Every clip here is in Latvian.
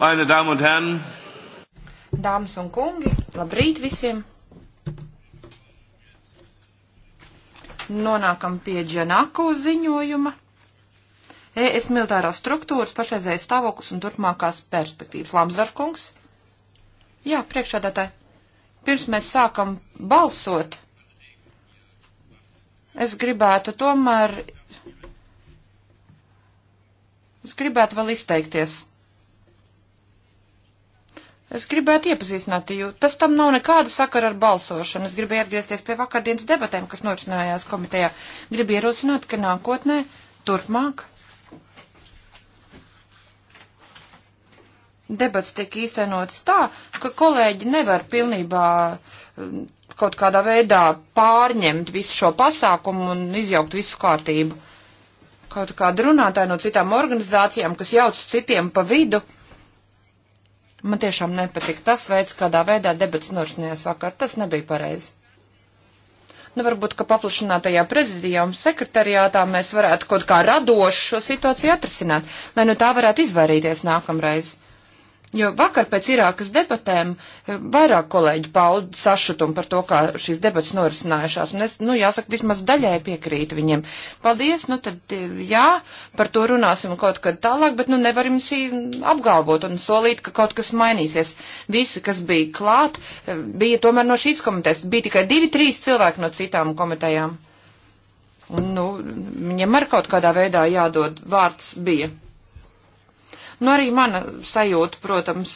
Meine Damen und Herren. Dāmas un kungi, labrīt visiem! Nonākam pie Džanako ziņojuma. E, ES militārās struktūras, pašreizējais stāvoklis un turpmākās perspektīvas. Lamsdorfkungs. Jā, priekšādātāji. Pirms mēs sākam balsot, es gribētu tomēr. Es gribētu vēl izteikties. Es gribētu iepazīstināt, jo tas tam nav nekāda sakara ar balsošanu. Es gribēju atgriezties pie vakardienas debatēm, kas norisinājās komitejā. Gribu ierosināt, ka nākotnē, turpmāk, debats tiek īstenotas tā, ka kolēģi nevar pilnībā um, kaut kādā veidā pārņemt visu šo pasākumu un izjaukt visu kārtību. Kaut kāda runātāja no citām organizācijām, kas jauc citiem pa vidu Man tiešām nepatika tas veids, kādā veidā debats norisinājās vakar. Tas nebija pareizi. Nu, varbūt, ka paplašinātajā prezidijā un sekretariātā mēs varētu kaut kā radoši šo situāciju atrisināt, lai nu tā varētu izvairīties nākamreiz. Jo vakar pēc Irākas debatēm eh, vairāk kolēģi pauda sašutumu par to, kā šīs debatas norisinājušās, un es, nu, jāsaka, vismaz daļai piekrītu viņiem. Paldies, nu tad eh, jā, par to runāsim kaut kad tālāk, bet, nu, nevaram sī apgalvot un solīt, ka kaut kas mainīsies. Visi, kas bija klāt, eh, bija tomēr no šīs komitejas, bija tikai divi, trīs cilvēki no citām komitejām. Un, nu, viņiem arī kaut kādā veidā jādod vārds bija. Nu, arī mana sajūta, protams,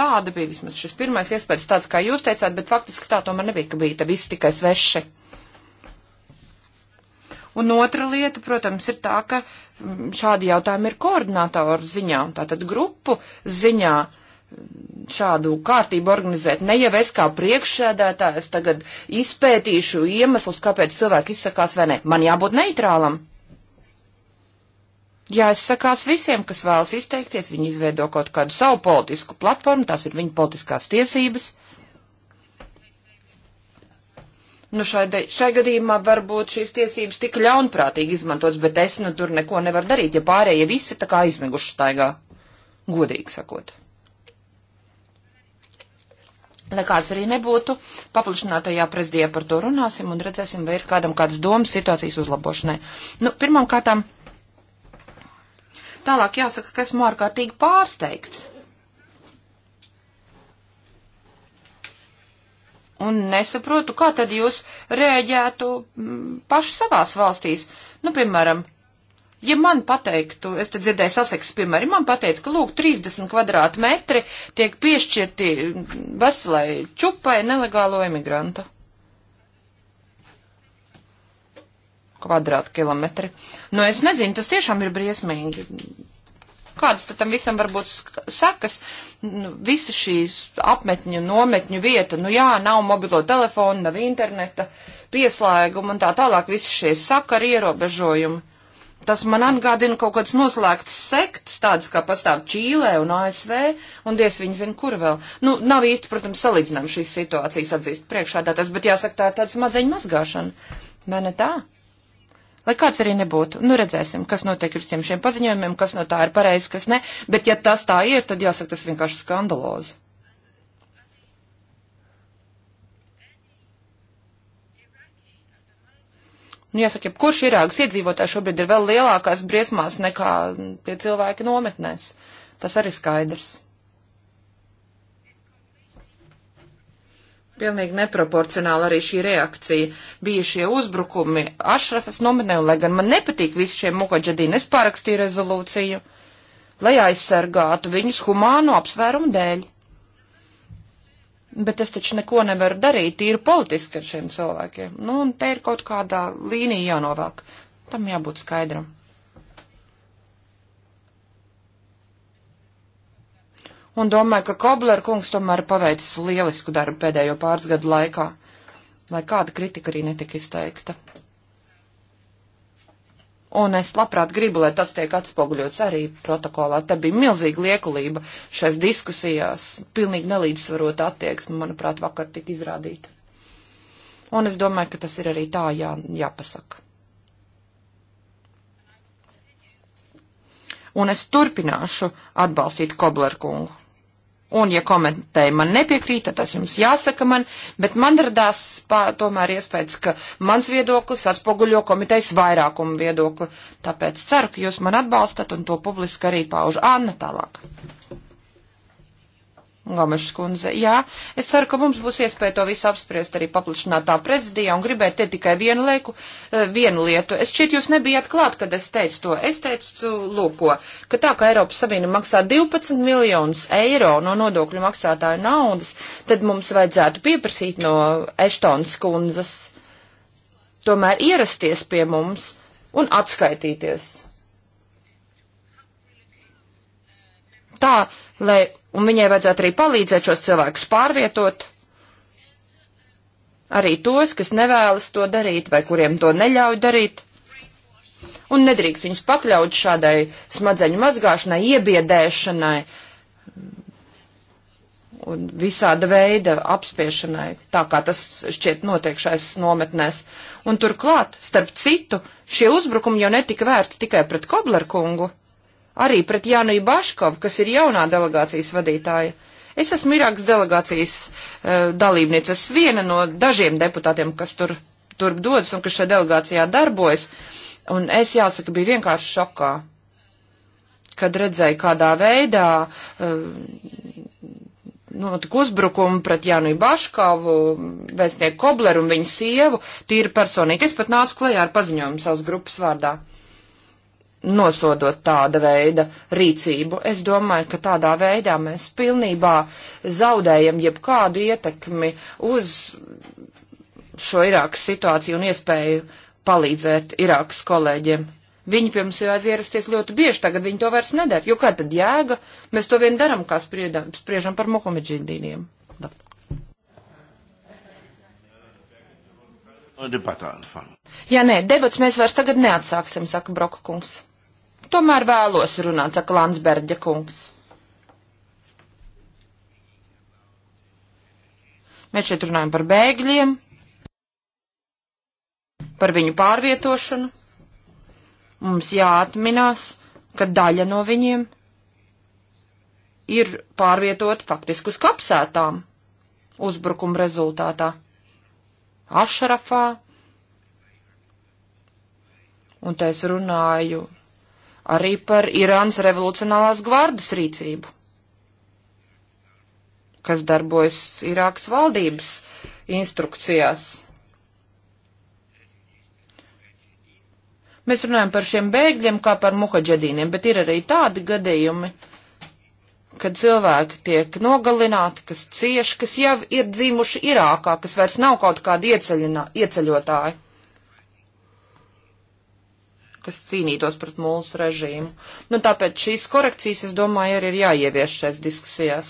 tāda bija vismaz šis pirmais iespējas tāds, kā jūs teicāt, bet faktiski tā tomēr nebija, ka bija te viss tikai sveši. Un otra lieta, protams, ir tā, ka mm, šādi jautājumi ir koordinātoru ziņā, tātad grupu ziņā mm, šādu kārtību organizēt. Ne jau es kā priekšsēdētājs tagad izpētīšu iemeslus, kāpēc cilvēki izsakās vai nē. Man jābūt neitrālam jāizsakās visiem, kas vēlas izteikties, viņi izveido kaut kādu savu politisku platformu, tās ir viņa politiskās tiesības. Nu, šai, šai gadījumā varbūt šīs tiesības tika ļaunprātīgi izmantotas, bet es nu tur neko nevaru darīt, ja pārējie visi tā kā izmiguši staigā, godīgi sakot. Lai kāds arī nebūtu, paplašinātajā prezidijā par to runāsim un redzēsim, vai ir kādam kādas domas situācijas uzlabošanai. Nu, pirmām kārtām Tālāk jāsaka, ka esmu ārkārtīgi pārsteigts. Un nesaprotu, kā tad jūs rēģētu mm, paši savās valstīs. Nu, piemēram, ja man pateiktu, es te dzirdēju saseks, piemēram, man pateikt, ka lūk, 30 kvadrātmetri tiek piešķirti veselai čupai nelegālo emigrantu. kvadrātkilometri. Nu, es nezinu, tas tiešām ir briesmīgi. Kādas tam visam varbūt sakas? Nu, visa šīs apmetņu, nometņu vieta, nu jā, nav mobilo telefonu, nav interneta, pieslēguma un tā tālāk, visi šie sakari ierobežojumi. Tas man atgādina kaut kādas noslēgtas sektas, tādas kā pastāv Čīlē un ASV, un diez viņi zina, kur vēl. Nu, nav īsti, protams, salīdzinām šīs situācijas atzīst priekšādātas, bet jāsaka, tā ir tāda smadzeņu mazgāšana. Vai ne tā? Lai kāds arī nebūtu, nu redzēsim, kas notiek ar šiem šiem paziņojumiem, kas no tā ir pareizi, kas ne, bet ja tas tā ir, tad jāsaka, tas vienkārši skandalozi. Nu, jāsaka, jebkurš Irākas iedzīvotājs šobrīd ir vēl lielākās briesmās nekā tie cilvēki nometnēs. Tas arī skaidrs. Pilnīgi neproporcionāli arī šī reakcija bija šie uzbrukumi Ašrafas nominē, lai gan man nepatīk visi šie mukaģadīni, es pārakstīju rezolūciju, lai aizsargātu viņus humānu apsvērumu dēļ. Bet es taču neko nevaru darīt, tīri politiski ar šiem cilvēkiem. Nu, un te ir kaut kādā līnija jānovāk. Tam jābūt skaidram. un domāju, ka Kobler kungs tomēr paveicis lielisku darbu pēdējo pāris gadu laikā, lai kāda kritika arī netika izteikta. Un es labprāt gribu, lai tas tiek atspoguļots arī protokolā. Te bija milzīga liekulība šais diskusijās, pilnīgi nelīdzsvarota attieksme, manuprāt, vakar tika izrādīta. Un es domāju, ka tas ir arī tā jā, jāpasaka. Un es turpināšu atbalstīt Koblerkungu. Un, ja komentēji man nepiekrīt, tad tas jums jāsaka man, bet man radās pā, tomēr iespējas, ka mans viedoklis atspoguļo komitejas vairākumu viedokli. Tāpēc ceru, ka jūs man atbalstat un to publiski arī pauž Anna tālāk. Gomešs kundze, jā, es ceru, ka mums būs iespēja to visu apspriest arī paplašinātā prezidijā un gribētu te tikai vienu, lieku, eh, vienu lietu. Es šķiet, jūs nebijāt klāt, kad es teicu to. Es teicu, lūko, ka tā kā Eiropas Savienība maksā 12 miljonus eiro no nodokļu maksātāju naudas, tad mums vajadzētu pieprasīt no Eštons kundzes tomēr ierasties pie mums un atskaitīties. Tā, lai un viņai vajadzētu arī palīdzēt šos cilvēkus pārvietot. Arī tos, kas nevēlas to darīt vai kuriem to neļauj darīt. Un nedrīkst viņus pakļaut šādai smadzeņu mazgāšanai, iebiedēšanai un visāda veida apspiešanai, tā kā tas šķiet notiek šais nometnēs. Un turklāt, starp citu, šie uzbrukumi jau netika vērsti tikai pret Koblerkungu. kungu arī pret Jānu Baškovu, kas ir jaunā delegācijas vadītāja. Es esmu Irākas delegācijas uh, dalībniece, es viena no dažiem deputātiem, kas tur, tur dodas un kas šajā delegācijā darbojas, un es jāsaka, biju vienkārši šokā, kad redzēju, kādā veidā uh, notika uzbrukumi pret Jānu Baškavu, vēstnieku Kobleru un viņu sievu, tīri personīgi. Es pat nācu klajā ar paziņojumu savas grupas vārdā nosodot tāda veida rīcību. Es domāju, ka tādā veidā mēs pilnībā zaudējam jebkādu ietekmi uz šo Irākas situāciju un iespēju palīdzēt Irākas kolēģiem. Viņi pie mums jau aizierasties ļoti bieži, tagad viņi to vairs nedara, jo kā tad jēga? Mēs to vien daram, kā spriedam, spriežam par Mohamedžindīniem. Jā, nē, debats mēs vairs tagad neatsāksim, saka Broka kungs. Tomēr vēlos runāt, saka Landsberģa kungs. Mēs šeit runājam par bēgļiem, par viņu pārvietošanu. Mums jāatminās, ka daļa no viņiem ir pārvietota faktiski uz kapsētām uzbrukuma rezultātā. Ašrafā, un te es runāju arī par Irānas revolucionālās gvardas rīcību, kas darbojas Irākas valdības instrukcijās. Mēs runājam par šiem bēgļiem kā par muhaģedīniem, bet ir arī tādi gadījumi, kad cilvēki tiek nogalināti, kas cieši, kas jau ir dzīvuši Irākā, kas vairs nav kaut kādi ieceļotāji kas cīnītos pret mūsu režīmu. Nu, tāpēc šīs korekcijas, es domāju, arī ir jāievieš šais diskusijās.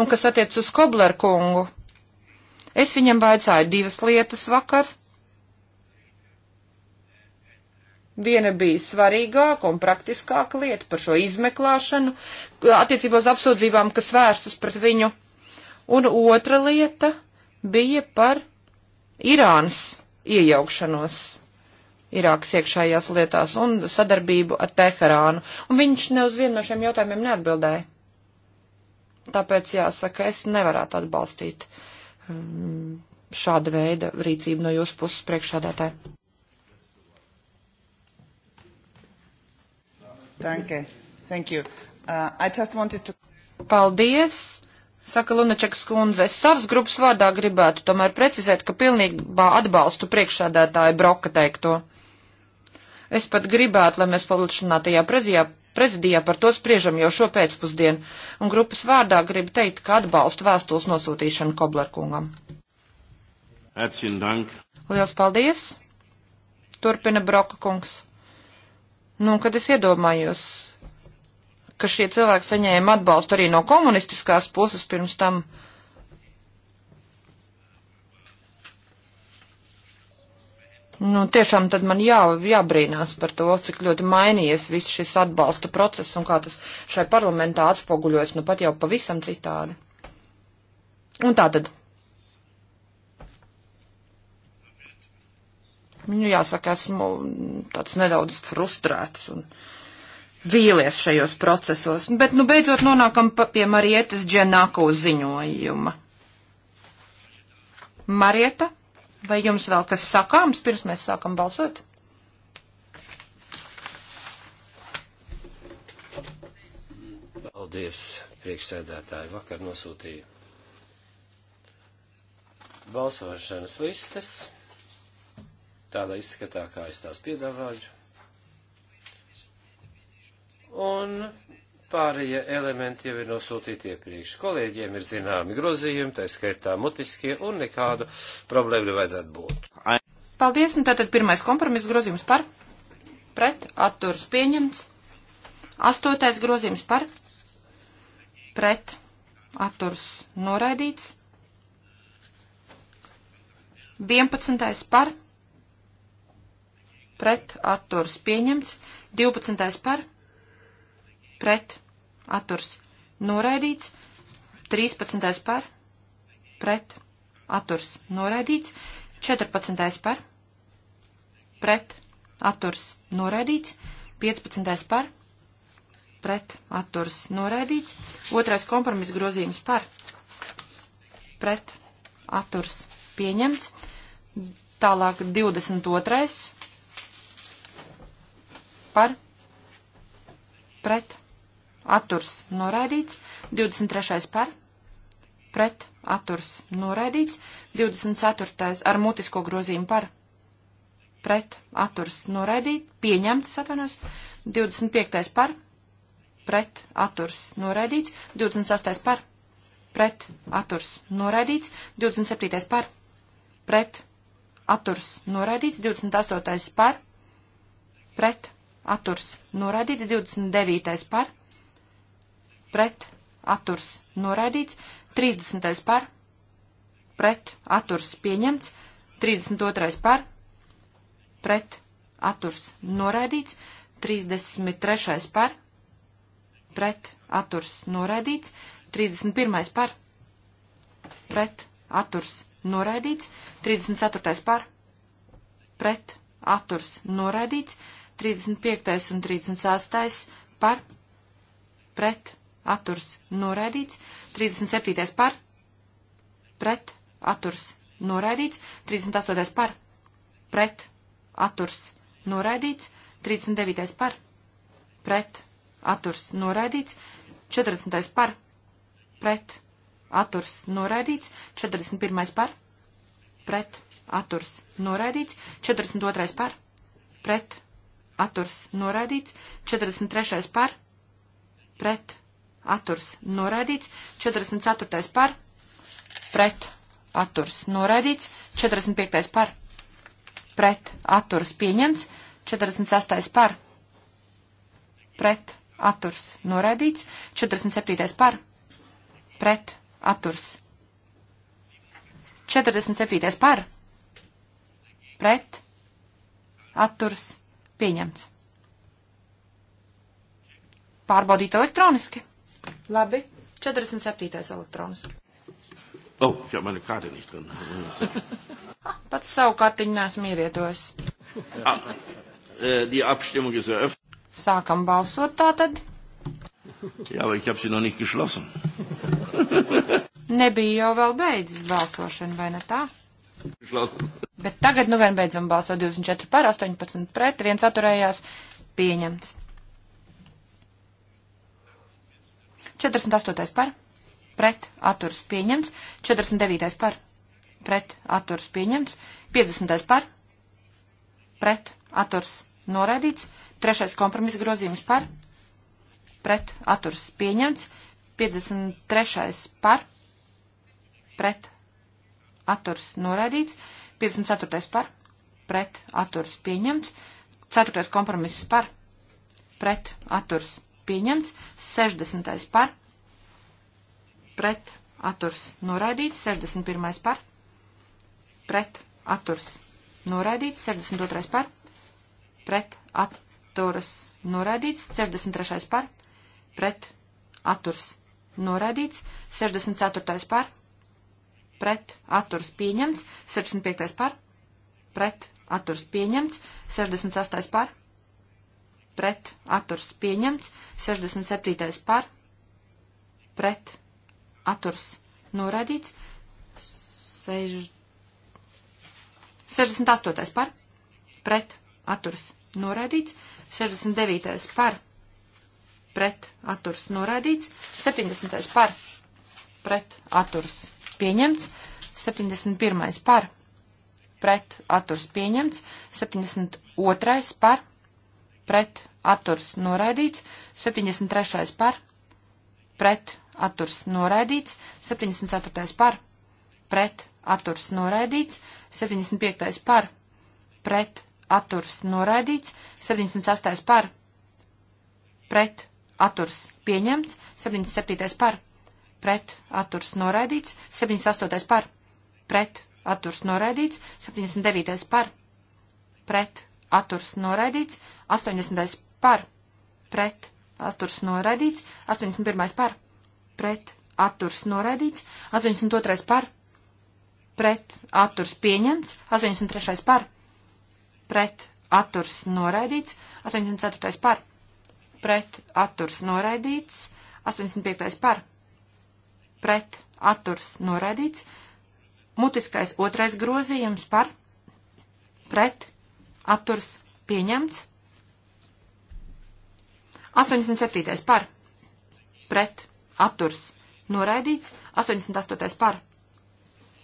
Un kas attiec uz Kobler kungu, es viņam vaicāju divas lietas vakar. Viena bija svarīgāka un praktiskāka lieta par šo izmeklāšanu attiecībā uz apsūdzībām, kas vērstas pret viņu. Un otra lieta bija par Irānas iejaukšanos. Irākas iekšējās lietās un sadarbību ar Teherānu, un viņš ne uz vienu no šiem jautājumiem neatbildēja. Tāpēc jāsaka, es nevarētu atbalstīt mm, šāda veida rīcību no jūsu puses priekšādātāja. Danke. Thank you. Uh, I just wanted to... Paldies. Saka Lunačakas kundze, es savas grupas vārdā gribētu tomēr precizēt, ka pilnībā atbalstu priekšādātāju Broka teikto. Es pat gribētu, lai mēs paplašinātajā prezijā, prezidijā par to spriežam jau šo pēcpusdienu, un grupas vārdā gribu teikt, ka atbalstu vēstules nosūtīšanu Koblerkungam. Liels paldies! Turpina Broka kungs. Nu, kad es iedomājos, ka šie cilvēki saņēma atbalstu arī no komunistiskās puses pirms tam, uh, Nu, tiešām tad man jā, jābrīnās par to, cik ļoti mainījies viss šis atbalsta process un kā tas šai parlamentā atspoguļojas, nu pat jau pavisam citādi. Un tā tad. Nu, jāsaka, esmu tāds nedaudz frustrēts un vīlies šajos procesos, bet nu beidzot nonākam pie Marietas Dženako ziņojuma. Marieta? Vai jums vēl kas sakāms, pirms mēs sākam balsot? Paldies, priekšsēdētāji. Vakar nosūtīju balsošanas listes tādā izskatā, kā es tās piedāvāju. Un Pārējie elementi jau ir nosūtīti iepriekš. Kolēģiem ir zināmi grozījumi, tā skaitā mutiskie, un nekādu problēmu nevajadzētu būt. Paldies, un tātad pirmais kompromiss grozījums par, pret, atturas pieņemts. Astotais grozījums par, pret, atturas noraidīts. Vienpadsmitais par, pret, atturas pieņemts. Divpadsmitais par, pret, atturs noraidīts, 13. par, pret, atturs noraidīts, 14. par, pret, atturs noraidīts, 15. par, pret, atturs noraidīts, otrais kompromiss grozījums par, pret, atturs pieņemts, tālāk 22. par, pret, atturs noraidīts, 23. par, pret, atturs noraidīts, 24. ar mutisko grozījumu par, pret, atturs noraidīt, pieņemts, atvainojos, 25. par, pret, atturs noraidīts, 26. par, pret, atturs noraidīts, 27. par, pret, atturs noraidīts, 28. par, pret, atturs noraidīts, 29. par, pret, atturs noraidīts, 30. par, pret, atturs pieņemts, 32. par, pret, atturs noraidīts, 33. par, pret, atturs noraidīts, 31. par, pret, atturs noraidīts, 34. par, pret, atturs noraidīts, 35. un 36. par, pret, atturs noraidīts, 37. par, pret, atturs noraidīts, 38. par, pret, atturs noraidīts, 39. par, pret, atturs noraidīts, 40. par, pret, atturs noraidīts, 41. par, pret, atturs noraidīts, 42. par, pret, atturs noraidīts, 43. par, pret, atturs noraidīts, 44. par, pret, atturs noraidīts, 45. par, pret, atturs pieņemts, 48. par, pret, atturs noraidīts, 47. par, pret, atturs, 47. par, pret, atturs pieņemts. Pārbaudīt elektroniski. Labi, 47. elektroniski. Oh, ich habe meine Karte nicht drin. Pats savu kartiņu neesmu ievietojis. Ah, eh, die Abstimmung ist eröffnet. Sākam balsot tātad. Jā, vai ich habe sie noch nicht geschlossen. Nebija jau vēl beidzis balsošana, vai ne tā? Geschlossen. Bet tagad nu vien beidzam balsot 24 par 18 pret, viens atturējās pieņemts. 48. par, pret, atturs pieņemts, 49. par, pret, atturs pieņemts, 50. par, pret, atturs noraidīts, 3. kompromisa grozījums par, pret, atturs pieņemts, 53. par, pret, atturs noraidīts, 54. par, pret, atturs pieņemts, 4. kompromiss par, pret, atturs pieņemts pieņemts, 60. par, pret, atturs, noraidīts, 61. par, pret, atturs, noraidīts, 62. par, pret, atturs, noraidīts, 63. par, pret, atturs, noraidīts, 64. par, pret, atturs, pieņemts, 65. par, pret, atturs, pieņemts, 68. par, pret, atturs pieņemts, 67. par, pret, atturs noraidīts, 68. par, pret, atturs noraidīts, 69. par, pret, atturs noraidīts, 70. par, pret, atturs pieņemts, 71. par, pret, atturs pieņemts, 72. par, pret atturs noraidīts, 73. par, pret atturs noraidīts, 74. par, pret atturs noraidīts, 75. par, pret atturs noraidīts, 78. par, pret atturs pieņemts, 77. par, pret atturs noraidīts, 78. par, pret atturs noraidīts, 79. par, pret atturs noraidīts, 80. par, pret, atturs noraidīts, 81. par, pret, atturs noraidīts, 82. par, pret, atturs pieņemts, 83. par, pret, atturs noraidīts, 84. par, pret, atturs noraidīts, 85. par, pret, atturs noraidīts, mutiskais otrais grozījums par, pret, atturs pieņemts. 87. par pret atturs noraidīts. 88. par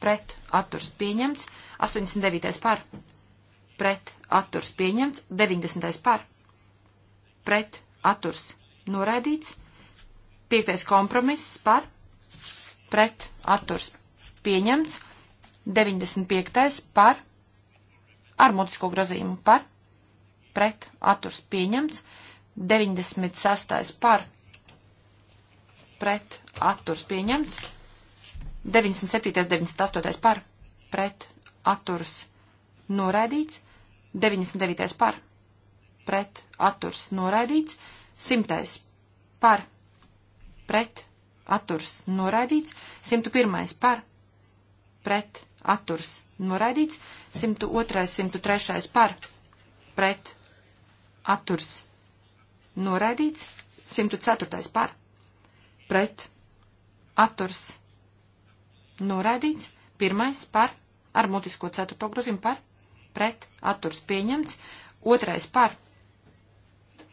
pret atturs pieņemts. 89. par pret atturs pieņemts. 90. par pret atturs noraidīts. 5. kompromiss par pret atturs pieņemts. 95. par ar mutisko grozījumu par, pret, atturs pieņemts, 96. par, pret, atturs pieņemts, 97. 98. par, pret, atturs noraidīts, 99. par, pret, atturs noraidīts, 100. par, pret, atturs noraidīts, 101. par, pret, atturs Noraidīts 102, 103 par, pret, atturs. Noraidīts 104 par, pret, atturs. Noraidīts 1 par, ar mutisko 4 grozījumu par, pret, atturs pieņemts, 2 par,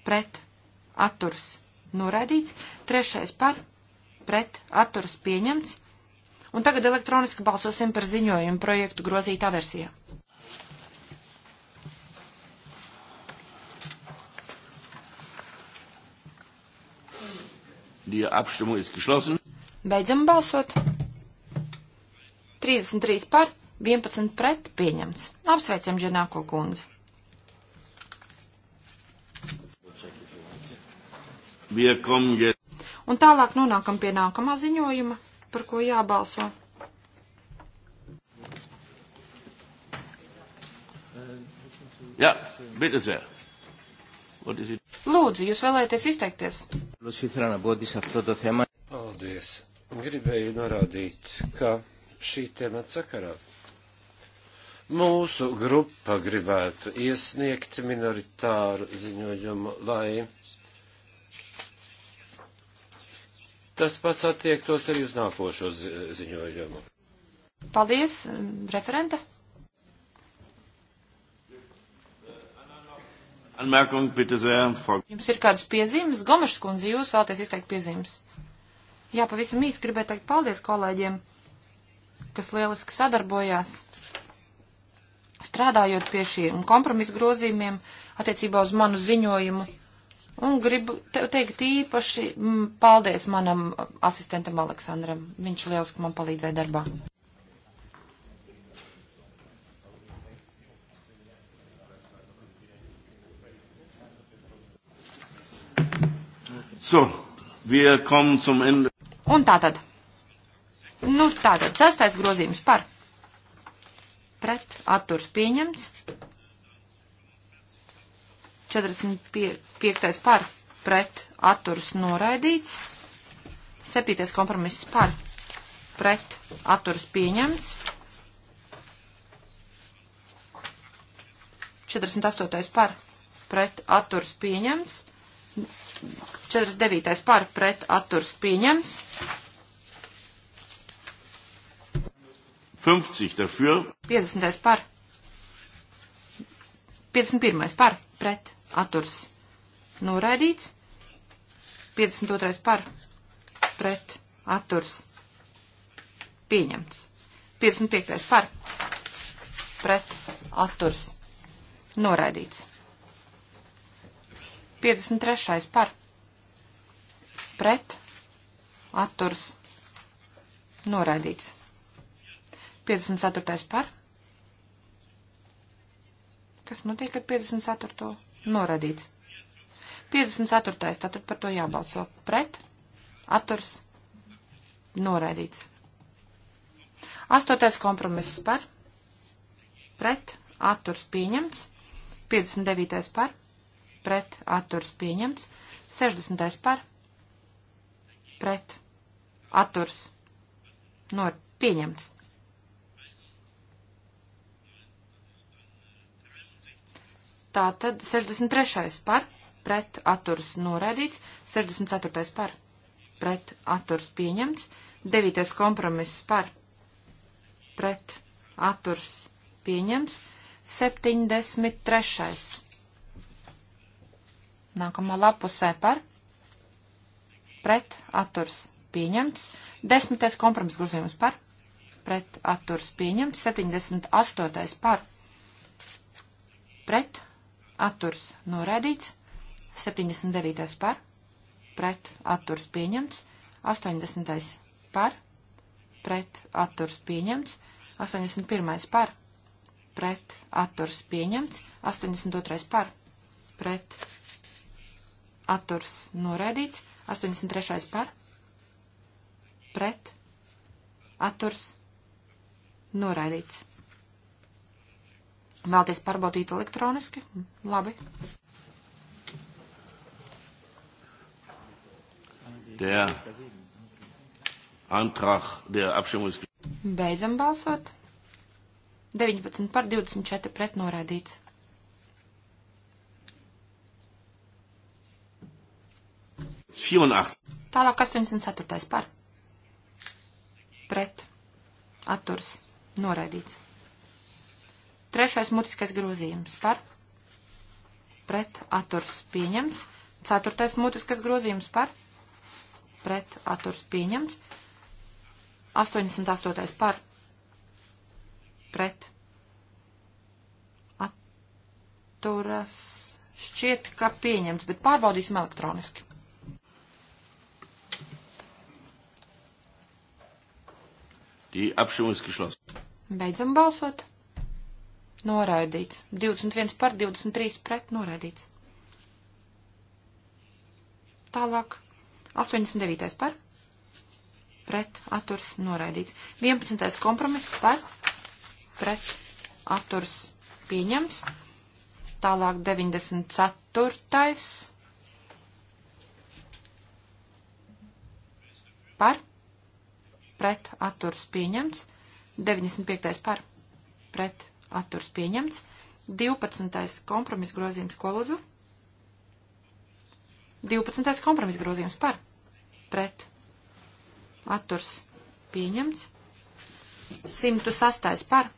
pret, atturs. Noraidīts 3 par, pret, atturs pieņemts, Un tagad elektroniski balsosim par ziņojumu projektu grozītā versijā. Die Abstimmung ist geschlossen. Beidzam balsot. 33 par, 11 pret pieņemts. Apsveicam Ženāko kundzi. Un tālāk nonākam pie nākamā ziņojuma par ko jābalso. Jā, bitte sehr. Lūdzu, jūs vēlēties izteikties? Paldies. Gribēju norādīt, ka šī temata sakarā mūsu grupa gribētu iesniegt minoritāru ziņojumu, lai Tas pats attiektos arī uz nākošo ziņojumu. Paldies, referente. Jums ir kādas piezīmes? Gomešs kundze, jūs vēlaties izteikt piezīmes? Jā, pavisam īsi gribēju teikt paldies kolēģiem, kas lieliski sadarbojās, strādājot pie šiem kompromisu grozījumiem attiecībā uz manu ziņojumu. Un gribu te teikt īpaši m, mm, paldies manam asistentam Aleksandram. Viņš lieliski man palīdzēja darbā. So, wir kommen zum Ende. Un tātad. Nu, tātad, sastais grozījums par. Pret atturs pieņemts. 45. par pret atturas noraidīts. 7. kompromiss par pret atturas pieņemts. 48. par pret atturas pieņemts. 49. par pret atturas pieņemts. 50 dafür. 50. par. 51. par pret atturs noraidīts. 52. par pret atturs pieņemts. 55. par pret atturs noraidīts. 53. par pret atturs noraidīts. 54. par. Kas notiek ar 54. Noradīts. 54. Tātad par to jābalso. Pret. Atturs. Noraidīts. 8. kompromiss par. Pret. Atturs pieņemts. 59. par. Pret. Atturs pieņemts. 60. par. Pret. Atturs. Nor pieņemts. Tātad 63. par pret atturs noraidīts, 64. par pret atturs pieņemts, 9. kompromiss par pret atturs pieņemts, 73. Nākamā lapusē par pret atturs pieņemts, 10. kompromiss grozījums par pret atturs pieņemts, 78. par pret atturs noraidīts, 79. par, pret atturs pieņemts, 80. par, pret atturs pieņemts, 81. par, pret atturs pieņemts, 82. par, pret atturs noraidīts, 83. par, pret atturs noraidīts. Vēlties pārbaudīt elektroniski? Labi. Der Antrag der Abstimmung ist. Beidzam balsot. 19 par 24 pret noraidīts. Tālāk 84. par. Pret. Atturs. Noraidīts. Trešais mutiskais grozījums par pret atturs pieņemts. Ceturtais mutiskais grozījums par pret atturs pieņemts. 88. par pret atturas šķiet, ka pieņemts, bet pārbaudīsim elektroniski. Die Abstimmung ist geschlossen. Beidzam balsot. Noraidīts. 21 par 23 pret noraidīts. Tālāk. 89 par. Pret atturs noraidīts. 11. kompromiss par. Pret atturs pieņems. Tālāk 94. par. Pret atturs pieņemts. 95. par. Pret atturs pieņemts. 12. kompromis grozījums, ko lūdzu? 12. kompromis grozījums par, pret, atturs pieņemts. 106. par,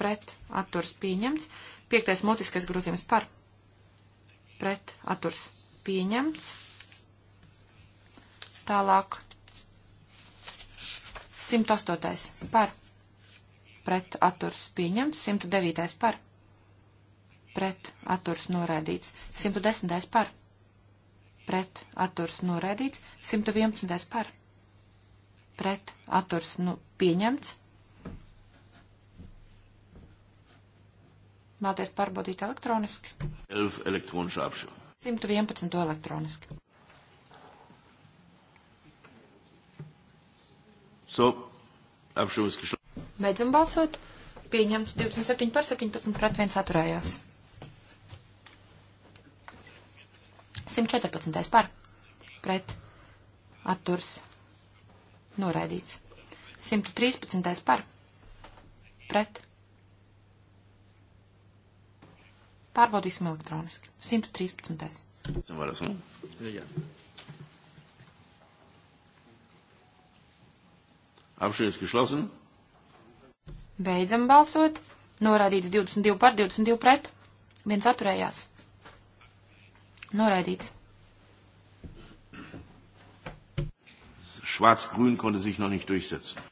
pret, atturs pieņemts. 5. mutiskais grozījums par, pret, atturs pieņemts. Tālāk. 108. par pret atturs pieņemts, 109. par, pret atturs noraidīts, 110. par, pret atturs noraidīts, 111. par, pret atturs nu, pieņemts. Vēlties pārbaudīt elektroniski? 11 elektroniski apšu. 111 elektroniski. So, apšūvis, ka šo. Beidzam balsot. Pieņems 27 par 17 pret 1 atturējās. 114. par pret atturs noraidīts. 113. par pret. Pārbaudīsim elektroniski. 113. Varas, nu? Jā. Abschluss geschlossen. Beidzam balsot. Norādīts 22 par 22 pret. Viens atturējās. Noraidīts. Schwarz-Grün konnte sich noch nicht durchsetzen.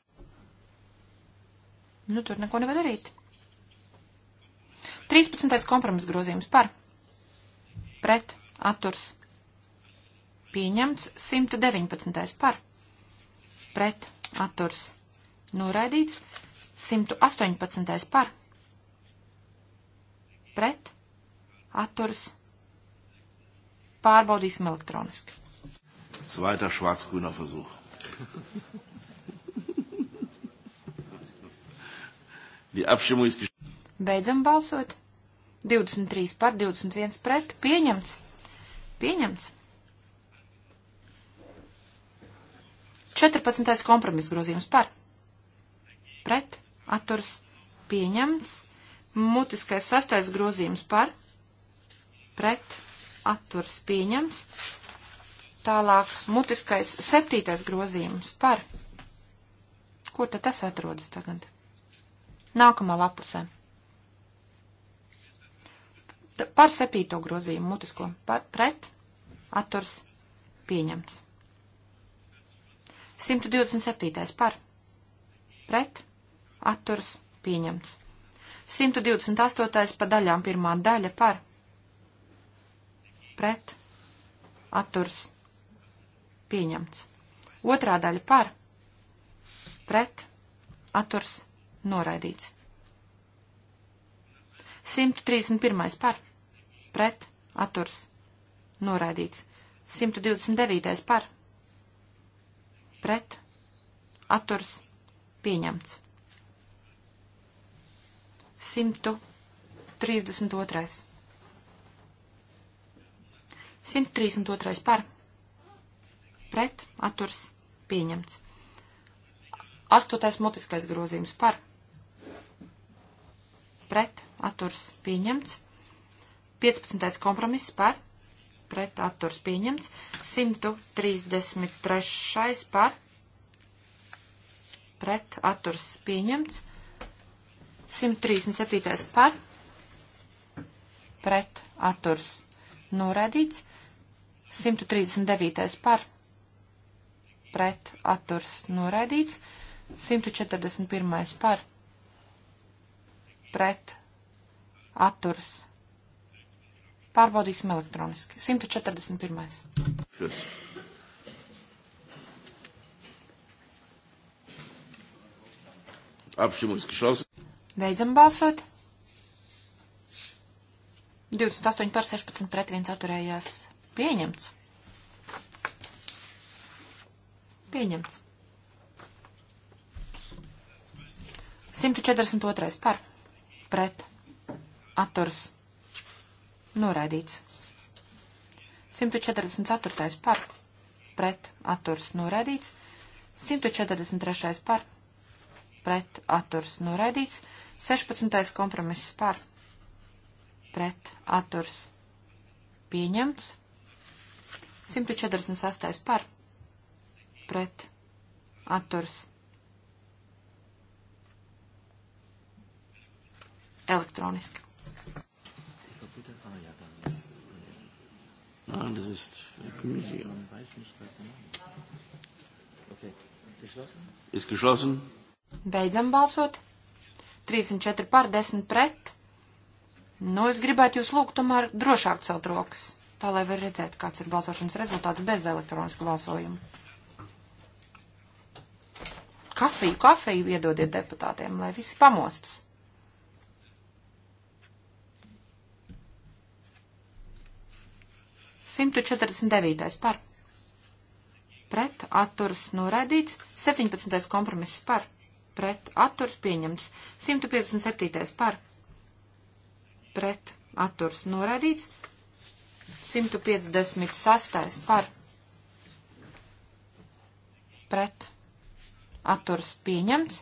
Nu, tur neko nevar darīt. 13. kompromis grozījums par. Pret. Atturs. Pieņemts 119. par. Pret. Atturs. Noraidīts 118. par. Pret. Atturs. Pārbaudīsim elektroniski. Zweiter schwarz-grüner Versuch. Die Abstimmung ist Beidzam balsot. 23 par 21 pret. Pieņemts. Pieņemts. 14. kompromiss grozījums par. Pret atturs pieņemts. Mutiskais sastais grozījums par pret atturs pieņemts. Tālāk mutiskais septītais grozījums par. Kur tad tas atrodas tagad? Nākamā lapusē. T par septīto grozījumu mutisko par, pret atturs pieņemts. 127. par pret atturs pieņemts. 128. pa daļām pirmā daļa par pret atturs pieņemts. Otrā daļa par pret atturs noraidīts. 131. par pret atturs noraidīts. 129. par pret atturs pieņemts. 132. 132 par. Pret atturs pieņemts. Astotais mutiskais grozījums par. Pret atturs pieņemts. 15. kompromiss par. Pret atturs pieņemts. 133. par. Pret atturs pieņemts. 137. par pret atturs noraidīts. 139. par pret atturs noraidīts. 141. par pret atturs. Pārbaudīsim elektroniski. 141. Yes. Abstimmung ist geschlossen. Beidzam balsot. 28 par 16 pret 1 atturējās. Pieņemts. Pieņemts. 142 par pret atturs noraidīts. 144 par pret atturs noraidīts. 143 par pret atturs noraidīts. 16. kompromiss par pret atturs pieņemts. 148. par pret atturs elektroniski. Nein, ah, das ist Gemüse. Ist geschlossen? Beidzam balsot. 34 par 10 pret. Nu, es gribētu jūs lūgt tomēr drošāk celt rokas, tā lai var redzēt, kāds ir balsošanas rezultāts bez elektroniska balsojuma. Kafiju, kafiju iedodiet deputātiem, lai visi pamostas. Simtu četrdesmit devītais par pret atturas noraidīts, 17. kompromiss par pret atturs pieņemts. 157. par pret atturs noraidīts. 156. par pret atturs pieņemts.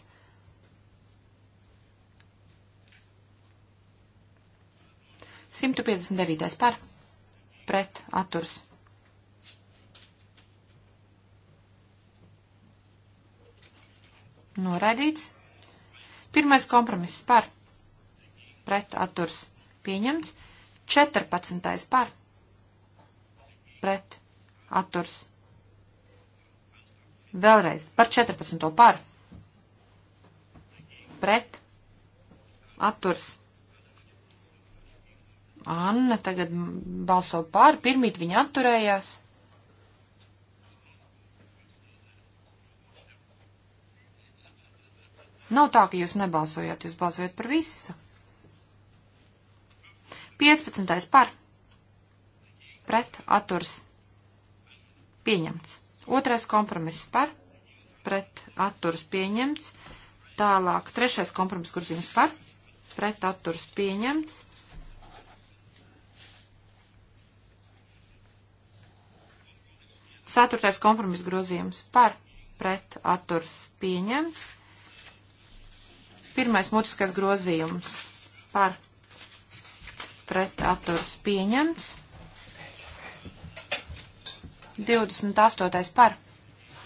Simtu piecdesmit devītais par pret atturs Noraidīts. Pirmais kompromiss par. Pret atturs pieņemts. 14. par. Pret atturs. Vēlreiz par 14. par. Pret atturs. Anna tagad balso par, pirmīt viņa atturējās. Nav tā, ka jūs nebalsojat, jūs balsojat par visu. 15. par. Pret atturs. Pieņemts. Otrais kompromiss par. Pret atturs pieņemts. Tālāk trešais kompromiss kursījums par. Pret atturs pieņemts. Ceturtais kompromiss grozījums par pret atturs pieņemts. Pirmais mutiskais grozījums par pret atturs pieņemts. 28. par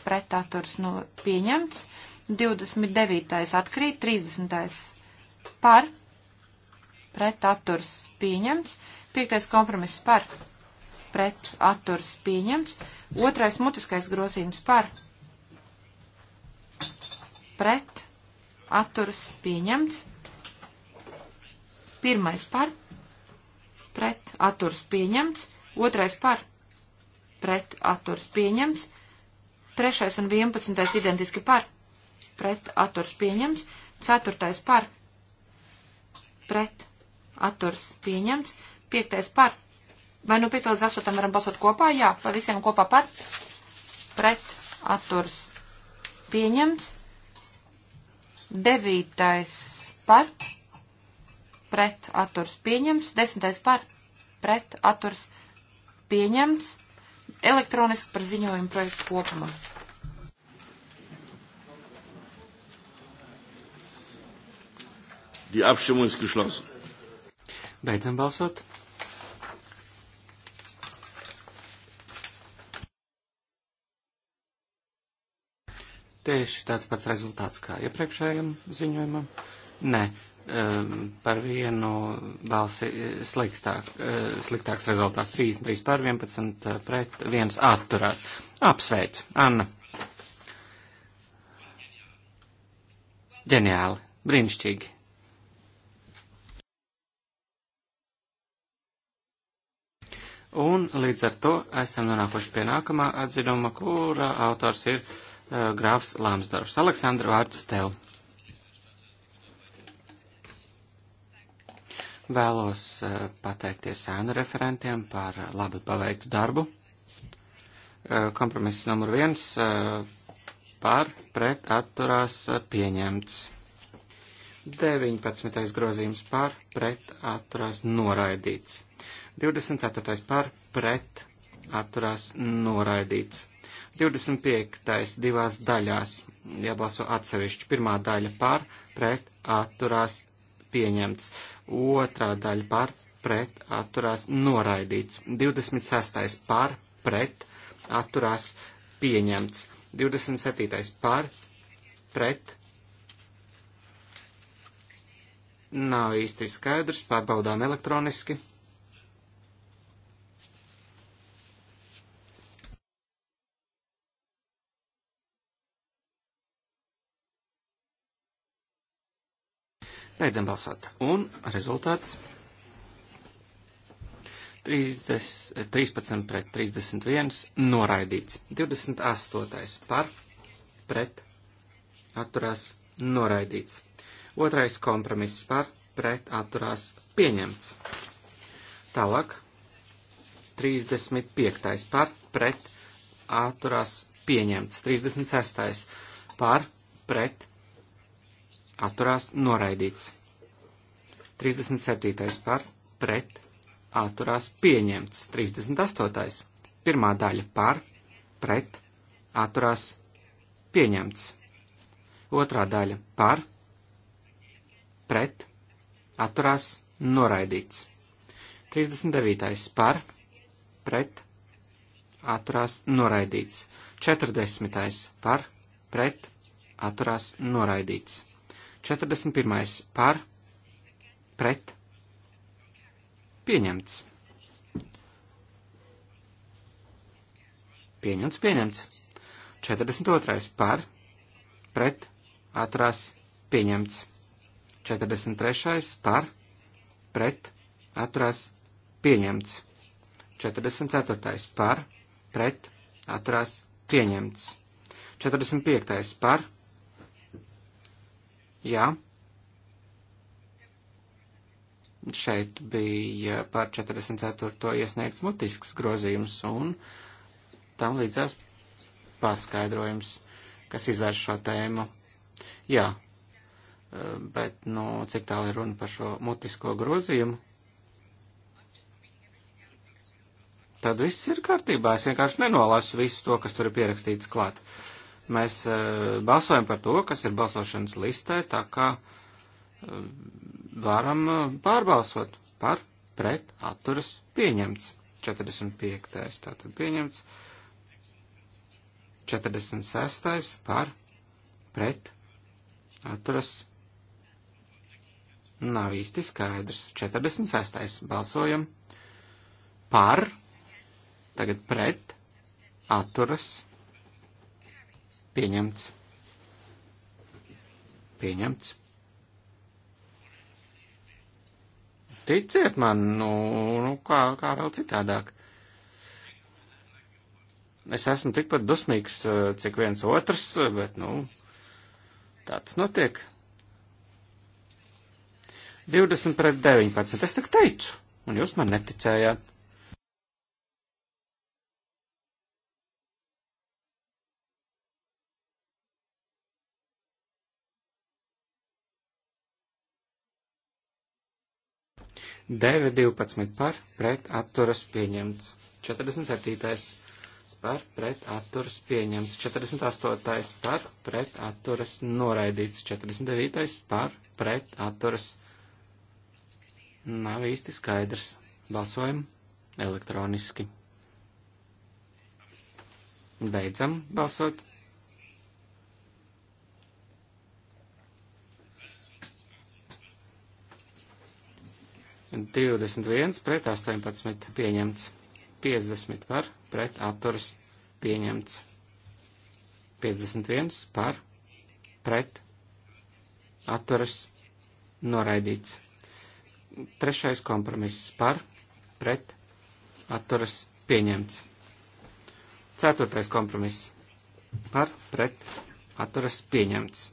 pret atturs no pieņemts. 29. atkrīt. 30. par pret atturs pieņemts. 5. kompromiss par pret atturs pieņemts. Otrais mutiskais grozījums par pret atturas pieņemts. Pirmais par, pret atturas pieņemts. Otrais par, pret atturas pieņemts. Trešais un vienpadsmitais identiski par, pret atturas pieņemts. Ceturtais par, pret atturas pieņemts. Piektais par, vai nu piektais astotam varam balsot kopā? Jā, par visiem kopā par, pret atturas pieņemts. Devītais par, pret atturs pieņemts. Desmitais par, pret atturs pieņemts. Elektroniski par ziņojumu projektu kopumā. Die Abstimmung ist geschlossen. Beidzam balsot. tieši tāds pats rezultāts kā iepriekšējam ziņojumam? Nē, par vienu balsi e, sliktāk, e, sliktāks rezultāts 33 par 11 e, pret 1 atturās. Apsveic, Anna. Ģeniāli, brīnišķīgi. Un līdz ar to esam nonākuši pie nākamā atzinuma, kura autors ir Eh, grāfs Lāmsdorfs. Aleksandra, vārds tev. Vēlos eh, pateikties ēnu referentiem par eh, labi paveiktu darbu. Kompromiss numur viens par pret atturās pieņemts. 19. grozījums par pret atturās noraidīts. 24. par pret atturās noraidīts. 25. divās daļās jābalso atsevišķi. Pirmā daļa par, pret, atturās, pieņemts. Otrā daļa par, pret, atturās, noraidīts. 26. par, pret, atturās, pieņemts. 27. par, pret, nav īsti skaidrs, pārbaudām elektroniski. Beidzam balsot. Un rezultāts 30, 13 eh, pret 31 noraidīts. 28. par pret atturās noraidīts. Otrais kompromiss par pret atturās pieņemts. Tālāk 35. par pret atturās pieņemts. 36. par pret atturās noraidīts. 37. par pret atturās pieņemts. 38. pirmā daļa par pret atturās pieņemts. Otrā daļa par pret atturās noraidīts. 39. par pret atturās noraidīts. 40. par pret atturās noraidīts. 41. par, pret, pieņemts. Pieņemts, pieņemts. 42. par, pret, atturās, pieņemts. 43. par, pret, atturās, pieņemts. 44. par, pret, atturās, pieņemts. 45. par, Jā. Šeit bija par 44. iesniegts mutisks grozījums un tam līdzās paskaidrojums, kas izvērš šo tēmu. Jā, bet, nu, cik tālu ir runa par šo mutisko grozījumu, tad viss ir kārtībā. Es vienkārši nenolasu visu to, kas tur ir pierakstīts klāt. Uh, Mēs e, balsojam par to, kas ir balsošanas listē, tā kā e, varam e, pārbalsot par pret atturas pieņemts. 45. tātad pieņemts. 46. par pret atturas nav īsti skaidrs. 46. balsojam par, tagad pret atturas pieņemts Pieņemts. Pieņemts. Ticiet man, nu, nu kā, kā vēl citādāk. Es esmu tikpat dusmīgs, eh, cik viens otrs, eh, bet, nu, tāds notiek. 20 pret 19. Es tik teicu, un jūs man neticējāt. 9.12 par pret atturas pieņemts. 47. par pret atturas pieņemts. 48. par pret atturas noraidīts. 49. par pret atturas nav īsti skaidrs. Balsojam elektroniski. Beidzam balsot. 21 pret 18 pieņemts. 50 par pret atturas pieņemts. 51 par pret atturas noraidīts. Trešais kompromiss par pret atturas pieņemts. Ceturtais kompromiss par pret atturas pieņemts.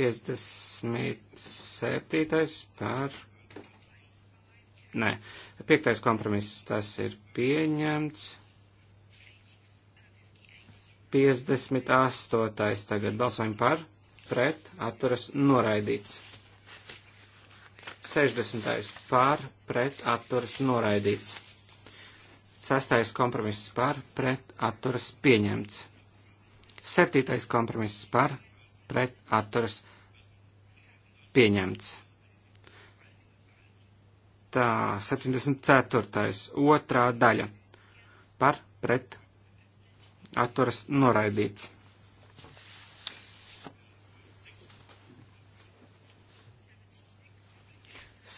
57. par Nē. Piektais kompromiss tas ir pieņemts. 58. tagad balsojam par, pret, atturas noraidīts. 60. par, pret, atturas noraidīts. 6. kompromiss par, pret, atturas pieņemts. 7. kompromiss par, pret, atturas pieņemts. 74. otrā daļa par pret atturas noraidīts.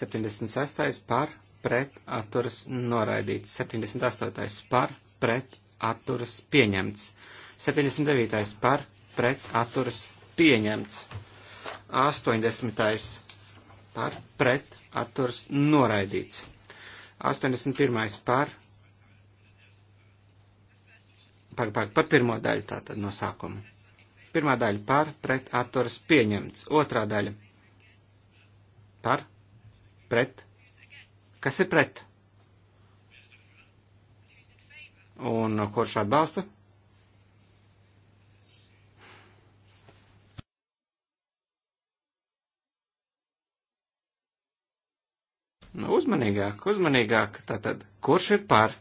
Septiņdesmit sestais par pret atturas noraidīts, septiņdesmit astotais par pret atturas pieņemts, septiņdesmit devītais par pret atturas pieņemts, astoņdesmitais par pret atturs noraidīts. 81. par, par, par, par pirmo daļu tātad no sākuma. Pirmā daļa par, pret, atturs pieņemts. Otrā daļa par, pret, kas ir pret? Un kurš atbalsta? Nu, uzmanīgāk, uzmanīgāk. Tātad, kurš ir par?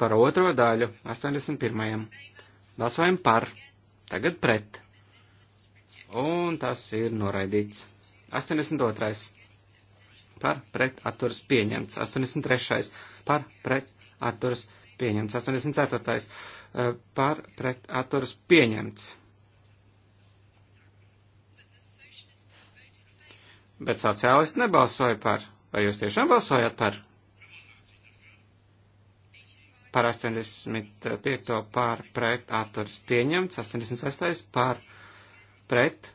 Par otro daļu, 81. Balsojam par, tagad pret. Un tas ir noraidīts. 82. Par, pret, atturs pieņemts. 83. Par, pret, atturs pieņemts. 84. Eh, par, pret, atturs pieņemts. Bet sociālisti nebalsoja par. Vai jūs tiešām balsojat par? Par 85. pār pret atturas pieņemts, 86. pār pret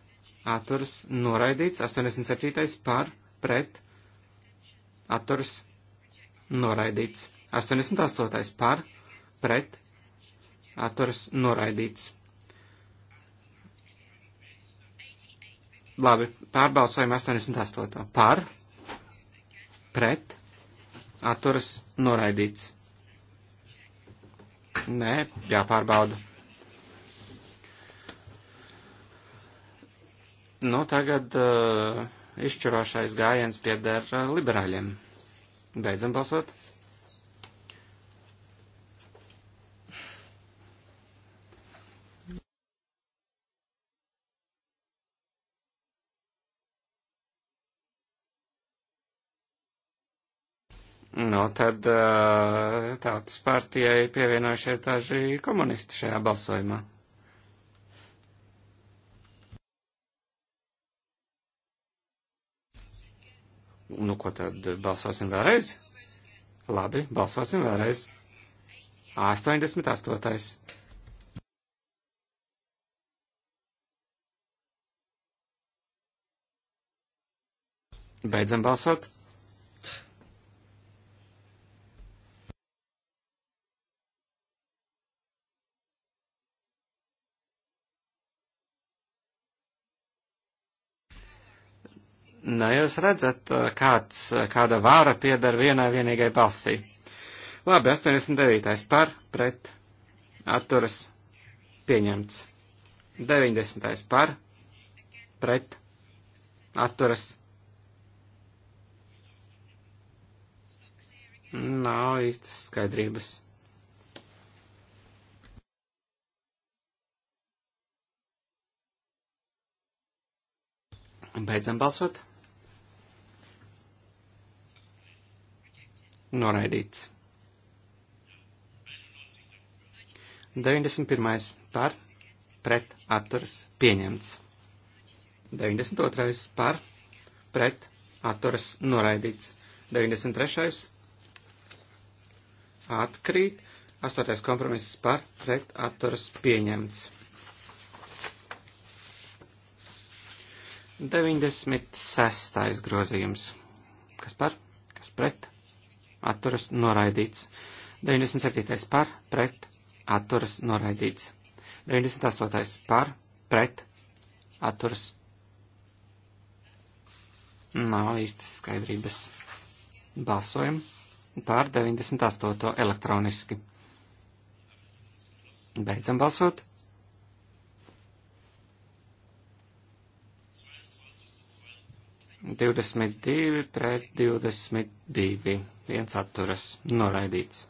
atturas noraidīts, 87. pār pret atturas noraidīts, 88. pār pret atturas noraidīts. Labi, pārbalsojam 88. Par, pret, atturas noraidīts. Nē, jāpārbauda. Nu, tagad uh, izšķirošais gājiens pieder uh, liberāļiem. Beidzam balsot. Nu, tad uh, tautas partijai pievienojušies daži komunisti šajā balsojumā. Nu, ko tad balsosim vēlreiz? Labi, balsosim vēlreiz. 88. Beidzam balsot. Nu, jūs redzat, eh, kāds, eh, kāda vāra piedara vienai vienīgai balsī. Labi, 89. par, pret, atturas, pieņemts. 90. par, pret, atturas. Nav īstas skaidrības. Beidzam balsot. Noraidīts. 91. par pret atturas pieņemts. 92. par pret atturas noraidīts. 93. atkrīt. 8. kompromiss par pret atturas pieņemts. 96. grozījums. Kas par? Kas pret? atturas noraidīts. 97. par, pret, atturas noraidīts. 98. par, pret, atturas. Nav īstas skaidrības. Balsojam par 98. elektroniski. Beidzam balsot. 22 pret 22 viens atturas noraidīts.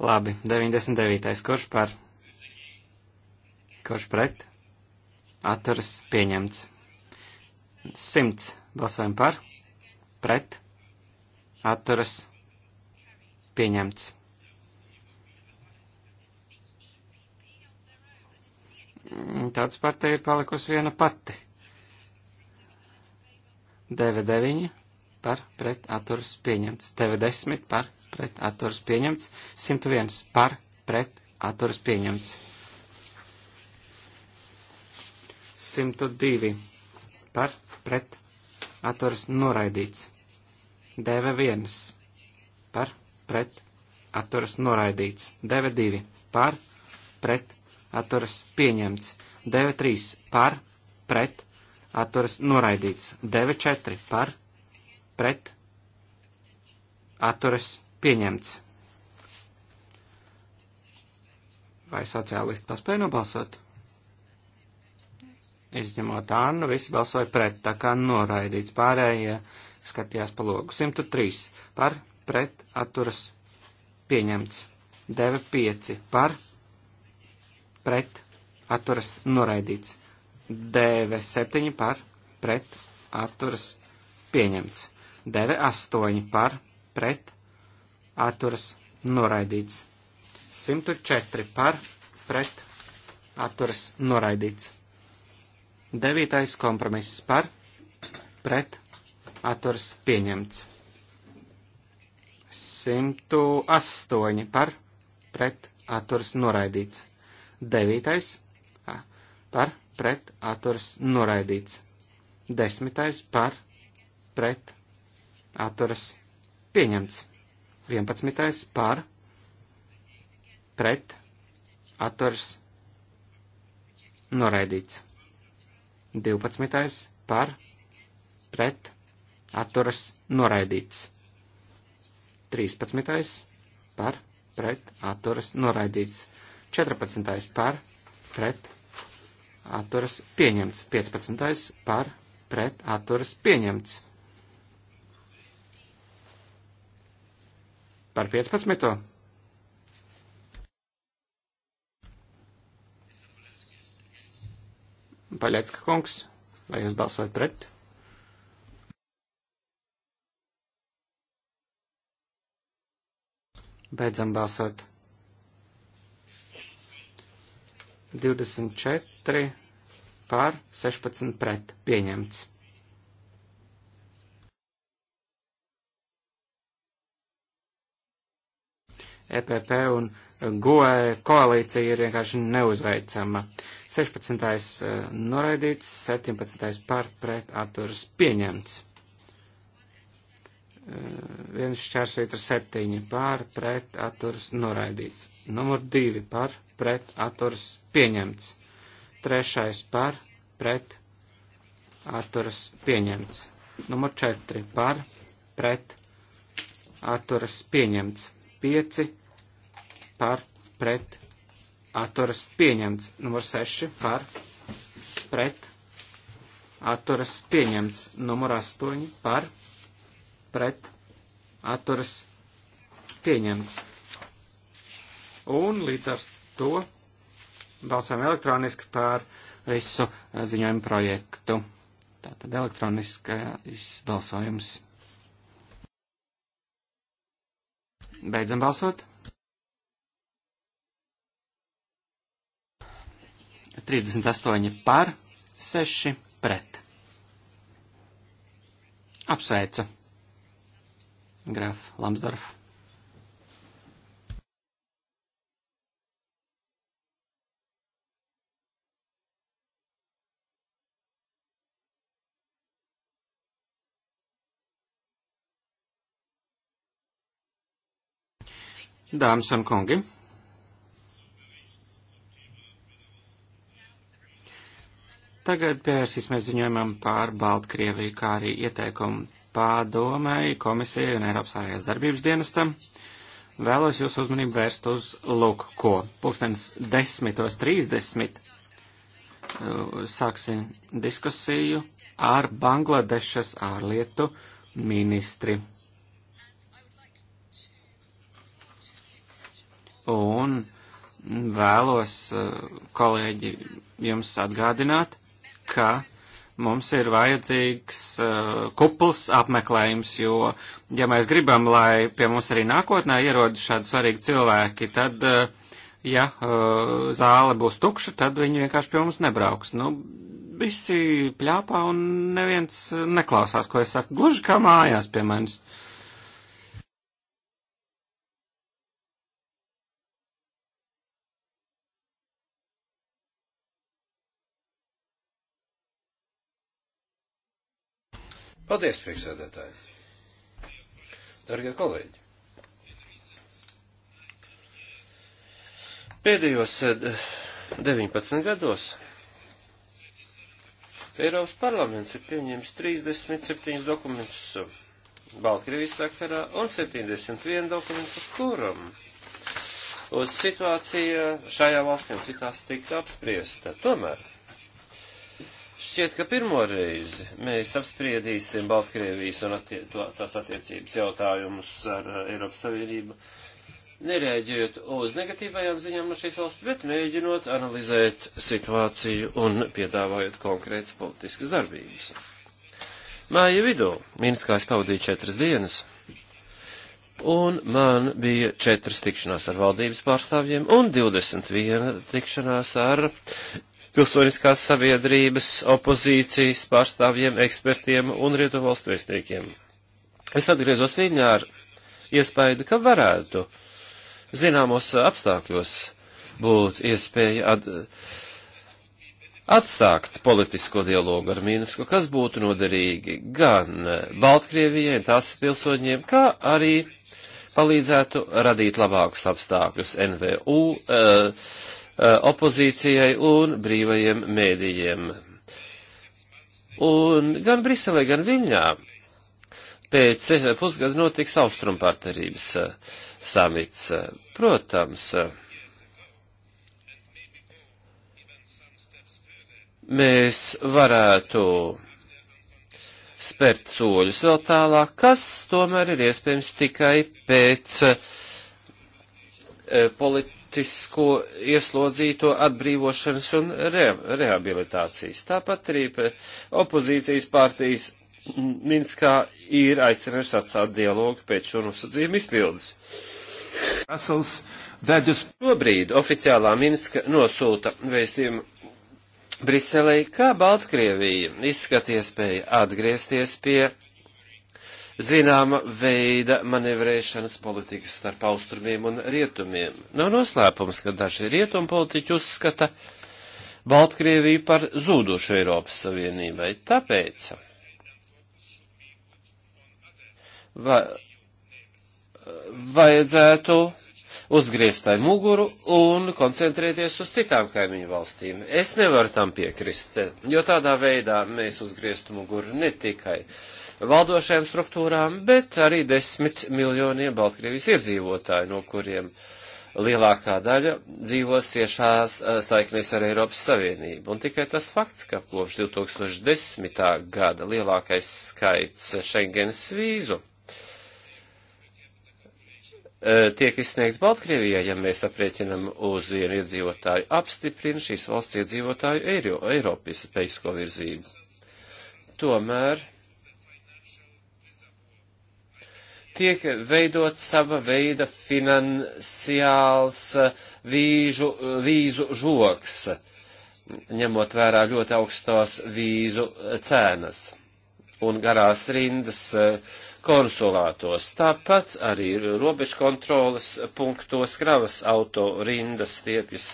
Labi, 99. kurš par? Kurš pret? Atturas pieņemts. 100 balsojam par, pret, atturas, pieņemts. Tāds partija ir palikusi viena pati. 99 par pret atturas pieņemts, 90 par pret atturas pieņemts, 101 par pret atturas pieņemts, 102 par pret atturas noraidīts. DV1 par pret atturas noraidīts. DV2 par pret atturas pieņemts. DV3 par pret atturas noraidīts. DV4 par pret atturas pieņemts. Vai sociālisti paspēja nobalsot? izņemot Annu, visi balsoja pret, tā kā noraidīts. Pārējie skatījās pa logu. 103 par pret atturas pieņemts. 95 par pret atturas noraidīts. 97 par pret atturas pieņemts. 98 par pret atturas noraidīts. 104 par pret atturas noraidīts. Devītais kompromiss par, pret, atturs pieņemts. 108 par, pret, atturs noraidīts. Devītais par, pret, atturs noraidīts. Desmitais par, pret, atturs pieņemts. Vienpadsmitais par, pret, atturs noraidīts. 12. par pret atturas noraidīts. 13. par pret atturas noraidīts. 14. par pret atturas pieņemts. 15. par pret atturas pieņemts. Par 15. Paļecka kungs, vai jūs balsojat pret? Beidzam balsot. 24 pār 16 pret pieņemts. EPP un GOE koalīcija ir vienkārši neuzveicama. 16. Eh, noraidīts, 17. par pret atturas pieņemts. 1 šķērsvītra 7 par pret atturas noraidīts. Numur 2 par pret atturas pieņemts. 3 par pret atturas pieņemts. Numur 4 par pret atturas pieņemts. 5 par pret atturas pieņemts. Numur 6 par pret atturas pieņemts. Numur 8 par pret atturas pieņemts. Un līdz ar to balsojam elektroniski par visu ziņojumu projektu. Tātad elektroniskais balsojums. Beidzam balsot. 38 par, 6 pret. Apsveicu. Graf Lamsdorf. Dāmas un kungi, Tagad pievērsīsimies ziņojumam par Baltkrieviju, kā arī ieteikumu pārdomai, komisijai un Eiropas ārējās darbības dienestam. Vēlos jūsu uzmanību vērst uz lūk, ko. Pūkstens 10.30 uh, sāksim diskusiju ar Bangladešas ārlietu ministri. Un vēlos, uh, kolēģi, jums atgādināt, ka mums ir vajadzīgs uh, kupls apmeklējums, jo, ja mēs gribam, lai pie mums arī nākotnē ierodas šādi svarīgi cilvēki, tad, uh, ja uh, zāle būs tukša, tad viņi vienkārši pie mums nebrauks. Nu, visi pļāpā un neviens neklausās, ko es saku, gluži kā mājās pie manis. Paldies, priekšsēdētājs! Darbie kolēģi! Pēdējos 19 eh, gados Eiropas parlaments ir pieņēmis 37 dokumentus Baltkrievijas sakarā un 71 dokumentus kuram. Uz situācija šajā valstī un citās tiks apspriesta. Tomēr Šķiet, ka pirmo reizi mēs apspriedīsim Baltkrievijas un attie to, tās attiecības jautājumus ar uh, Eiropas Savienību, nereaģējot uz negatīvajām ziņām no šīs valsts, bet mēģinot analizēt situāciju un piedāvājot konkrētas politiskas darbības. Māja vidū Minskā es pavadīju četras dienas, un man bija četras tikšanās ar valdības pārstāvjiem un 21 tikšanās ar pilsoniskās sabiedrības, opozīcijas pārstāvjiem, ekspertiem un rietu valstu vēstniekiem. Es atgriezos viņā ar iespaidu, ka varētu zināmos apstākļos būt iespēja at, atsākt politisko dialogu ar Mīnusku, kas būtu noderīgi gan Baltkrievijai un tās pilsoņiem, kā arī palīdzētu radīt labākus apstākļus NVU. Uh, eh, Eh, opozīcijai un brīvajiem mēdījiem. Un gan Briselē, gan Viņā pēc pusgada notiks austrumpartnerības eh, samits. Protams, eh, mēs varētu spērt soļus vēl tālāk, kas tomēr ir iespējams tikai pēc polit politisko ieslodzīto atbrīvošanas un re rehabilitācijas. Tāpat arī opozīcijas partijas Minskā ir aicinājuši atsākt dialogu pēc šo nosacījumu izpildes. Šobrīd oficiālā Minska nosūta vēstījumu Briselei, kā Baltkrievija izskatīja spēju atgriezties pie zināma veida manevrēšanas politikas starp austrumiem un rietumiem. Nav noslēpums, ka daži rietumu politiķi uzskata Baltkrieviju par zūdušu Eiropas Savienībai. Tāpēc va, vajadzētu uzgriezt tai muguru un koncentrēties uz citām kaimiņu valstīm. Es nevaru tam piekrist, jo tādā veidā mēs uzgrieztu muguru ne tikai uh, valdošajām struktūrām, bet arī desmit miljoniem Baltkrievijas iedzīvotāju, no kuriem lielākā daļa dzīvo ciešās eh, saiknēs ar Eiropas Savienību. Un tikai tas fakts, ka kopš 2010. gada lielākais skaits Schengens vīzu eh, tiek izsniegts Baltkrievijai, ja mēs aprieķinam uz vienu iedzīvotāju, apstiprina šīs valsts iedzīvotāju eiro, Eiropas peisko virzību. Tomēr tiek veidot sava veida finansiāls eh, vīžu, eh, vīzu žoks, ņemot vērā ļoti augstos vīzu eh, cenas un garās rindas uh, konsulātos. Tāpat arī robežu kontrolas punktos kravas auto rindas stiepjas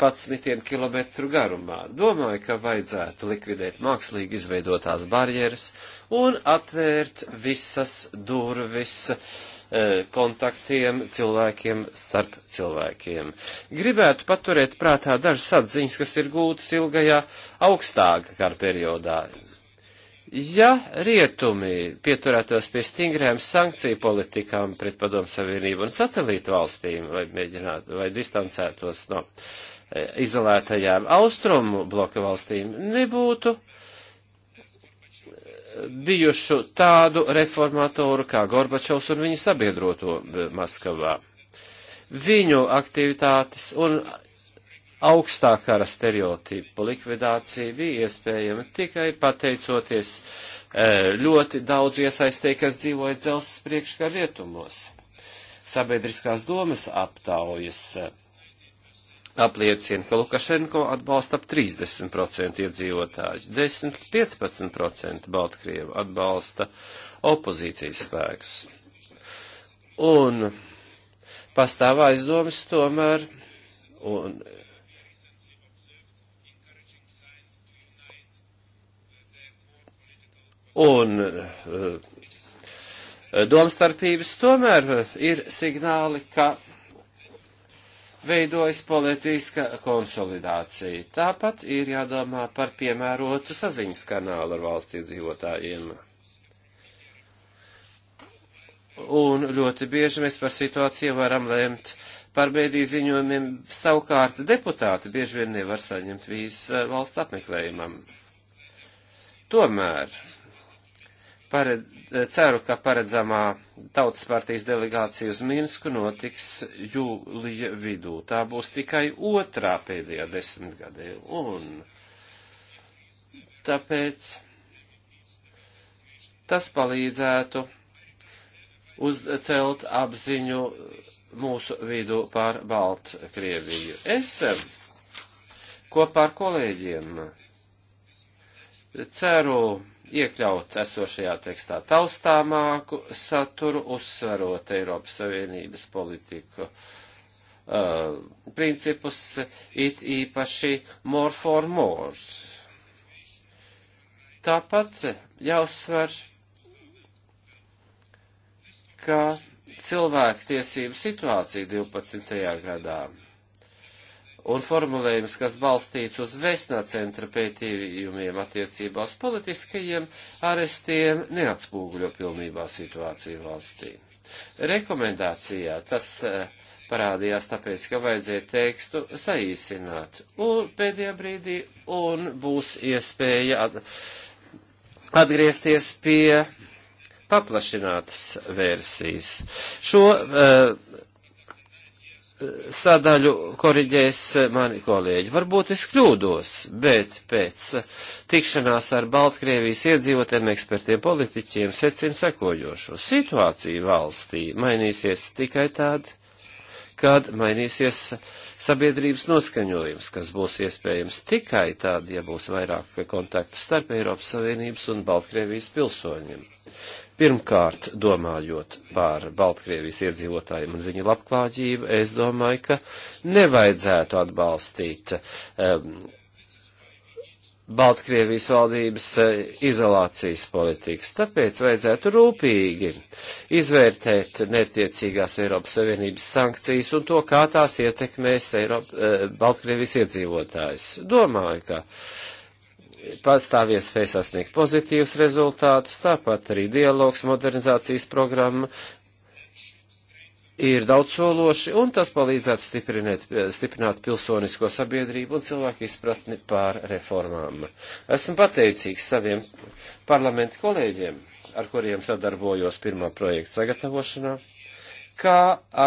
11 km garumā. Domāju, ka vajadzētu likvidēt mākslīgi izveidotās barjeras un atvērt visas durvis e, kontaktiem cilvēkiem starp cilvēkiem. Gribētu paturēt prātā dažas atziņas, kas ir gūtas ilgajā augstākā periodā Ja rietumi pieturētos pie stingrām sankciju politikām pret padomu savienību un satelītu valstīm, vai mēģinātu, vai distancētos no e, izolētajām austrumu bloka valstīm, nebūtu e, bijušu tādu reformatoru kā Gorbačovs un viņa sabiedroto e, Maskavā. Viņu aktivitātes un augstā kara stereotipu likvidācija bija iespējama tikai pateicoties e, ļoti daudz iesaistē, kas dzīvoja dzelzs priekškar rietumos. Sabiedriskās domas aptaujas e, apliecina, ka Lukašenko atbalsta ap 30% iedzīvotāju, 10-15% Baltkrievu atbalsta opozīcijas spēkus. Un pastāv aizdomas tomēr, un un eh, domstarpības, tomēr ir signāli, ka veidojas politiska konsolidācija. Tāpat ir jādomā par piemērotu saziņas kanālu ar valsts iedzīvotājiem. Un ļoti bieži mēs par situāciju varam lēmt par mēdīju ziņojumiem. Savukārt deputāti bieži vien nevar saņemt vīzas eh, valsts apmeklējumam. Tomēr pared, ceru, ka paredzamā Tautas partijas delegācija uz Minsku notiks jūlija vidū. Tā būs tikai otrā pēdējā desmitgadē. Un tāpēc tas palīdzētu uzcelt apziņu mūsu vidu par Baltkrieviju. Es kopā ar kolēģiem ceru, iekļaut esošajā tekstā taustāmāku saturu, uzsverot Eiropas Savienības politiku uh, principus, it īpaši more for more. Tāpat jāuzsver, ka cilvēku tiesību situācija 12. gadā un formulējums, kas balstīts uz Vesnā centra pētījumiem attiecībā uz politiskajiem arestiem, neatspūguļo pilnībā situāciju valstī. Rekomendācijā tas eh, parādījās tāpēc, ka vajadzēja tekstu saīsināt un pēdējā brīdī un būs iespēja atgriezties pie paplašinātas versijas. Šo uh, sadaļu koriģēs mani kolēģi. Varbūt es kļūdos, bet pēc tikšanās ar Baltkrievijas iedzīvotiem ekspertiem politiķiem secim sekojošo. Situācija valstī mainīsies tikai tād, kad mainīsies sabiedrības noskaņojums, kas būs iespējams tikai tād, ja būs vairāk kontaktu starp Eiropas Savienības un Baltkrievijas pilsoņiem. Pirmkārt, domājot par Baltkrievijas iedzīvotājiem un viņu labklājību, es domāju, ka nevajadzētu atbalstīt um, Baltkrievijas valdības uh, izolācijas politikas. Tāpēc vajadzētu rūpīgi izvērtēt netiecīgās Eiropas Savienības sankcijas un to, kā tās ietekmēs Eiropa, uh, Baltkrievijas iedzīvotājs. Domāju, ka pastāv iespēja sasniegt pozitīvus rezultātus, tāpat arī dialogs, modernizācijas programma ir daudzsološi, un tas palīdzētu stiprināt, stiprināt pilsonisko sabiedrību un cilvēku izpratni pār reformām. Esmu pateicīgs saviem parlamentu kolēģiem, ar kuriem sadarbojos pirmā projekta sagatavošanā, kā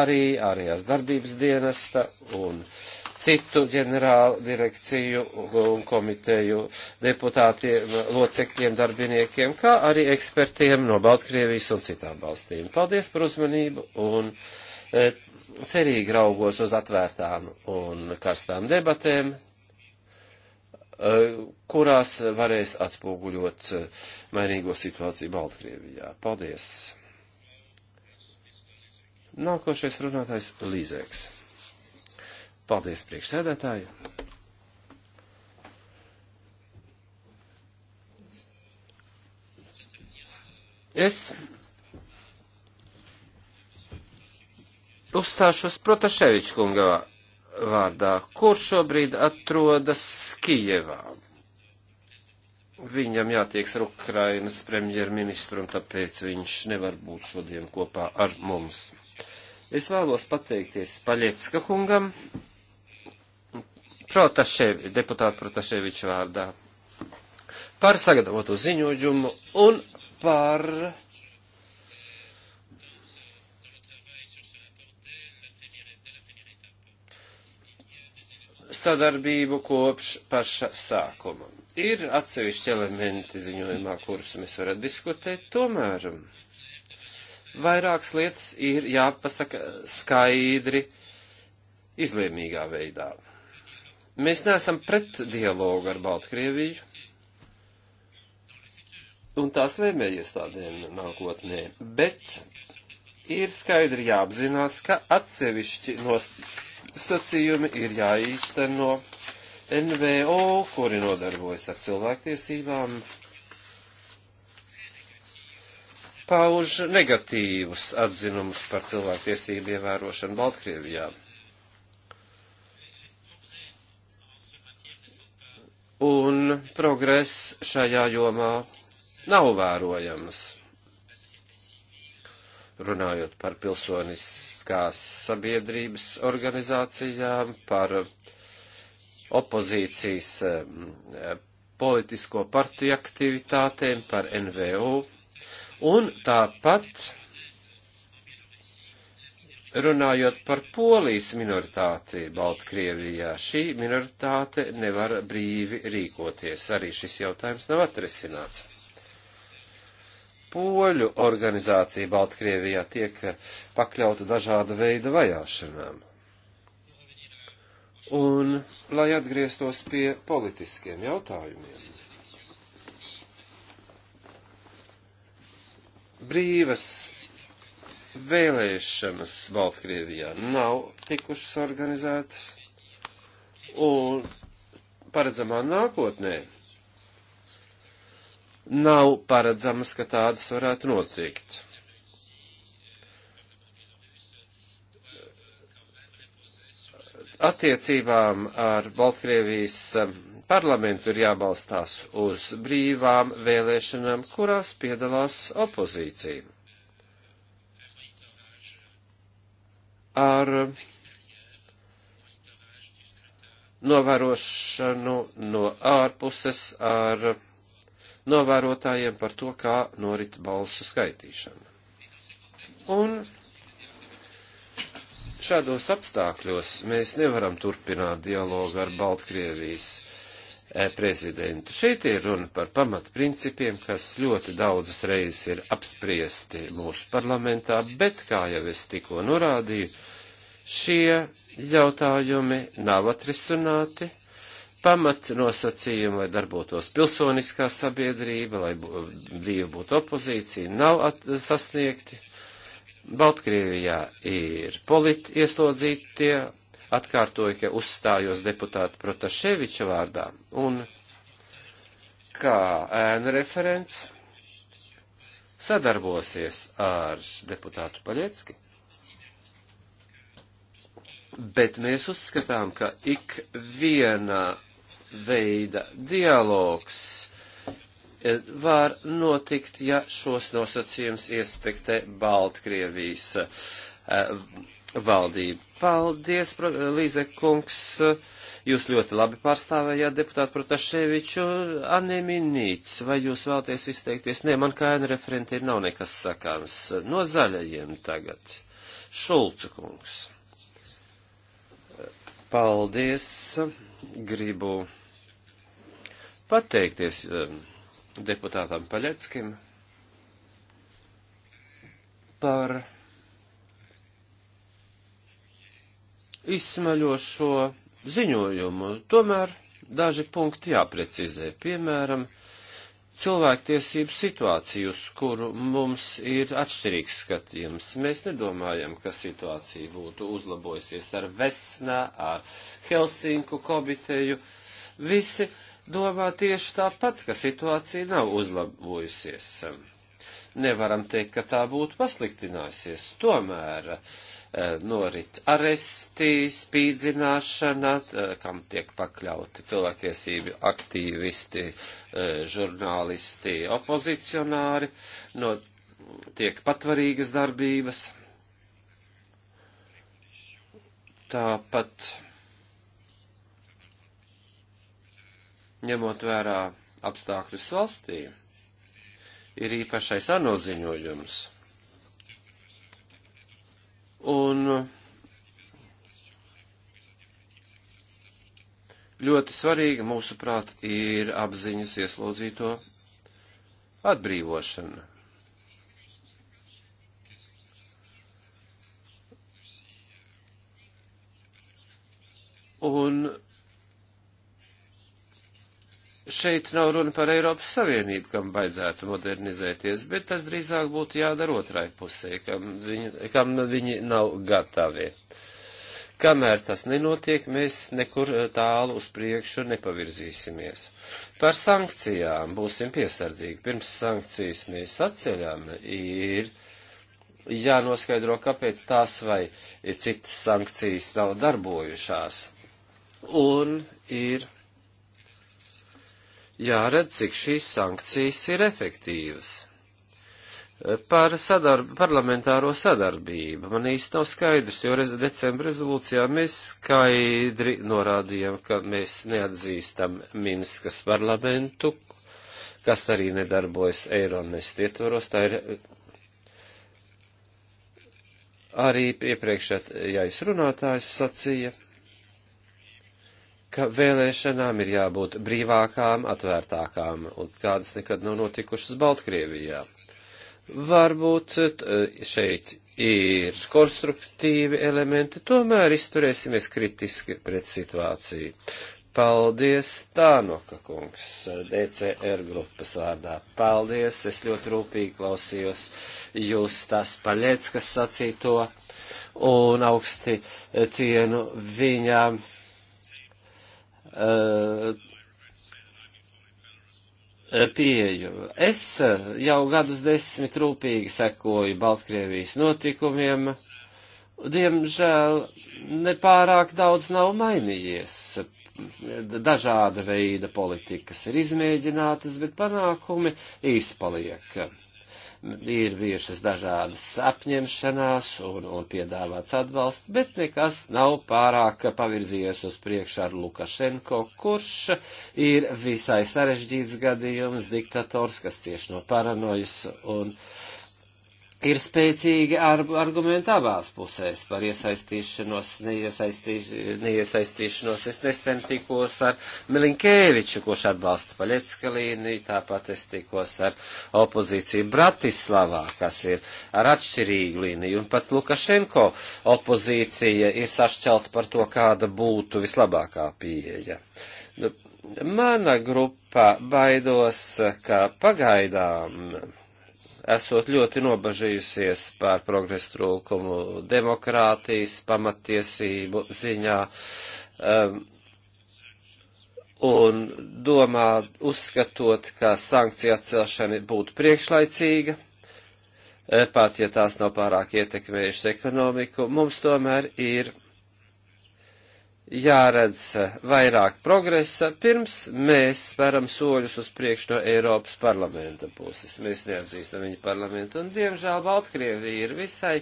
arī ārējās darbības dienesta un uh, citu ģenerālu direkciju un komiteju deputātiem, locekļiem, darbiniekiem, kā arī ekspertiem no Baltkrievijas un citām valstīm. Paldies par uzmanību un e, cerīgi raugos uz atvērtām un karstām debatēm, e, kurās varēs atspoguļot e, mainīgo situāciju Baltkrievijā. Paldies! Nākošais runātājs Līzeks. Paldies, priekšsēdētāji! Es uzstāšos Protaševiča kunga vārdā, kurš šobrīd atrodas Kijevā. Viņam jātieks ar Ukrainas premjerministru, un tāpēc viņš nevar būt šodien kopā ar mums. Es vēlos pateikties Paļecka kungam. Protaševi, deputāta Protaševiča vārdā par sagatavotu ziņojumu un par sadarbību kopš paša sākuma. Ir atsevišķi elementi ziņojumā, kurus mēs varam diskutēt, tomēr vairākas lietas ir jāpasaka skaidri, izlēmīgā veidā. Mēs neesam pret dialogu ar Baltkrieviju un tās lēmēja iestādēm nākotnē, bet ir skaidri jāapzinās, ka atsevišķi nosacījumi ir jāīsteno NVO, kuri nodarbojas ar cilvēktiesībām, pauž negatīvus atzinumus par cilvēktiesību ievērošanu Baltkrievijā. un progress šajā jomā nav vērojams. Runājot par pilsoniskās sabiedrības organizācijām, par opozīcijas politisko partiju aktivitātēm, par NVO, un tāpat Runājot par polijas minoritāti Baltkrievijā, šī minoritāte nevar brīvi rīkoties. Arī šis jautājums nav atrisināts. Poļu organizācija Baltkrievijā tiek pakļauta dažāda veida vajāšanām. Un, lai atgrieztos pie politiskiem jautājumiem. Brīvas Vēlēšanas Baltkrievijā nav tikušas organizētas, un paredzamā nākotnē nav paredzamas, ka tādas varētu notikt. Attiecībām ar Baltkrievijas um, parlamentu ir jābalstās uz brīvām vēlēšanām, kurās piedalās opozīcija. ar novērošanu no ārpuses, ar novērotājiem par to, kā norit balsu skaitīšana. Un šādos apstākļos mēs nevaram turpināt dialogu ar Baltkrievijas E, prezidentu. Šeit ir runa par pamatprincipiem, kas ļoti daudzas reizes ir apspriesti mūsu parlamentā, bet, kā jau es tikko norādīju, šie jautājumi nav atrisināti. Pamat nosacījumi, lai darbotos pilsoniskā sabiedrība, lai brīva būtu opozīcija, nav at, sasniegti. Baltkrievijā ir politi ieslodzītie atkārtoju, ka uzstājos deputātu Protaševiča vārdā un kā ēnu referents sadarbosies ar deputātu Paļecki. Bet mēs uzskatām, ka ik viena veida dialogs e, var notikt, ja šos nosacījums iespektē Baltkrievijas e, valdība. Paldies, Līze kungs. Jūs ļoti labi pārstāvējāt deputātu Protaševiču. Aneminīts, vai jūs vēlaties izteikties? Nē, man kā ēna referentiem nav nekas sakāms. No zaļajiem tagad. Šulcu kungs. Paldies. Gribu pateikties um, deputātam Paļeckim par izsmaļošo ziņojumu. Tomēr daži punkti jāprecizē. Piemēram, cilvēktiesību situāciju, uz kuru mums ir atšķirīgs skatījums. Mēs nedomājam, ka situācija būtu uzlabojusies ar Vesnā, ar Helsinku komiteju. Visi domā tieši tāpat, ka situācija nav uzlabojusies. Nevaram teikt, ka tā būtu pasliktinājusies. Tomēr Eh, norit arestī, spīdzināšana, eh, kam tiek pakļauti cilvēktiesību aktīvisti, eh, žurnālisti, opozicionāri, no, tiek patvarīgas darbības. Tāpat ņemot vērā apstākļus valstī, ir īpašais anoziņojums Un uh, ļoti svarīga, mūsuprāt, ir apziņas ieslodzīto atbrīvošana. Un šeit nav runa par Eiropas Savienību, kam baidzētu modernizēties, bet tas drīzāk būtu jādara otrai pusē, kam viņi, kam viņi nav gatavi. Kamēr tas nenotiek, mēs nekur eh, tālu uz priekšu nepavirzīsimies. Par sankcijām būsim piesardzīgi. Pirms sankcijas mēs atceļam, ir jānoskaidro, kāpēc tās vai citas sankcijas nav darbojušās. Un ir jāredz, cik šīs sankcijas ir efektīvas. Par sadarb parlamentāro sadarbību man īsti nav skaidrs, jo rez decembra rezolūcijā mēs skaidri norādījām, ka mēs neatzīstam Minskas parlamentu, kas arī nedarbojas Eironest ietvaros. Tā ir arī iepriekšējais runātājs sacīja ka vēlēšanām ir jābūt brīvākām, atvērtākām, un kādas nekad nav notikušas Baltkrievijā. Varbūt eh, šeit ir konstruktīvi elementi, tomēr izturēsimies kritiski pret situāciju. Paldies, Tānoka kungs, DCR grupas vārdā. Paldies, es ļoti rūpīgi klausījos jūs tas paļēc, kas sacīja to, un augsti cienu viņām Eh, pieeju. Es eh, jau gadus desmit rūpīgi sekoju Baltkrievijas notikumiem. Diemžēl nepārāk daudz nav mainījies. Dažāda veida politikas ir izmēģinātas, bet panākumi īspaliek ir bijušas dažādas apņemšanās un, un piedāvāts atbalsts, bet nekas nav pārāk pavirzījies uz priekšu ar Lukašenko, kurš ir visai sarežģīts gadījums, diktators, kas cieš no paranojas un uh, ir spēcīgi ar, argumenti abās pusēs par iesaistīšanos, neiesaistīš, neiesaistīšanos. Es nesen tikos ar Milinkēviču, kurš atbalsta Paļetskalīnu, tāpat es tikos ar opozīciju Bratislavā, kas ir ar atšķirīgu līniju, un pat Lukašenko opozīcija ir sašķelta par to, kāda būtu vislabākā pieeja. Nu, mana grupa baidos, ka pagaidām esot ļoti nobažījusies par progresu trūkumu demokrātijas, pamatiesību ziņā. Um, un domā, uzskatot, ka sankcija atcelšana būtu priekšlaicīga, eh, pat ja tās nav pārāk ietekmējušas ekonomiku, mums tomēr ir jāredz vairāk progresa, pirms mēs speram soļus uz priekšu no Eiropas parlamenta puses. Mēs neatzīstam viņu parlamentu, un diemžēl Baltkrievija ir visai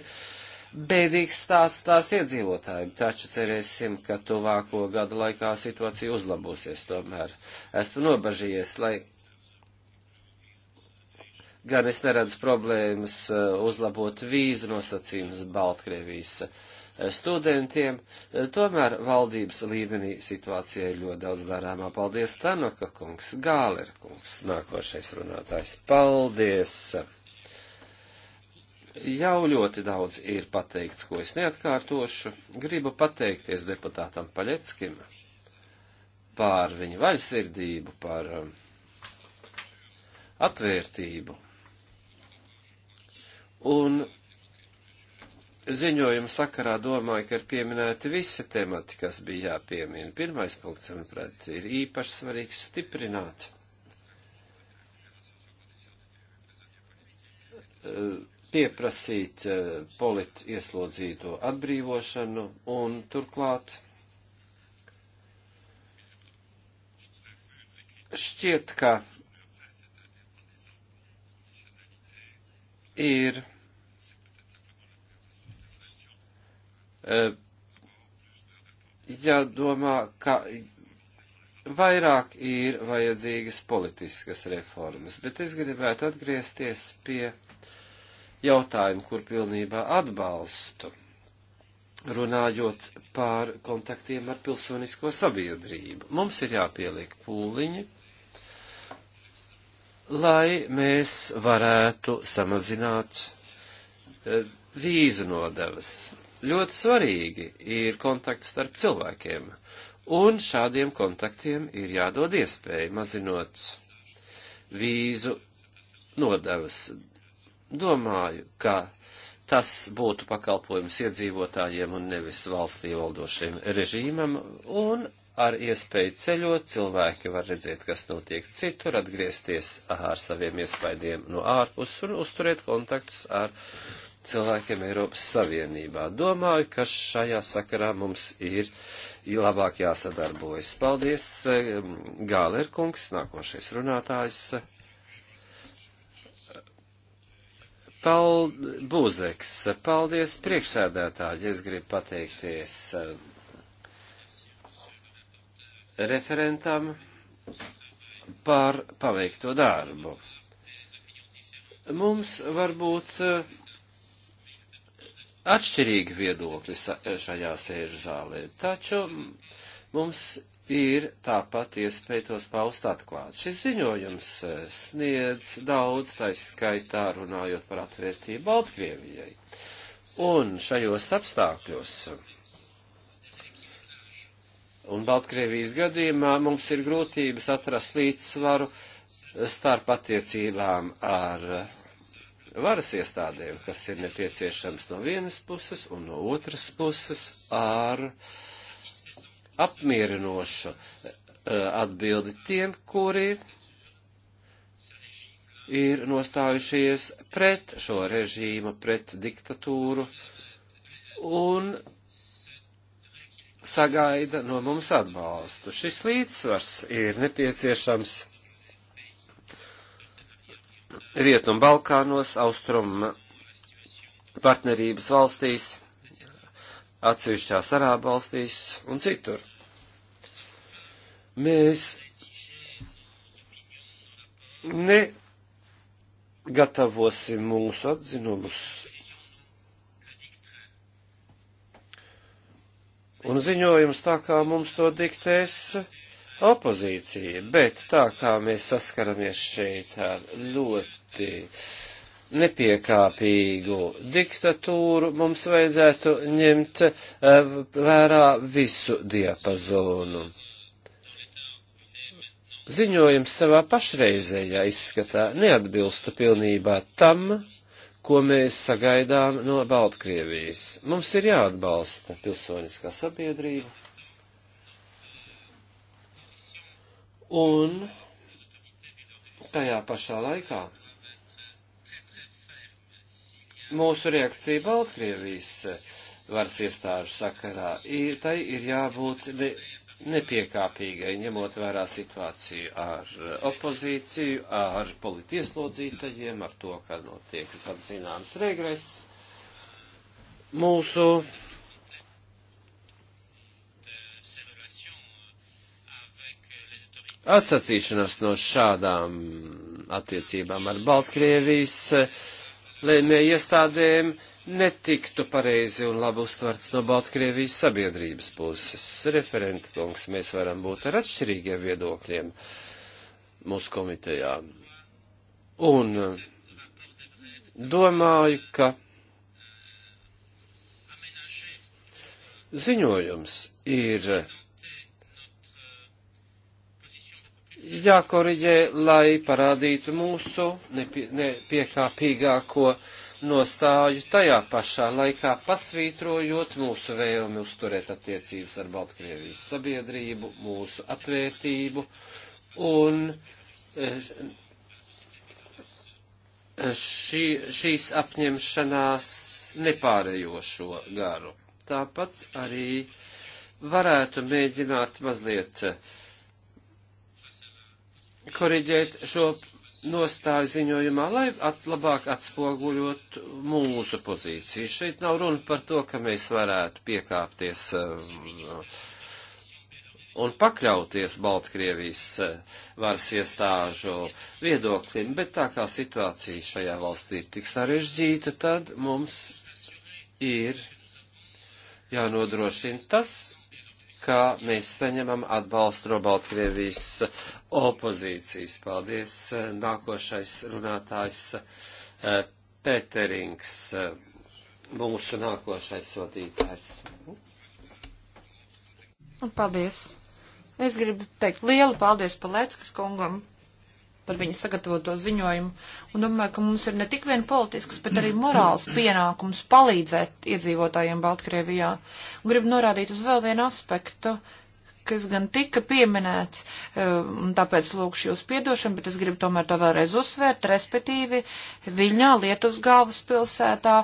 bēdīgs stāsts tās iedzīvotājiem, taču cerēsim, ka tuvāko gadu laikā situācija uzlabosies tomēr. Esmu nobažījies, lai gan es neredzu problēmas uh, uzlabot vīzu nosacījumus Baltkrievijas studentiem. Tomēr valdības līmenī situācija ir ļoti daudz darāmā. Paldies, Tanaka kungs, Gāler kungs, nākošais runātājs. Paldies! Jau ļoti daudz ir pateikts, ko es neatkārtošu. Gribu pateikties deputātam Paļeckim par viņa vaļsirdību, par um, atvērtību. Un ziņojuma sakarā domāju, ka ir pieminēti visi temati, kas bija jāpiemina. Pirmais punkts, manuprāt, ir īpaši svarīgs stiprināt. Eh, pieprasīt eh, polit ieslodzīto atbrīvošanu un turklāt šķiet, ka ir Eh, jādomā, ka vairāk ir vajadzīgas politiskas reformas, bet es gribētu atgriezties pie jautājumu, kur pilnībā atbalstu, runājot par kontaktiem ar pilsonisko sabiedrību. Mums ir jāpieliek pūliņi, lai mēs varētu samazināt eh, vīzu nodevas, ļoti svarīgi ir kontakti starp cilvēkiem, un šādiem kontaktiem ir jādod iespēja mazinot vīzu nodevas. Domāju, ka tas būtu pakalpojums iedzīvotājiem un nevis valstī valdošiem režīmam, un ar iespēju ceļot cilvēki var redzēt, kas notiek citur, atgriezties ar saviem iespaidiem no ārpus un uzturēt kontaktus ar cilvēkiem Eiropas Savienībā. Domāju, ka šajā sakarā mums ir labāk jāsadarbojas. Paldies, Gālērkungs, nākošais runātājs. Pal Būzeks, paldies priekšsēdētāji, es gribu pateikties referentam par paveikto darbu. Mums varbūt atšķirīgi viedokļi šajā sēžu zālē, taču mums ir tāpat iespēja tos paust atklāt. Šis ziņojums e, sniedz daudz, tā skaitā runājot par atvērtību Baltkrievijai. Un šajos apstākļos Un Baltkrievijas gadījumā mums ir grūtības atrast līdzsvaru starp attiecībām ar varas iestādēm, kas ir nepieciešams no vienas puses un no otras puses ar apmierinošu eh, atbildi tiem, kuri ir nostājušies pret šo režīmu, pret diktatūru un sagaida no mums atbalstu. Šis līdzsvars ir nepieciešams Rietumu Balkānos, Austrum partnerības valstīs, atsevišķās Arābu valstīs un citur. Mēs negatavosim mūsu atzinumus un ziņojums tā, kā mums to diktēs opozīcija, bet tā kā mēs saskaramies šeit ar ļoti nepiekāpīgu diktatūru, mums vajadzētu ņemt eh, vērā visu diapazonu. Ziņojums savā pašreizējā izskatā neatbilstu pilnībā tam, ko mēs sagaidām no Baltkrievijas. Mums ir jāatbalsta pilsoniskā sabiedrība Un tajā pašā laikā mūsu reakcija Baltkrievijas varas iestāžu sakarā, ir, tai ir jābūt ne, nepiekāpīgai, ņemot vērā situāciju ar opozīciju, ar politieslodzītajiem, ar to, ka notiek tāds zināms regress. Mūsu Atsacīšanās no šādām attiecībām ar Baltkrievijas eh, lēmē iestādēm netiktu pareizi un labi uztverts no Baltkrievijas sabiedrības puses. Referenta kungs, mēs varam būt ar atšķirīgiem viedokļiem mūsu komitejā. Un eh, domāju, ka ziņojums ir jākoriģē, lai parādītu mūsu nepiekāpīgāko nostāju tajā pašā laikā, pasvītrojot mūsu vēlmi uzturēt attiecības ar Baltkrievijas sabiedrību, mūsu atvērtību un eh, šī, šīs apņemšanās nepārējošo garu. Tāpat arī varētu mēģināt mazliet uh, koriģēt šo nostāju ziņojumā, lai at, labāk atspoguļot mūsu pozīciju. Šeit nav runa par to, ka mēs varētu piekāpties um, un pakļauties Baltkrievijas uh, varas iestāžu viedoklim, bet tā kā situācija šajā valstī ir tik sarežģīta, tad mums ir jānodrošina tas, ka mēs saņemam atbalstu no Baltkrievijas opozīcijas. Paldies. Nākošais runātājs eh, Pēterings, eh, mūsu nākošais sodītājs. Paldies. Es gribu teikt lielu paldies Paleckas kungam par viņu sagatavoto ziņojumu. Un domāju, ka mums ir ne tik vien politisks, bet arī morāls pienākums palīdzēt iedzīvotājiem Baltkrievijā. Un gribu norādīt uz vēl vienu aspektu, kas gan tika pieminēts, eh, un tāpēc lūkšu jūs piedošanu, bet es gribu tomēr to vēlreiz uzsvērt, respektīvi Viļņā, Lietuvas galvaspilsētā,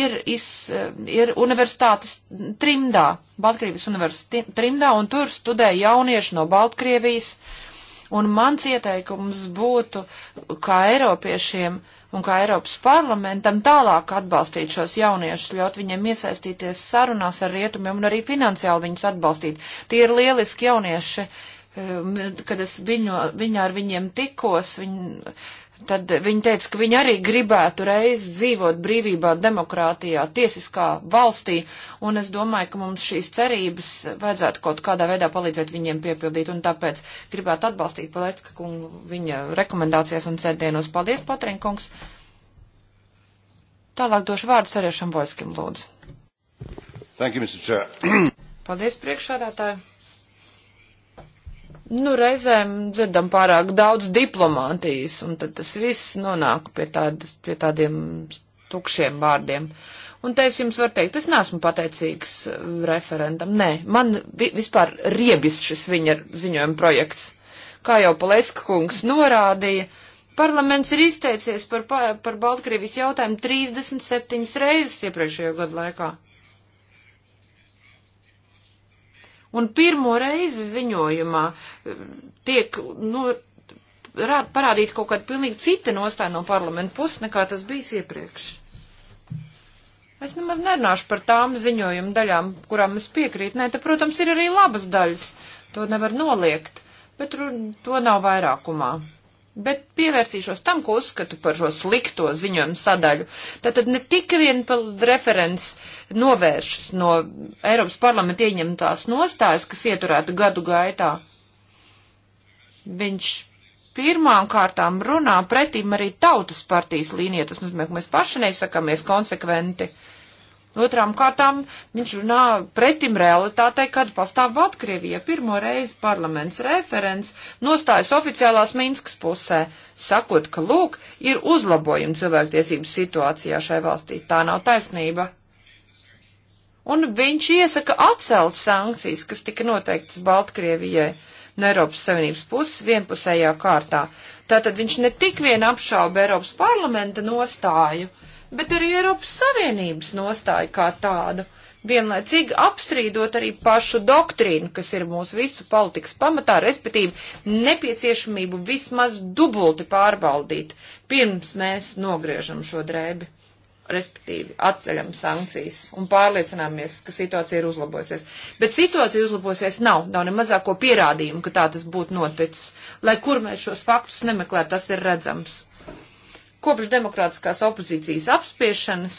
ir, iz, eh, ir universitātes trimdā, Baltkrievijas universitātes trimdā, un tur studē jaunieši no Baltkrievijas. Uh, Un mans ieteikums būtu, kā Eiropiešiem un kā Eiropas parlamentam tālāk atbalstīt šos jauniešus, ļaut viņiem iesaistīties sarunās ar rietumiem un arī finansiāli viņus atbalstīt. Tie ir lieliski jaunieši, um, kad es viņu, viņu ar viņiem tikos, viņi tad viņi teica, ka viņi arī gribētu reiz dzīvot brīvībā, demokrātijā, tiesiskā valstī, un es domāju, ka mums šīs cerības vajadzētu kaut kādā veidā palīdzēt viņiem piepildīt, un tāpēc gribētu atbalstīt Palecka kungu viņa rekomendācijas un centienos. Paldies, Patrinkungs! Tālāk došu vārdu Sariešam Vojskim, lūdzu. Thank you, Mr. Chair. Paldies, priekšādātāji! nu, reizēm dzirdam pārāk daudz diplomātijas, un tad tas viss nonāk pie, tādas, pie tādiem tukšiem vārdiem. Un te es jums varu teikt, es neesmu pateicīgs referendam. Nē, man vi vispār riebis šis viņa ziņojuma projekts. Kā jau Palecka kungs norādīja, parlaments ir izteicies par, par Baltkrievis jautājumu 37 reizes iepriekšējo gadu laikā. Un pirmo reizi ziņojumā eh, tiek, nu, rād, parādīt kaut kāda pilnīgi cita nostāja no parlamenta puses, nekā tas bijis iepriekš. Es nemaz nerunāšu par tām ziņojumu daļām, kurām es piekrītu. Nē, te, protams, ir arī labas daļas. To nevar noliegt, bet to nav vairākumā bet pievērsīšos tam, ko uzskatu par šo slikto ziņojumu sadaļu. Tātad ne tik vien referents novēršas no Eiropas parlamenta ieņemtās nostājas, kas ieturētu gadu gaitā. Viņš pirmām kārtām runā pretīm arī tautas partijas līnija. Tas nozīmē, ka mēs paši neizsakamies konsekventi. Uh, Otrām kārtām viņš runā pretim realitātei, kad pastāv Baltkrievija. Pirmo reizi parlaments referents nostājas oficiālās Minskas pusē, sakot, ka lūk, ir uzlabojumi cilvēktiesības situācijā šai valstī. Tā nav taisnība. Un viņš iesaka atcelt sankcijas, kas tika noteiktas Baltkrievijai no Eiropas Savienības puses vienpusējā kārtā. Tātad viņš ne tik vien apšauba Eiropas parlamenta nostāju, bet arī Eiropas Savienības nostāju kā tādu. Vienlaicīgi apstrīdot arī pašu doktrīnu, kas ir mūsu visu politikas pamatā, respektīvi nepieciešamību vismaz dubulti pārbaudīt, pirms mēs nogriežam šo drēbi, respektīvi atceļam sankcijas un pārliecināmies, ka situācija ir uzlabosies. Bet situācija uzlabosies nav, nav ne mazāko pierādījumu, ka tā tas būtu noticis. Lai kur mēs šos faktus nemeklētu, tas ir redzams kopš demokrātiskās opozīcijas apspiešanas,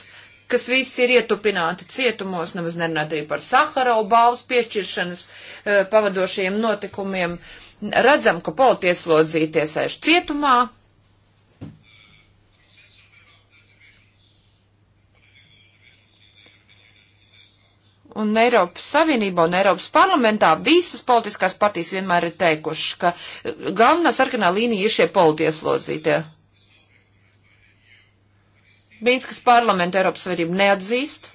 kas visi ir ietupināti cietumos, nemaz nerunāt arī par Saharau balvas piešķiršanas eh, pavadošajiem notikumiem, redzam, ka politieslodzītie sēž cietumā, un Eiropas Savienībā un Eiropas parlamentā visas politiskās partijas vienmēr ir teikušas, ka galvenā sarkanā līnija ir šie politieslodzītie. Bīts, kas parlamentu Eiropas Savienību neatzīst,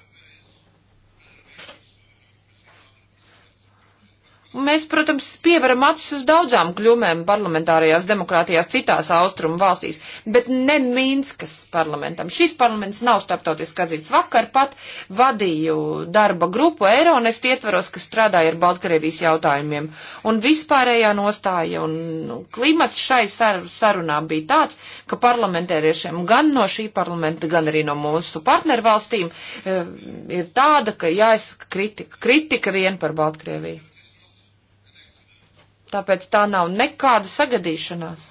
Mēs, protams, pievaram acis uz daudzām kļūmēm parlamentārajās demokrātijās citās austrumu valstīs, bet ne Minskas parlamentam. Šis parlaments nav starptautiski atzīts. Vakar pat vadīju darba grupu Eironest ietvaros, kas strādāja ar Baltkrievijas jautājumiem. Un vispārējā nostāja un nu, klimats šai sar sarunā bija tāds, ka parlamentāriešiem gan no šī parlamenta, gan arī no mūsu partnervalstīm eh, ir tāda, ka jāizkritika kritika vien par Baltkrieviju. Tāpēc tā nav nekāda sagadīšanās,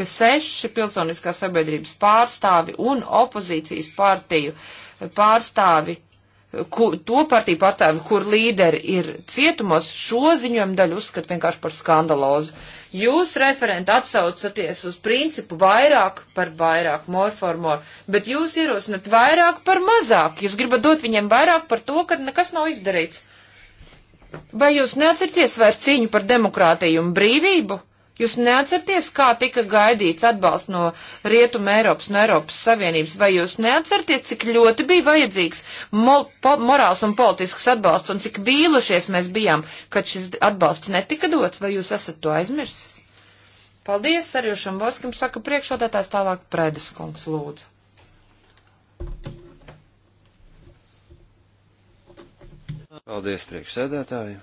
ka seši pilsoniskās sabiedrības pārstāvi un opozīcijas partiju pārstāvi, ku, to partiju pārstāvi, kur līderi ir cietumos, šo ziņojumu daļu uzskat vienkārši par skandalozu. Jūs, referenti, atsaucaties uz principu vairāk par vairāk, more for more, bet jūs ierosinat vairāk par mazāk. Jūs gribat dot viņiem vairāk par to, ka nekas nav izdarīts. Vai jūs neatcerties vairs cīņu par demokrātiju un brīvību? Jūs neatcerties, kā tika gaidīts atbalsts no Rietuma Eiropas un no Eiropas Savienības, vai jūs neatcerties, cik ļoti bija vajadzīgs mol, po, morāls un politisks atbalsts, un cik vīlušies mēs bijām, kad šis atbalsts netika dots, vai jūs esat to aizmirsis? Paldies, Sarjušam Voskim saka priekšādātājs tālāk Prēdis kungs lūdzu. Paldies, priekšsēdētāji.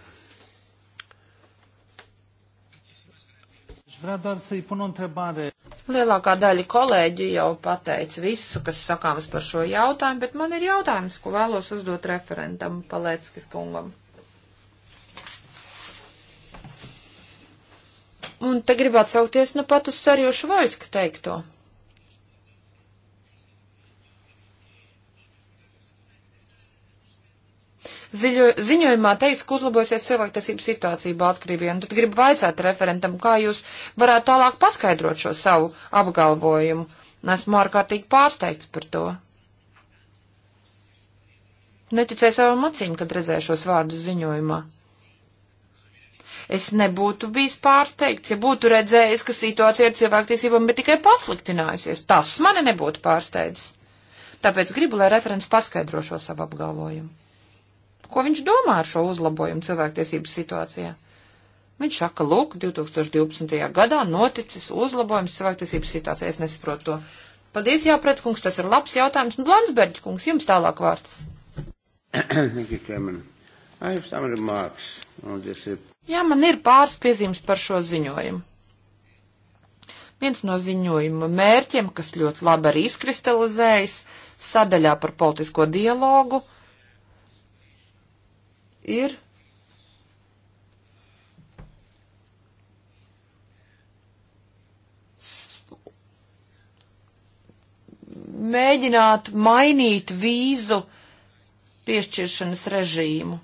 Lielākā daļa kolēģi jau pateica visu, kas sakāms par šo jautājumu, bet man ir jautājums, ko vēlos uzdot referentam Palēckis kungam. Un te gribētu saukties nu pat uz Sarjošu Vaļsku teikto. Ziļo, ziņojumā teikts, ka uzlabosies cilvēktiesību situācija Baltkrievijā, un nu, tad gribu vaicāt referentam, kā jūs varētu tālāk paskaidrot šo savu apgalvojumu. Esmu ārkārtīgi pārsteigts par to. Neticēju savam acīm, kad redzēju šos vārdus ziņojumā. Es nebūtu bijis pārsteigts, ja būtu redzējis, ka situācija ar cilvēktiesībām ir tikai pasliktinājusies. Tas mani nebūtu pārsteidzis. Tāpēc gribu, lai referents paskaidro šo savu apgalvojumu. Ko viņš domā ar šo uzlabojumu cilvēktiesību situācijā? Viņš saka, lūk, 2012. gadā noticis uzlabojums cilvēktiesību situācijā. Es nesaprotu to. Paldies, jāpret, kungs, tas ir labs jautājums. Un Landsbergi, kungs, jums tālāk vārds. Jā, man ir pāris piezīmes par šo ziņojumu. Viens no ziņojuma mērķiem, kas ļoti labi arī izkristalizējas, sadaļā par politisko dialogu ir mēģināt mainīt vīzu piešķiršanas režīmu.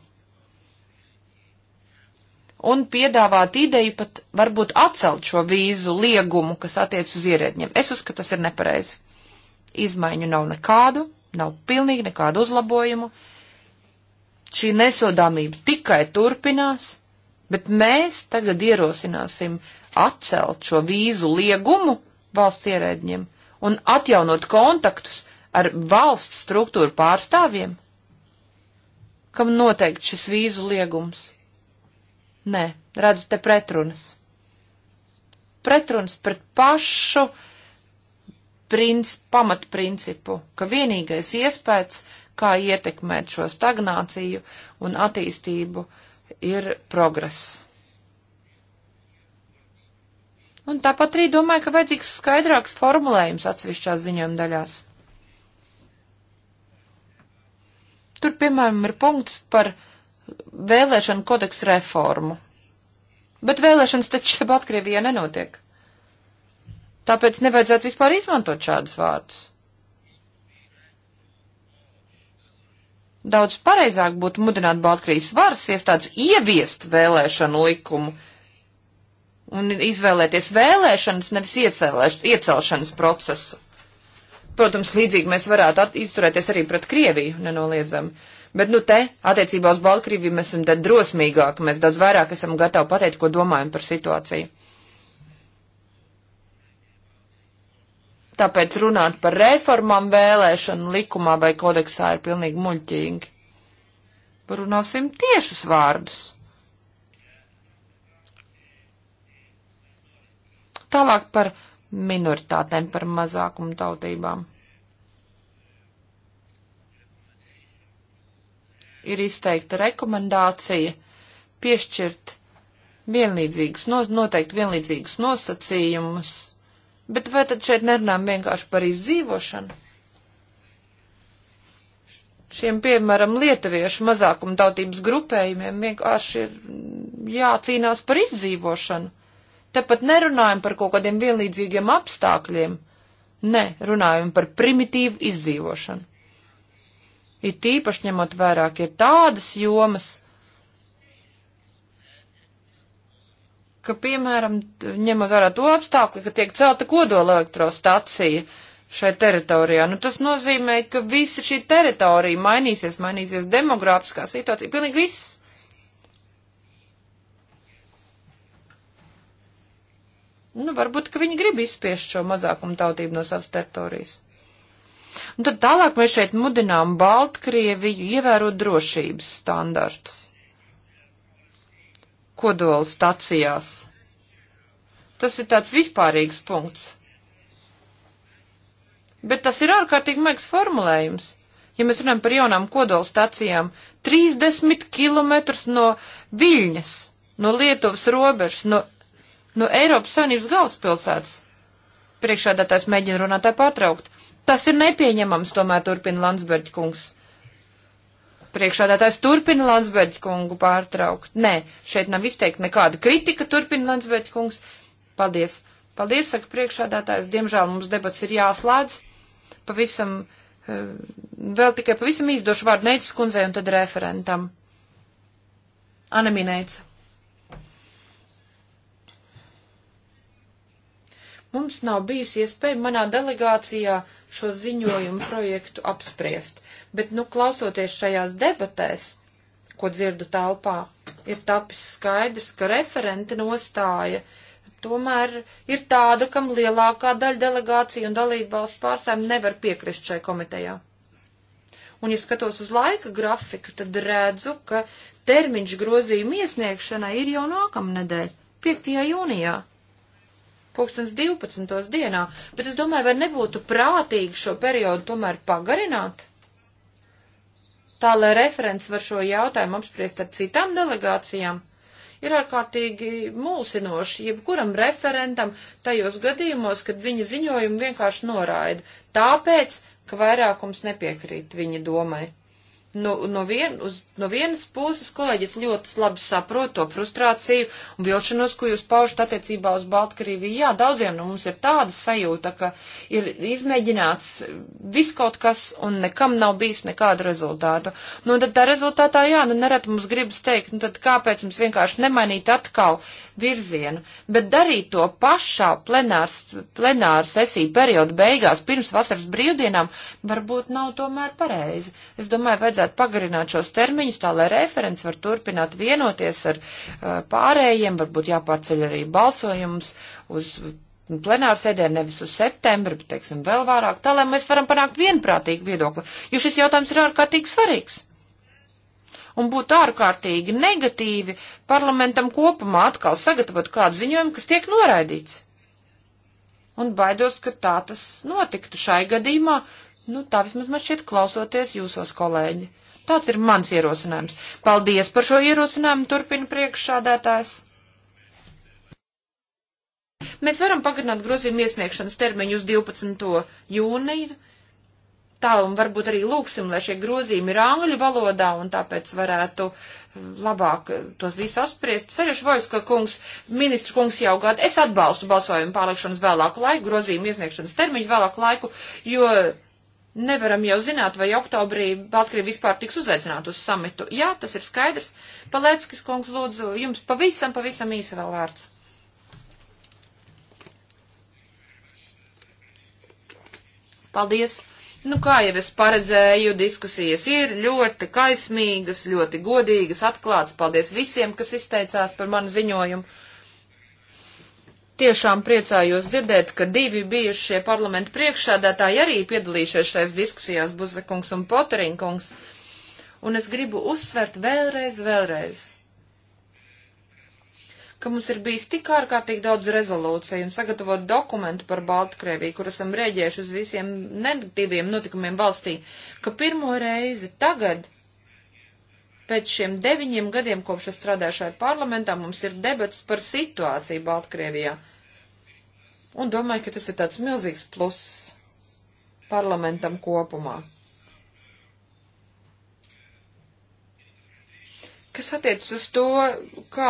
Un piedāvāt ideju pat varbūt atcelt šo vīzu liegumu, kas attiec uz ierēdņiem. Es uzskatu, tas ir nepareizi. Izmaiņu nav nekādu, nav pilnīgi nekādu uzlabojumu. Uh, šī nesodāmība tikai turpinās, bet mēs tagad ierosināsim atcelt šo vīzu liegumu valsts ierēdņiem un atjaunot kontaktus ar valsts struktūru pārstāvjiem? Kam noteikti šis vīzu liegums? Nē, redzu te pretrunas. Pretrunas pret pašu princ, pamatprincipu, ka vienīgais iespējas kā ietekmēt šo stagnāciju un attīstību, ir progress. Un tāpat arī domāju, ka vajadzīgs skaidrāks formulējums atsevišķās ziņojuma daļās. Tur, piemēram, ir punkts par vēlēšanu kodeksu reformu. Bet vēlēšanas taču šeit Baltkrievijā nenotiek. Tāpēc nevajadzētu vispār izmantot šādus vārdus. Daudz pareizāk būtu mudināt Baltkrievis varas iestādes ieviest vēlēšanu likumu un izvēlēties vēlēšanas, nevis iecelēš, iecelšanas procesu. Protams, līdzīgi mēs varētu izturēties arī pret Krieviju, nenoliedzami. Bet, nu, te, attiecībā uz Baltkrieviju, mēs esam te drosmīgāki, mēs daudz vairāk esam gatavi pateikt, ko domājam par situāciju. Tāpēc runāt par reformām vēlēšanu likumā vai kodeksā ir pilnīgi muļķīgi. Parunāsim tiešus vārdus. Tālāk par minoritātēm, par mazākumu tautībām. Ir izteikta rekomendācija piešķirt vienlīdzīgas, noteikti vienlīdzīgas nosacījumus Bet vai tad šeit nerunājam vienkārši par izdzīvošanu? Šiem, piemēram, lietuviešu mazākuma tautības grupējumiem vienkārši ir jācīnās par izdzīvošanu. Tepat nerunājam par kaut kādiem vienlīdzīgiem apstākļiem. Nē, runājam par primitīvu izdzīvošanu. It īpaši ņemot vairāk ir tādas jomas, ka, piemēram, ņemot vērā to apstākli, ka tiek celta kodola elektrostacija šai teritorijā, nu tas nozīmē, ka visa šī teritorija mainīsies, mainīsies demogrāfiskā situācija, pilnīgi viss. Nu, varbūt, ka viņi grib izspiest šo mazākumu tautību no savas teritorijas. Un tad tālāk mēs šeit mudinām Baltkrieviju ievērot drošības standartus kodolu stacijās. Tas ir tāds vispārīgs punkts. Bet tas ir ārkārtīgi maigs formulējums. Ja mēs runājam par jaunām kodola stacijām, 30 km no Viļņas, no Lietuvas robežas, no, no Eiropas Savienības galvaspilsētas, priekšādātājs mēģina runātāju pārtraukt. Tas ir nepieņemams, tomēr turpina Landsberģi kungs. Priekšādātājs turpina Landsbergi kungu pārtraukt. Nē, šeit nav izteikti nekāda kritika, turpina Landsbergi kungs. Paldies. Paldies, saka priekšādātājs. Diemžēl mums debats ir jāslēdz. Pavisam, eh, vēl tikai pavisam izdošu vārdu Neicis kundzei un tad referentam. Aneminēca. Mums nav bijusi iespēja manā delegācijā šo ziņojumu projektu apspriest. Bet, nu, klausoties šajās debatēs, ko dzirdu telpā, ir tapis skaidrs, ka referenta nostāja tomēr ir tāda, kam lielākā daļa delegācija un dalība valsts pārstāvjiem nevar piekrist šai komitejā. Un, ja skatos uz laika grafiku, tad redzu, ka termiņš grozījuma iesniegšanai ir jau nākamnedēļ, 5. jūnijā pulkstens 12. dienā, bet es domāju, vai nebūtu prātīgi šo periodu tomēr pagarināt? tā lai referents var šo jautājumu apspriest ar citām delegācijām, ir ārkārtīgi mulsinoši jebkuram referentam tajos gadījumos, kad viņa ziņojumu vienkārši noraida, tāpēc, ka vairākums nepiekrīt viņa domai no, nu, no, vien, uz, no vienas puses kolēģis ļoti labi saprot to frustrāciju un vilšanos, ko jūs paužat attiecībā uz Baltkrieviju. Jā, daudziem no mums ir tāda sajūta, ka ir izmēģināts viss kaut kas un nekam nav bijis nekāda rezultāta. Nu, tad tā rezultātā, jā, nu, neret mums gribas teikt, nu, tad kāpēc mums vienkārši nemainīt atkal uh, virzienu, bet darīt to pašā plenārs, plenāra sesija perioda beigās pirms vasaras brīvdienām varbūt nav tomēr pareizi. Es domāju, vajadzētu pagarināt šos termiņus tā, lai referents var turpināt vienoties ar uh, pārējiem, varbūt jāpārceļ arī balsojums uz plenāra sēdē nevis uz septembri, bet, teiksim, vēl vairāk, tā lai mēs varam panākt vienprātīgu viedokli, jo šis jautājums ir ārkārtīgi svarīgs un būtu ārkārtīgi negatīvi parlamentam kopumā atkal sagatavot kādu ziņojumu, kas tiek noraidīts. Un baidos, ka tā tas notiktu šai gadījumā, nu tā vismaz man šķiet klausoties jūsos kolēģi. Tāds ir mans ierosinājums. Paldies par šo ierosinājumu, turpina priekšsādētājs. Mēs varam pagarināt grozījumu iesniegšanas termiņu uz 12. jūniju tā, un varbūt arī lūksim, lai šie grozījumi ir angļu valodā, un tāpēc varētu labāk tos visus apspriest. Serešu Vojska kungs, ministra kungs jau gadu, es atbalstu balsojumu pārliekšanas vēlāku laiku, grozījumu iesniegšanas termiņu vēlāku laiku, jo Nevaram jau zināt, vai oktobrī Baltkrievi vispār tiks uzaicināt uz samitu. Jā, tas ir skaidrs. Palēckis kungs, lūdzu, jums pavisam, pavisam īsi vēl vārds. Paldies! Nu, kā jau es paredzēju, diskusijas ir ļoti kaismīgas, ļoti godīgas, atklātas. Paldies visiem, kas izteicās par manu ziņojumu. Tiešām priecājos dzirdēt, ka divi bijušie parlamentu priekšsādātāji arī piedalījušies šajās diskusijās, Buzekungs un Poterinkungs. Un es gribu uzsvert vēlreiz, vēlreiz, ka mums ir bijis tik ārkārtīgi daudz rezolūciju un sagatavot dokumentu par Baltkrieviju, kur esam rēģējuši uz visiem negatīviem notikumiem valstī, ka pirmo reizi tagad, pēc šiem deviņiem gadiem, kopš es strādāju šajā parlamentā, mums ir debats par situāciju Baltkrievijā. Un domāju, ka tas ir tāds milzīgs pluss parlamentam kopumā. Kas attiecas uz to, kā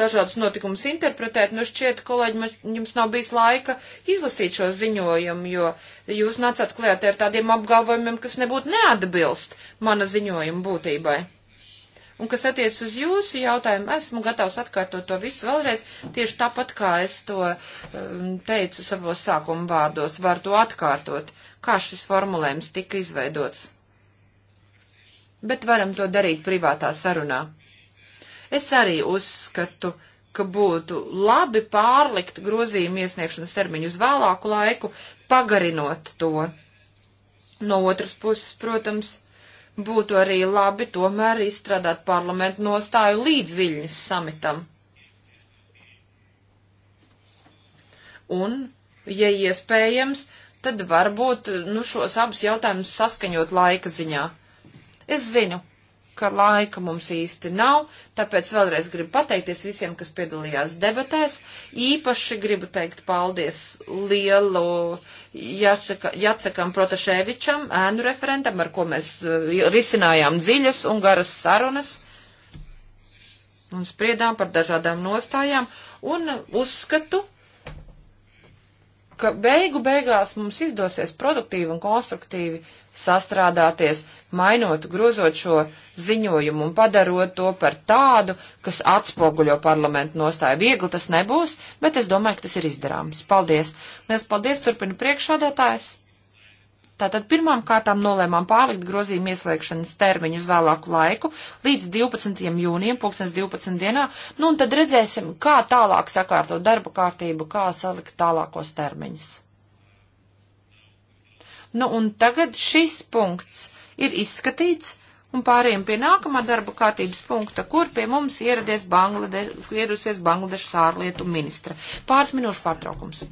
dažādas notikumus interpretēt, nu šķiet, kolēģi, mēs, jums nav bijis laika izlasīt šo ziņojumu, jo jūs nācāt klēt ar tādiem apgalvojumiem, kas nebūtu neatbilst mana ziņojuma būtībai. Un kas attiec uz jūsu jautājumu, esmu gatavs atkārtot to visu vēlreiz, tieši tāpat kā es to um, teicu savos sākuma vārdos, var to atkārtot, kā šis formulējums tika izveidots. Bet varam to darīt privātā sarunā. Es arī uzskatu, ka būtu labi pārlikt grozījumu iesniegšanas termiņu uz vēlāku laiku, pagarinot to. No otras puses, protams, būtu arī labi tomēr izstrādāt parlamentu nostāju līdz Viļņas samitam. Un, ja iespējams, tad varbūt nu, šos abus jautājumus saskaņot laika ziņā. Es zinu, ka laika mums īsti nav, tāpēc vēlreiz gribu pateikties visiem, kas piedalījās debatēs. Īpaši gribu teikt paldies lielu Jaceka, Jacekam Protaševičam, ēnu referentam, ar ko mēs e, risinājām dziļas un garas sarunas un spriedām par dažādām nostājām un uzskatu, ka beigu beigās mums izdosies produktīvi un konstruktīvi sastrādāties, mainot, grozot šo ziņojumu un padarot to par tādu, kas atspoguļo parlamentu nostāju. Viegli tas nebūs, bet es domāju, ka tas ir izdarāms. Paldies! Liels paldies! Turpina priekšādātājs! Tātad pirmām kārtām nolēmām pārlikt grozījuma ieslēgšanas termiņu uz vēlāku laiku, līdz 12. jūnijam, 2012. dienā, nu un tad redzēsim, kā tālāk sakārtot darba kārtību, kā salikt tālākos termiņus. Nu un tagad šis punkts ir izskatīts, un pārējiem pie nākamā darba kārtības punkta, kur pie mums ieradies Banglade, ierusies Bangladešas ārlietu ministra. Pāris minūšu pārtraukums.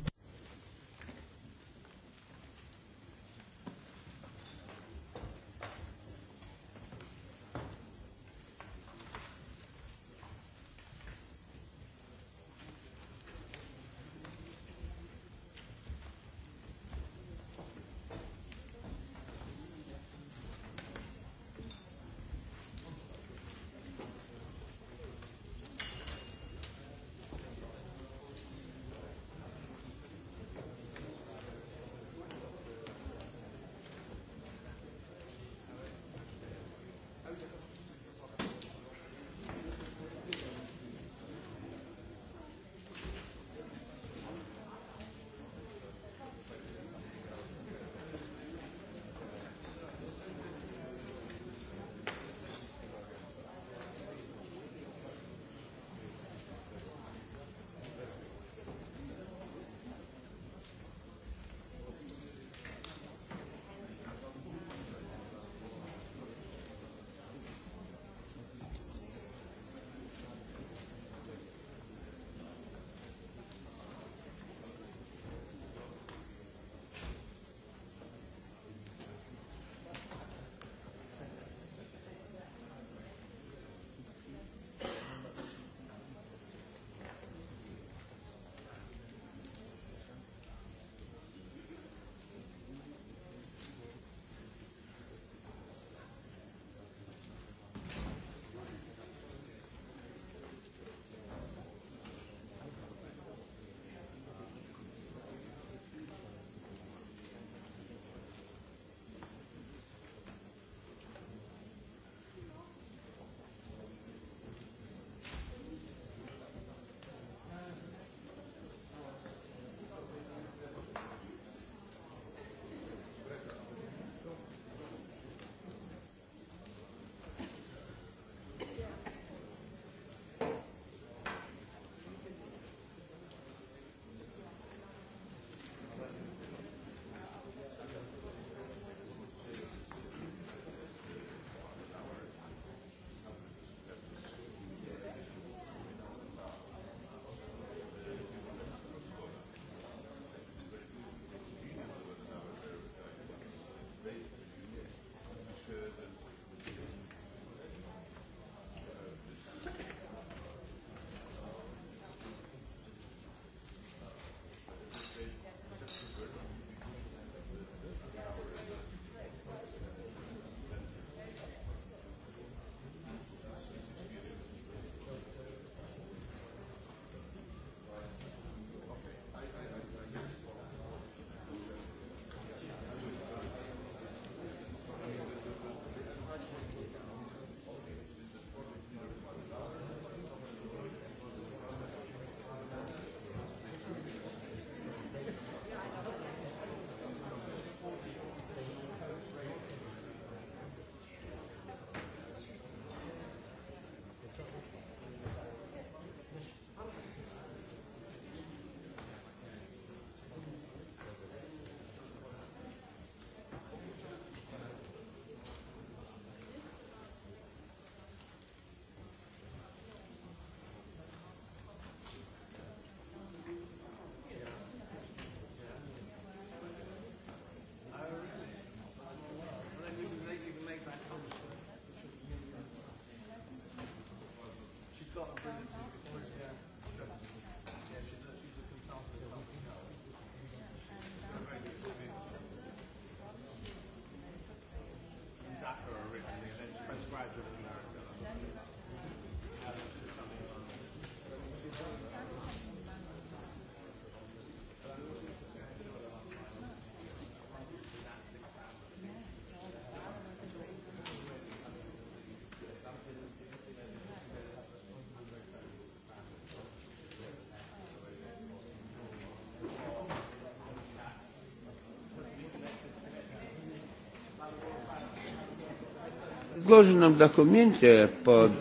предложенном документе под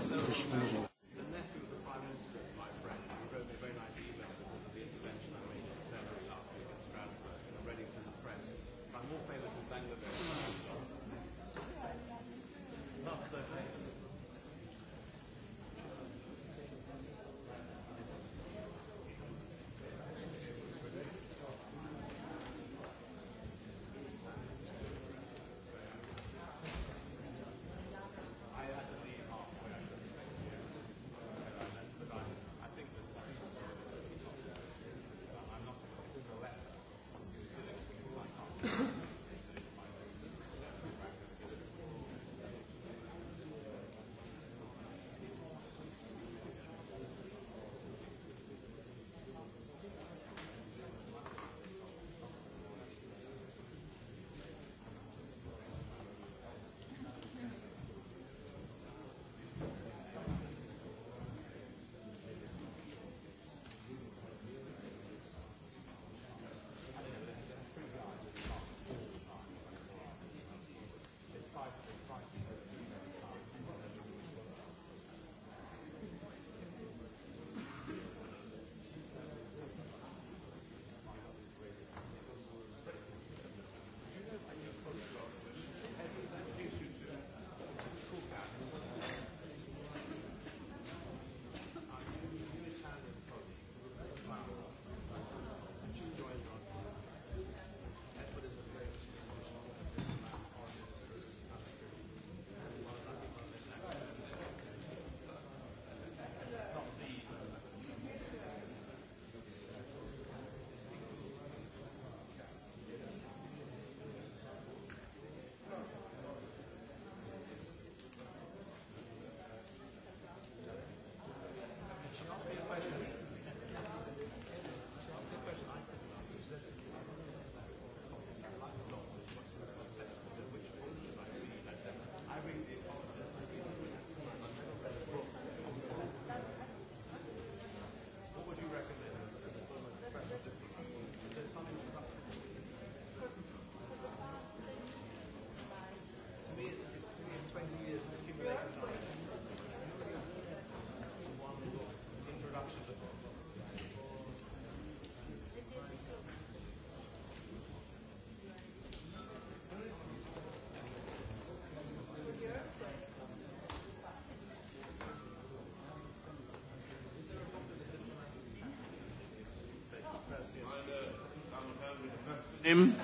nehmen.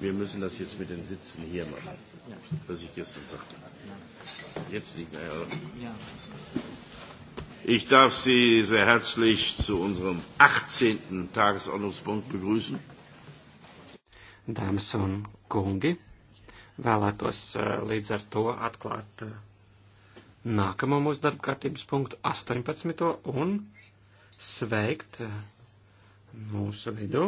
Wir müssen das jetzt mit den Sitzen hier machen, was ich gestern sagte. Jetzt nicht mehr. Oder? Ich darf Sie sehr herzlich zu unserem 18. Tagesordnungspunkt begrüßen. Dāmas un kungi, vēlētos eh, līdz ar to atklāt eh, nākamo mūsu darbkārtības punktu 18. un sveikt eh, mūsu vidū.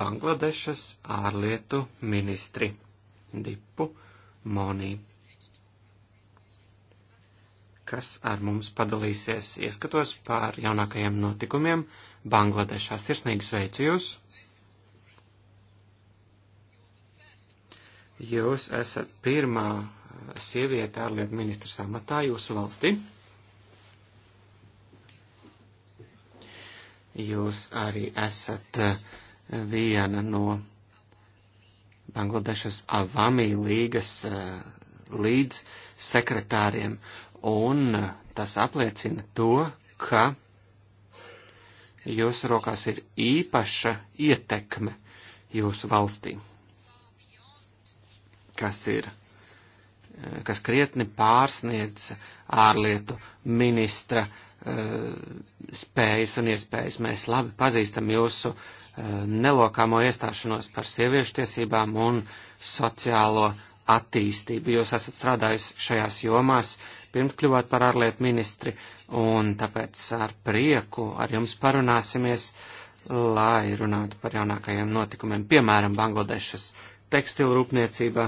Bangladešas ārlietu ministri Dipu Monī, kas ar mums padalīsies ieskatos par jaunākajiem notikumiem Bangladešā. Sirsnīgi sveicu jūs! Jūs esat pirmā sieviete ārlietu ministrs amatā jūsu valstī. Jūs arī esat eh, viena no Bangladešas Avami līgas eh, līdz sekretāriem, un eh, tas apliecina to, ka jūsu rokās ir īpaša ietekme jūsu valstī, kas ir kas krietni pārsniedz ārlietu ministra eh, spējas un iespējas. Mēs labi pazīstam jūsu eh, nelokāmo iestāšanos par sieviešu tiesībām un sociālo attīstību. Jūs esat strādājusi šajās jomās pirms kļuvāt par ārlietu ministri, un tāpēc ar prieku ar jums parunāsimies, lai runātu par jaunākajiem notikumiem, piemēram, Bangladešas tekstilu rūpniecībā.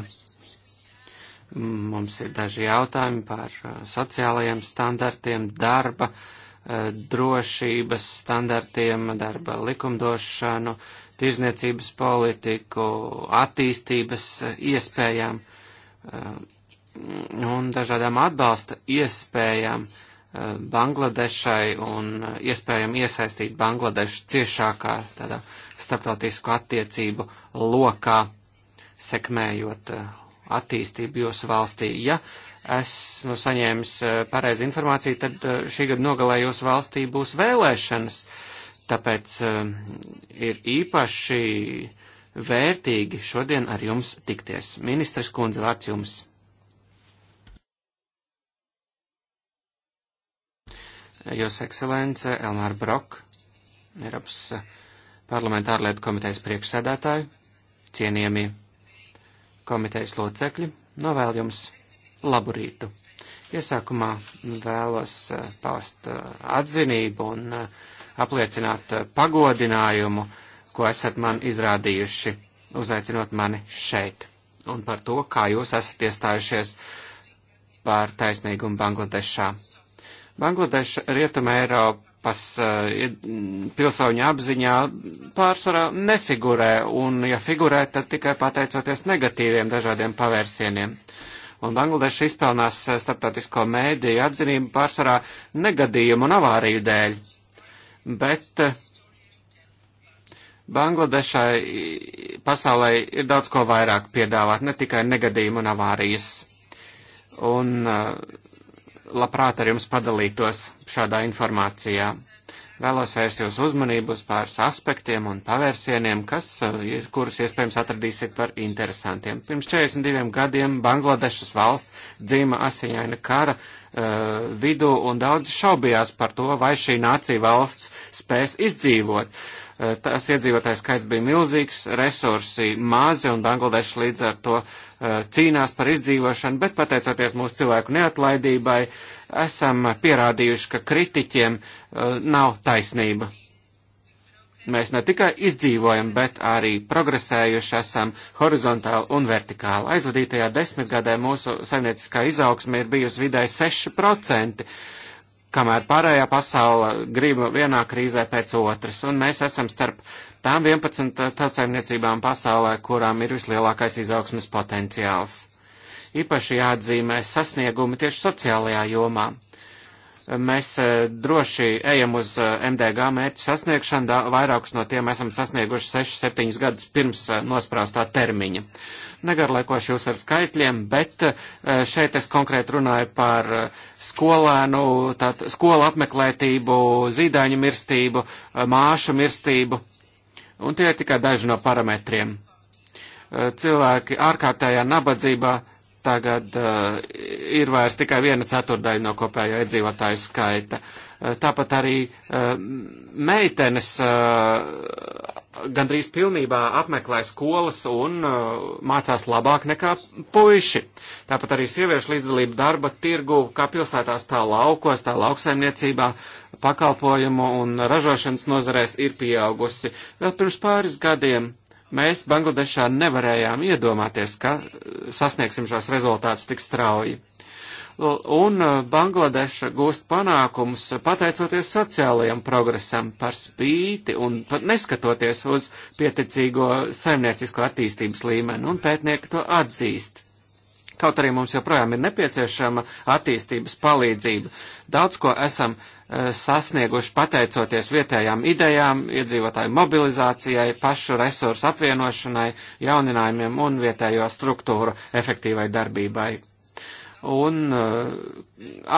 Mums ir daži jautājumi par uh, sociālajiem standartiem, darba uh, drošības standartiem, darba likumdošanu, tirzniecības politiku, attīstības uh, iespējām un dažādām atbalsta iespējām Bangladešai un iespējam iesaistīt Bangladešu ciešākā tādā starptautisku attiecību lokā, sekmējot attīstību jūsu valstī. Ja esmu saņēmis eh, pareizi informāciju, tad eh, šī gada nogalē jūsu valstī būs vēlēšanas, tāpēc eh, ir īpaši vērtīgi šodien ar jums tikties. Ministres kundze, vārds jums. Jūs ekscelence Elmāra Brok, Eiropas parlamentāra lietu komitejas priekšsēdētāji, cienījamie komitejas locekļi, novēl nu jums labu rītu. Iesākumā vēlos eh, paust eh, atzinību un eh, apliecināt pagodinājumu, ko esat man izrādījuši, uzaicinot mani šeit, un par to, kā jūs esat iestājušies par taisnīgumu Bangladešā. Bangladeša, Rietuma Eiropa Eiropas eh, pilsoņu apziņā pārsvarā nefigurē, un ja figurē, tad tikai pateicoties negatīviem dažādiem pavērsieniem. Un Bangladeša izpelnās eh, starptautisko mēdīju atzinību pārsvarā negadījumu un avāriju dēļ. Bet eh, Bangladešai pasaulē ir daudz ko vairāk piedāvāt, ne tikai negadījumu un avārijas. Un uh, labprāt ar jums padalītos šādā informācijā. Vēlos vērst jūsu uzmanību uz pāris aspektiem un pavērsieniem, kas, eh, kurus iespējams atradīsiet par interesantiem. Pirms 42 gadiem Bangladešas valsts dzīva asiņaina kara uh, vidū un daudz šaubījās par to, vai šī nācija valsts spēs izdzīvot. Uh, eh, tās iedzīvotājs skaits bija milzīgs, resursi mazi un Bangladeša līdz ar to Eh, cīnās par izdzīvošanu, bet pateicoties mūsu cilvēku neatlaidībai, esam pierādījuši, ka kritiķiem eh, nav taisnība. Mēs ne tikai izdzīvojam, bet arī progresējuši esam horizontāli un vertikāli. Aizvadītajā desmitgadē mūsu saimnieciskā izaugsme ir bijusi vidēji 6% kamēr pārējā pasaula grib vienā krīzē pēc otras, un mēs esam starp tām 11 tautsaimniecībām pasaulē, kurām ir vislielākais izaugsmes potenciāls. Īpaši jāatzīmē sasniegumi tieši sociālajā jomā mēs e, droši ejam uz e, MDG mērķu sasniegšanu, vairākus no tiem esam sasnieguši 6-7 gadus pirms e, nospraustā termiņa negarlaikošu jūs ar skaitļiem, bet eh, šeit es konkrēti runāju par eh, skolēnu, tātad skolu apmeklētību, zīdaiņu mirstību, eh, māšu mirstību, un tie ir tikai daži no parametriem. Cilvēki ārkārtējā nabadzībā tagad ir vairs tikai viena ceturdaļa no kopējā iedzīvotāju skaita. Uh, Eh, tāpat arī eh, meitenes eh, gandrīz pilnībā apmeklē skolas un mācās labāk nekā puiši. Tāpat arī sieviešu līdzdalība darba tirgu, kā pilsētās, tā laukos, tā lauksaimniecībā, pakalpojumu un ražošanas nozarēs ir pieaugusi. Vēl pirms pāris gadiem mēs Bangladešā nevarējām iedomāties, ka sasniegsim šos rezultātus tik strauji un eh, Bangladeša gūst panākumus eh, pateicoties sociālajiem progresam par spīti un pat neskatoties uz pieticīgo saimniecisko attīstības līmeni, un pētnieki to atzīst. Kaut arī mums joprojām ir nepieciešama attīstības palīdzība. Daudz ko esam uh, sasnieguši pateicoties vietējām idejām, iedzīvotāju mobilizācijai, pašu resursu apvienošanai, jauninājumiem un vietējo struktūru efektīvai darbībai un uh,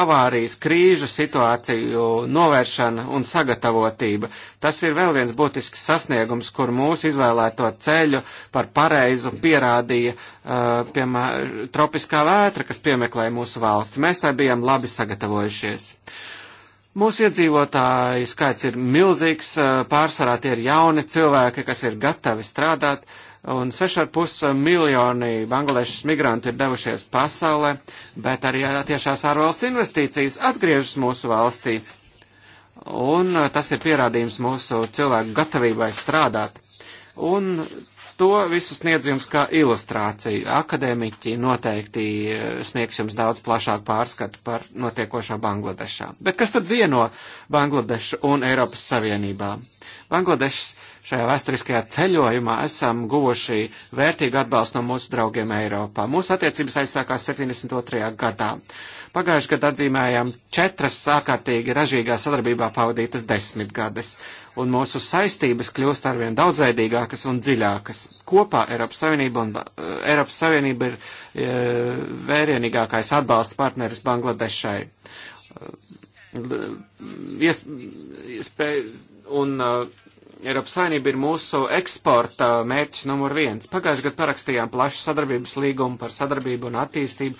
avārijas krīžu situāciju novēršana un sagatavotība. Tas ir vēl viens būtisks sasniegums, kur mūsu izvēlēto ceļu par pareizu pierādīja, uh, piemēram, tropiskā vētra, kas piemeklēja mūsu valsti. Mēs tā bijām labi sagatavojušies. Mūsu iedzīvotāju skaits ir milzīgs, uh, pārsvarā tie ir jauni cilvēki, kas ir gatavi strādāt. Uh, Un 6,5 miljoni Bangladešas migrantu ir devušies pasaulē, bet arī tiešās ārvalstu investīcijas atgriežas mūsu valstī. Un uh, tas ir pierādījums mūsu cilvēku gatavībai strādāt. Un to visu sniedz jums kā ilustrāciju. Akadēmiķi noteikti uh, sniegs jums daudz plašāku pārskatu par notiekošo Bangladešā. Bet kas tad vieno Bangladešu un Eiropas Savienībā? Bangladešas šajā vēsturiskajā ceļojumā esam guvuši vērtīgu atbalstu no mūsu draugiem Eiropā. Mūsu attiecības aizsākās 72. gadā. Pagājuši gadu atzīmējām četras ārkārtīgi ražīgā sadarbībā pavadītas desmitgades, un mūsu saistības kļūst arvien daudzveidīgākas un dziļākas. Kopā Eiropas Savienība, un, eh, Eiropas Savienība ir e, vērienīgākais atbalsta partneris Bangladešai. Eh, iespēj, un uh, Eiropas Savienība ir mūsu eksporta mērķis numur viens. Pagājušajā gadā parakstījām plašu sadarbības līgumu par sadarbību un attīstību,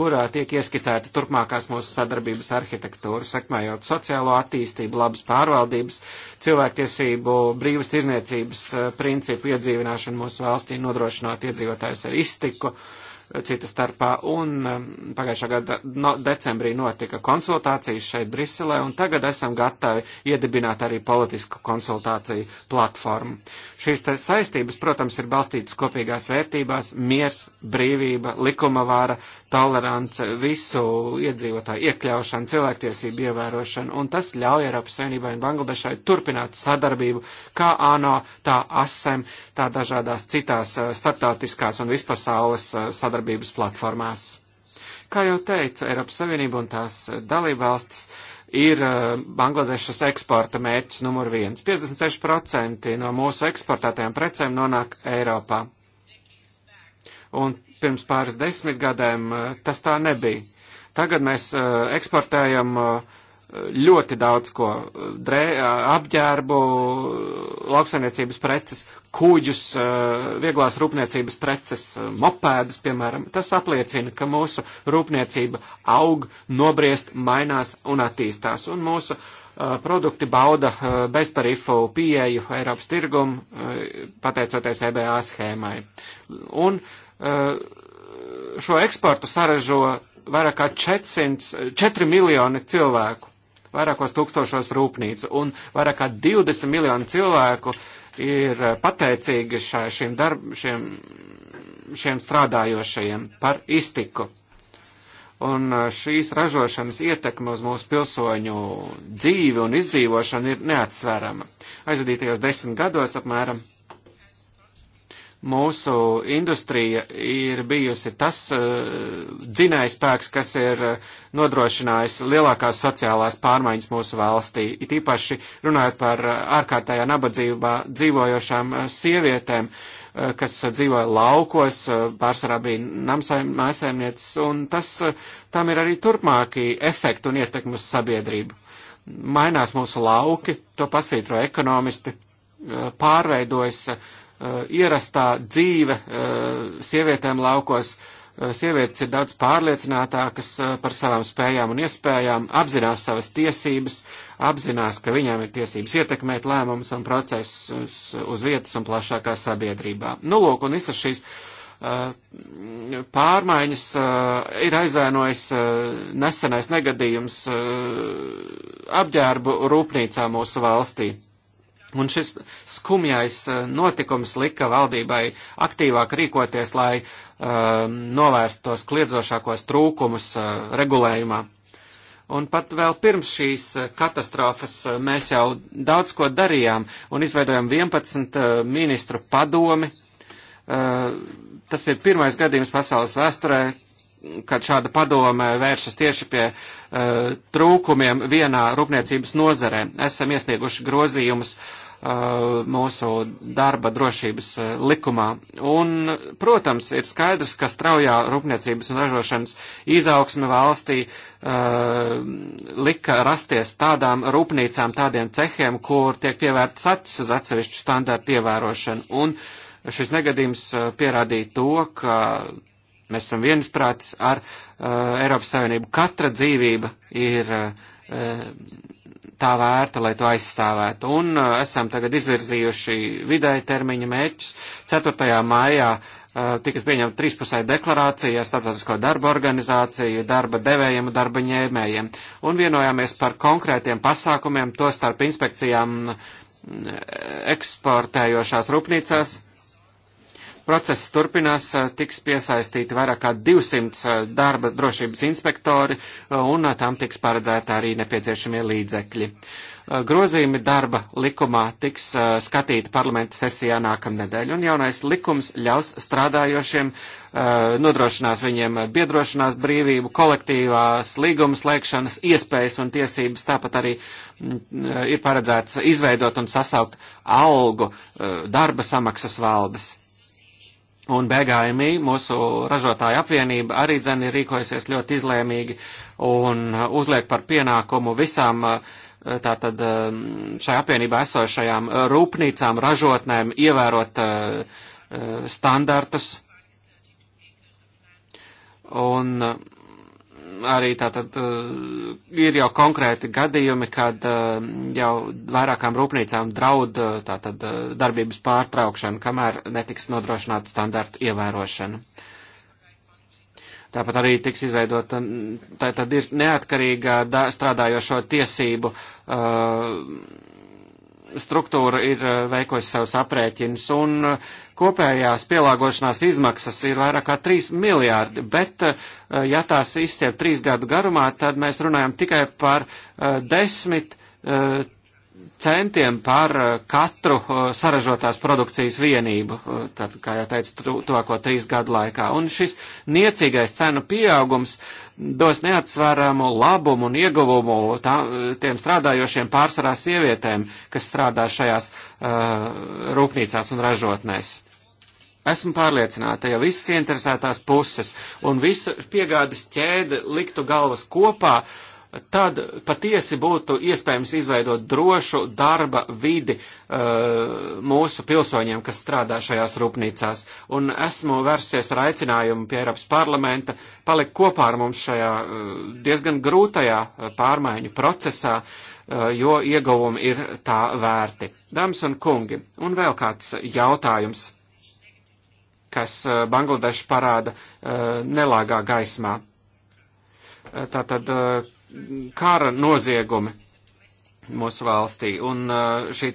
kurā tiek ieskicēta turpmākās mūsu sadarbības arhitektūra, sekmējot sociālo attīstību, labas pārvaldības, cilvēktiesību, brīvas tirzniecības eh, principu iedzīvināšanu mūsu valstī, nodrošinot iedzīvotājus ar iztiku. Uh, cita starpā, un um, pagājušā gada no, decembrī notika konsultācijas šeit Briselē, un tagad esam gatavi iedibināt arī politisku konsultāciju platformu. Šīs saistības, protams, ir balstītas kopīgās vērtībās - miers, brīvība, likumavāra, tolerance, visu iedzīvotāju iekļaušana, cilvēktiesību ievērošana, un tas ļauj Eiropas Savienībai un Bangladešai turpināt sadarbību kā ANO, tā ASEM, tā dažādās citās uh, starptautiskās un vispasaules uh, sadarbības sadarbības platformās. Kā jau teicu, Eiropas Savienība un tās dalībvalstis ir eh, Bangladešas eksporta mērķis numur viens. 56% no mūsu eksportētajām precēm nonāk Eiropā. Un pirms pāris desmit gadiem eh, tas tā nebija. Tagad mēs eh, eksportējam ļoti daudz ko, drē, apģērbu, lauksainiecības preces, kūģus, vieglās rūpniecības preces, mopēdus, piemēram. Tas apliecina, ka mūsu rūpniecība aug, nobriest, mainās un attīstās, un mūsu produkti bauda beztarifu pieeju Eiropas tirgumu, pateicoties EBA schēmai. Un šo eksportu saražo vairāk kā 400, 4 miljoni cilvēku, vairākos tūkstošos rūpnīcu, un vairāk kā 20 miljoni cilvēku uh, ir eh, pateicīgi šā, šim darb, šiem, šiem strādājošajiem par iztiku. Un eh, šīs ražošanas ietekme uz mūsu pilsoņu dzīvi un izdzīvošanu ir neatsverama. Aizvadītajos desmit gados apmēram mūsu industrija ir bijusi tas uh, eh, dzinējspēks, kas ir uh, nodrošinājis lielākās sociālās pārmaiņas mūsu valstī. It īpaši runājot par uh, ārkārtējā nabadzībā dzīvojošām uh, sievietēm, uh, kas uh, dzīvoja laukos, uh, pārsvarā bija namsaimnieces, un tas, uh, tam ir arī turpmāki efekti un ietekmi uz sabiedrību. Mainās mūsu lauki, to pasvītro ekonomisti, uh, pārveidojas. Uh, Eh, ierastā dzīve eh, sievietēm laukos. Eh, sievietes ir daudz pārliecinātākas par savām spējām un iespējām, apzinās savas tiesības, apzinās, ka viņām ir tiesības ietekmēt lēmumus un procesus uz vietas un plašākā sabiedrībā. Nu, lūk, un visas šīs pārmaiņas ir aizēnojis nesenais negadījums apģērbu rūpnīcā mūsu valstī Un šis skumjais eh, notikums lika valdībai aktīvāk rīkoties, lai uh, novērstu tos kliedzošākos trūkumus uh, regulējumā. Un pat vēl pirms šīs katastrofas mēs jau daudz ko darījām un izveidojām 11 ministru padomi. Uh, tas ir pirmais gadījums pasaules vēsturē, kad šāda padome vēršas tieši pie uh, trūkumiem vienā rūpniecības nozarē. Esam iesnieguši grozījumus uh, Uh, mūsu darba drošības uh, likumā. Un, protams, ir skaidrs, ka straujā rūpniecības un ražošanas izaugsme valstī uh, lika rasties tādām rūpnīcām, tādiem cehiem, kur tiek pievērts acis uz atsevišķu standārtu ievērošanu. Un šis negadījums uh, pierādīja to, ka mēs esam viensprātis ar uh, Eiropas Savienību. Katra dzīvība ir. Uh, tā vērta, lai to aizstāvētu. Un uh, esam tagad izvirzījuši vidēji termiņa mērķus. 4. maijā uh, tika pieņemta trīspusēja deklarācija starptautisko darba organizāciju, darba devējiem un darba ņēmējiem. Un vienojāmies par konkrētiem pasākumiem, to starp inspekcijām mm, eksportējošās rūpnīcās. Uh, Process turpinās, eh, tiks piesaistīti vairāk kā 200 eh, darba drošības inspektori eh, un tam tiks paredzēta arī nepieciešamie līdzekļi. Grozījumi darba likumā tiks skatīti parlamenta sesijā nākamnedēļ, un jaunais likums ļaus strādājošiem nodrošinās viņiem biedrošanās brīvību, kolektīvās līgumas slēgšanas iespējas un tiesības, tāpat arī mm, ir paredzēts izveidot un sasaukt algu darba samaksas valdes. Un BGMI, mūsu ražotāja apvienība, arī dzen ir rīkojusies ļoti izlēmīgi un uzliek par pienākumu visām eh, tātad eh, šajā apvienībā esošajām rūpnīcām, ražotnēm ievērot eh, standartus. Un arī tātad eh, ir jau konkrēti gadījumi, kad eh, jau vairākām rūpnīcām draud eh, tātad darbības pārtraukšana, kamēr netiks nodrošināta standarta ievērošana. Tāpat arī tiks izveidota, tā tad ir neatkarīga da, strādājošo tiesību uh, struktūra ir veikusi savus aprēķinus un uh, Kopējās pielāgošanās izmaksas ir vairāk kā 3 miljārdi, bet eh, ja tās izstiep 3 gadu garumā, tad mēs runājam tikai par 10 eh, eh, centiem par katru saražotās produkcijas vienību, tad, kā jau teicu, tuvāko trīs gadu laikā. Un šis niecīgais cenu pieaugums dos neatsveramu labumu un ieguvumu tā, tiem strādājošiem pārsvarā sievietēm, kas strādā šajās uh, rūpnīcās un ražotnēs. Esmu pārliecināta, ja visas interesētās puses un visa piegādes ķēde liktu galvas kopā, tad patiesi būtu iespējams izveidot drošu darba vidi uh, mūsu pilsoņiem, kas strādā šajās rūpnīcās. Un esmu vērsies ar aicinājumu pie Eiropas parlamenta palikt kopā ar mums šajā uh, diezgan grūtajā eh, pārmaiņu procesā, uh, jo ieguvumi ir tā vērti. Dāmas un kungi, un vēl kāds jautājums kas eh, Bangladešu parāda eh, nelāgā gaismā. Eh, tātad kara noziegumi mūsu valstī. Un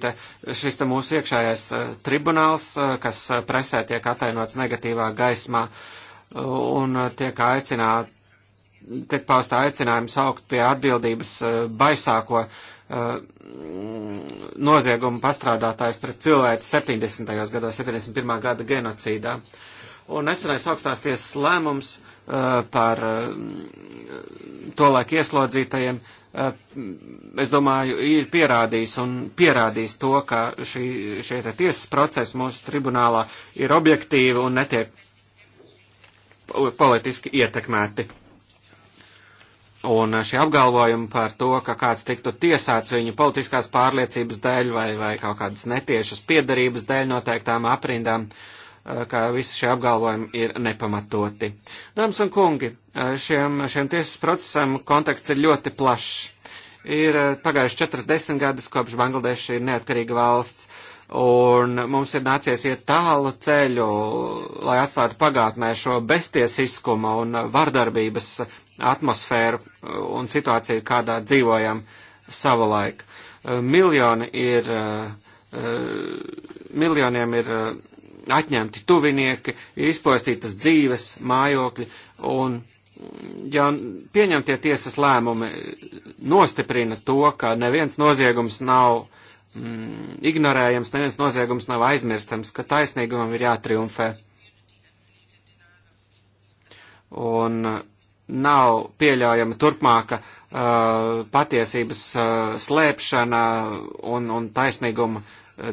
te, šis te mūsu iekšējais tribunāls, kas presē tiek atainots negatīvā gaismā un tiek aicināt, tiek pausta aicinājums augt pie atbildības baisāko noziegumu pastrādātājs pret cilvēku 70. gados, 71. gada genocīdā. Un nesenais augstās tiesas lēmums uh, par uh, tolaik ieslodzītajiem, uh, es domāju, ir pierādījis un pierādījis to, ka šī, šie tiesas procesi mūsu tribunālā ir objektīvi un netiek politiski ietekmēti. Un eh, šie apgalvojumi par to, ka kāds tiktu tiesāts viņu politiskās pārliecības dēļ vai, vai kaut kādas netiešas piedarības dēļ noteiktām aprindām, eh, ka visi šie apgalvojumi ir nepamatoti. Dāmas un kungi, eh, šiem, šiem tiesas procesam konteksts ir ļoti plašs. Ir pagājuši 40 gadus, kopš Bangladeša ir neatkarīga valsts, un mums ir nācies iet tālu ceļu, lai atstātu pagātnē šo beztiesiskumu un vardarbības atmosfēru uh, un situāciju, kādā dzīvojam savulaik. Uh, miljoni ir, uh, miljoniem ir atņemti tuvinieki, ir izpostītas dzīves, mājokļi, un ja pieņemtie tiesas lēmumi nostiprina to, ka neviens noziegums nav mm, ignorējams, neviens noziegums nav aizmirstams, ka taisnīgumam ir jātriumfē. Un nav pieļaujama turpmāka uh, patiesības uh, slēpšana un, un taisnīguma uh,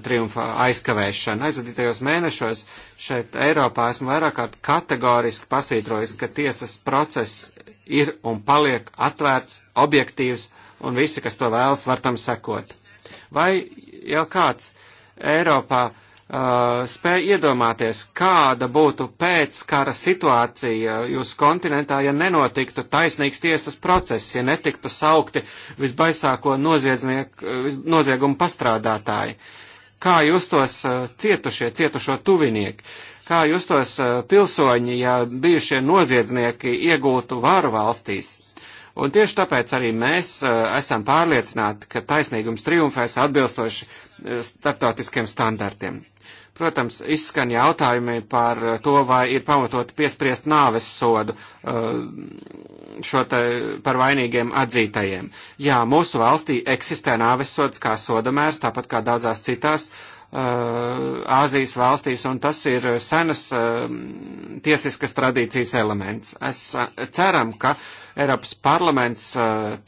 triumfa aizkavēšana. Aizvadītajos mēnešos šeit Eiropā esmu vairāk kārt kategoriski pasvītrojis, ka tiesas process ir un paliek atvērts, objektīvs, un visi, kas to vēlas, var tam sekot. Vai jau kāds Eiropā uh, Uh, spēj iedomāties, kāda būtu pēckara situācija jūsu kontinentā, ja nenotiktu taisnīgs tiesas process, ja netiktu saukti visbaisāko uh, noziegumu pastrādātāji. Kā justos uh, cietušie, cietušo tuvinieki? Kā justos pilsoņi, ja bijušie noziedznieki iegūtu varu valstīs? Un tieši tāpēc arī mēs uh, esam pārliecināti, ka taisnīgums triumfēs atbilstoši starptautiskiem standartiem. Protams, izskan jautājumi par eh, to, vai ir pamatot piespriest nāves sodu eh, šo te par vainīgiem atzītajiem. Jā, mūsu valstī eksistē nāves sods kā sodamērs, tāpat kā daudzās citās eh, Āzijas valstīs, un tas ir senas tiesiskas tradīcijas elements. Es ceram, ka Eiropas parlaments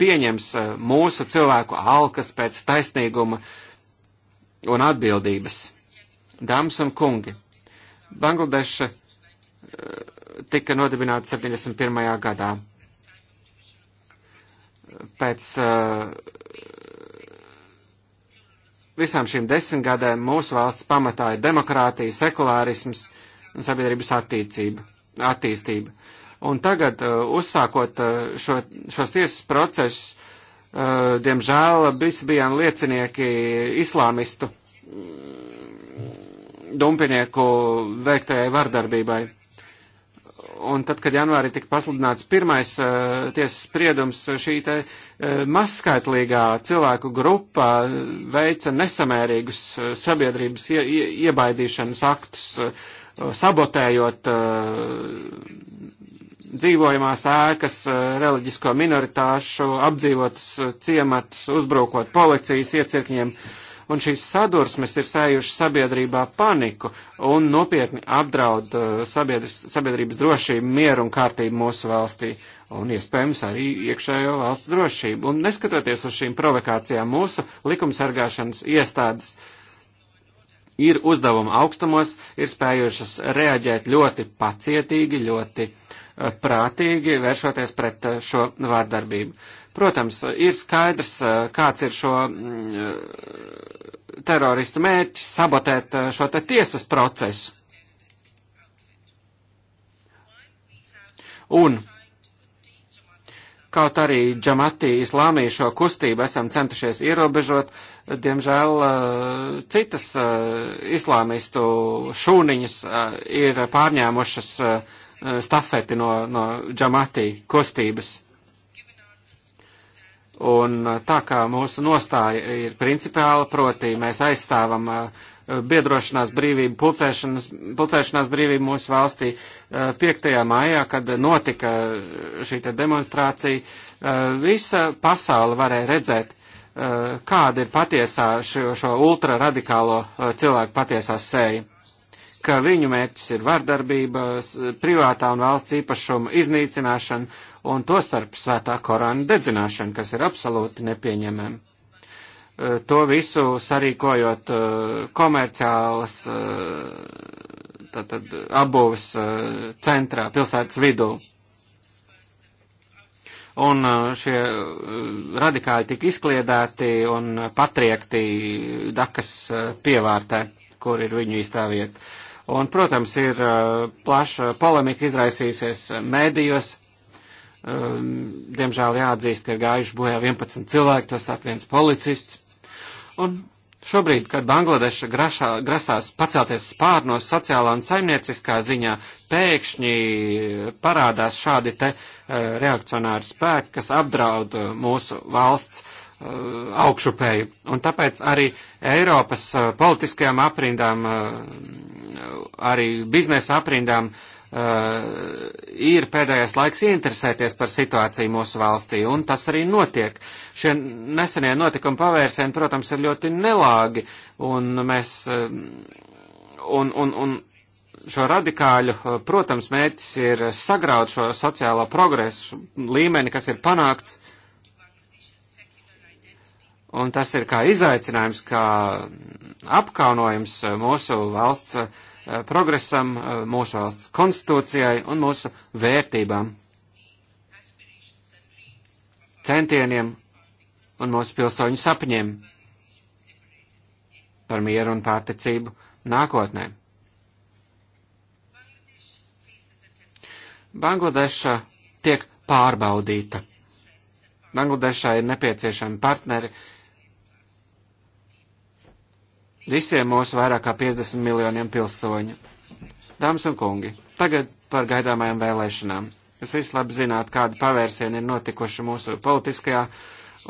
pieņems mūsu cilvēku alkas pēc taisnīguma un atbildības Dāmas un kungi, Bangladeša eh, tika nodibināta 71. gadā pēc uh, visām šīm desmit gadēm mūsu valsts pamatā ir demokrātija, sekulārisms un sabiedrības attīcība, attīstība. Un tagad, uh, uzsākot uh, šo, šos tiesas procesus, diemžēl visi bijām liecinieki islāmistu dumpinieku veiktajai vardarbībai. Un tad, kad janvārī tika pasludināts pirmais uh, tiesas spriedums, šī te uh, mazskaitlīgā cilvēku grupa veica nesamērīgus uh, sabiedrības ie, ie, iebaidīšanas aktus, uh, sabotējot uh, dzīvojamās ēkas, reliģisko minoritāšu, apdzīvotas ciematus, uzbrukot policijas iecirkņiem. Uh, un šīs sadursmes ir sējuši sabiedrībā paniku un nopietni apdraud uh, sabiedrības drošību, mieru un kārtību mūsu valstī un iespējams arī iekšējo valsts drošību. Un neskatoties uz šīm provokācijām, mūsu likumsargāšanas iestādes ir uzdevuma augstumos, ir spējušas reaģēt ļoti pacietīgi, ļoti uh, prātīgi, vēršoties pret uh, šo vārdarbību. Protams, ir skaidrs, eh, kāds ir šo mm, eh, teroristu mērķis sabotēt eh, šo te tiesas procesu. Un kaut arī džamatī islāmī šo kustību esam centušies ierobežot, diemžēl citas islāmistu šūniņas ir pārņēmušas stafeti no, no džamatī kustības. Un uh, tā kā mūsu nostāja ir principāla, proti mēs aizstāvam uh, biedrošanās brīvību, pulcēšanās, pulcēšanās brīvību mūsu valstī 5. Uh, maijā, kad notika šī demonstrācija, visa pasaule varēja redzēt, kāda ir patiesā šo, šo ultraradikālo cilvēku patiesā sēja ka viņu mērķis ir vardarbība, privātā un valsts īpašuma iznīcināšana un to starp svētā Korāna dedzināšana, kas ir absolūti nepieņemama. E, to visu sarīkojot e, komerciālas e, tātad, abūves centrā, pilsētas vidū. Un šie radikāļi tika izkliedēti un patriekti Dakas pievārtē kur ir viņu īstā vieta. Un, protams, ir uh, plaša polemika izraisījusies mēdījos. Um, diemžēl jāatzīst, ka ir gājuši bojā 11 cilvēki, to starp viens policists. Un Šobrīd, kad Bangladeša grašā, grasās pacelties spārnos sociālā un saimnieciskā ziņā, pēkšņi parādās šādi te uh, reakcionāri spēki, kas apdraud uh, mūsu valsts Uh, augšupēju. Un tāpēc arī Eiropas uh, politiskajām aprindām, uh, arī biznesa aprindām ir pēdējais laiks interesēties par situāciju mūsu valstī, un tas arī notiek. Šie nesenie notikumi pavērsieni, protams, ir ļoti nelāgi, un mēs. Un, un, un, šo radikāļu, protams, mērķis ir sagraut šo sociālo progresu līmeni, kas ir panākts, Un tas ir kā izaicinājums, kā apkaunojums mūsu valsts eh, progresam, eh, mūsu valsts konstitūcijai un mūsu vērtībām, centieniem un mūsu pilsoņu sapņiem par mieru un pārticību nākotnē. Bangladeša tiek pārbaudīta. Bangladešā ir nepieciešami partneri, visiem mūsu vairāk kā 50 miljoniem pilsoņu. Dāmas un kungi, tagad par gaidāmajām vēlēšanām. Jūs visi labi zināt, kādi pavērsieni ir notikuši mūsu politiskajā,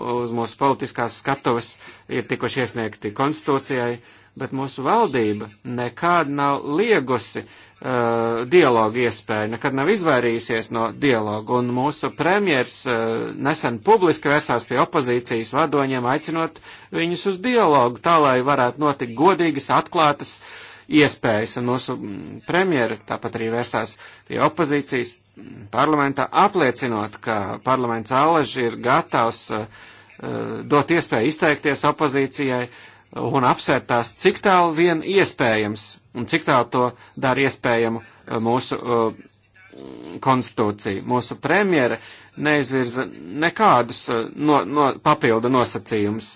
uz mūsu politiskās skatuves, ir tikuši iesniegti konstitūcijai, uh, bet mūsu valdība nekād nav liegusi uh, dialogu iespēju, nekad nav izvairījusies no dialogu, un mūsu premjers uh, nesen publiski vērsās pie opozīcijas vadoņiem, aicinot viņus uz dialogu, tā lai varētu notikt godīgas, atklātas iespējas, un mūsu mm, premjera tāpat arī vērsās pie opozīcijas parlamentā, apliecinot, ka parlaments Aleži ir gatavs uh, uh, dot iespēju izteikties opozīcijai, uh, un apsvērt tās, cik tālu vien iespējams un cik tālu to dara iespējamu e, mūsu uh, e, konstitūcija. Mūsu premjera neizvirza nekādus e, no, no, papildu nosacījumus.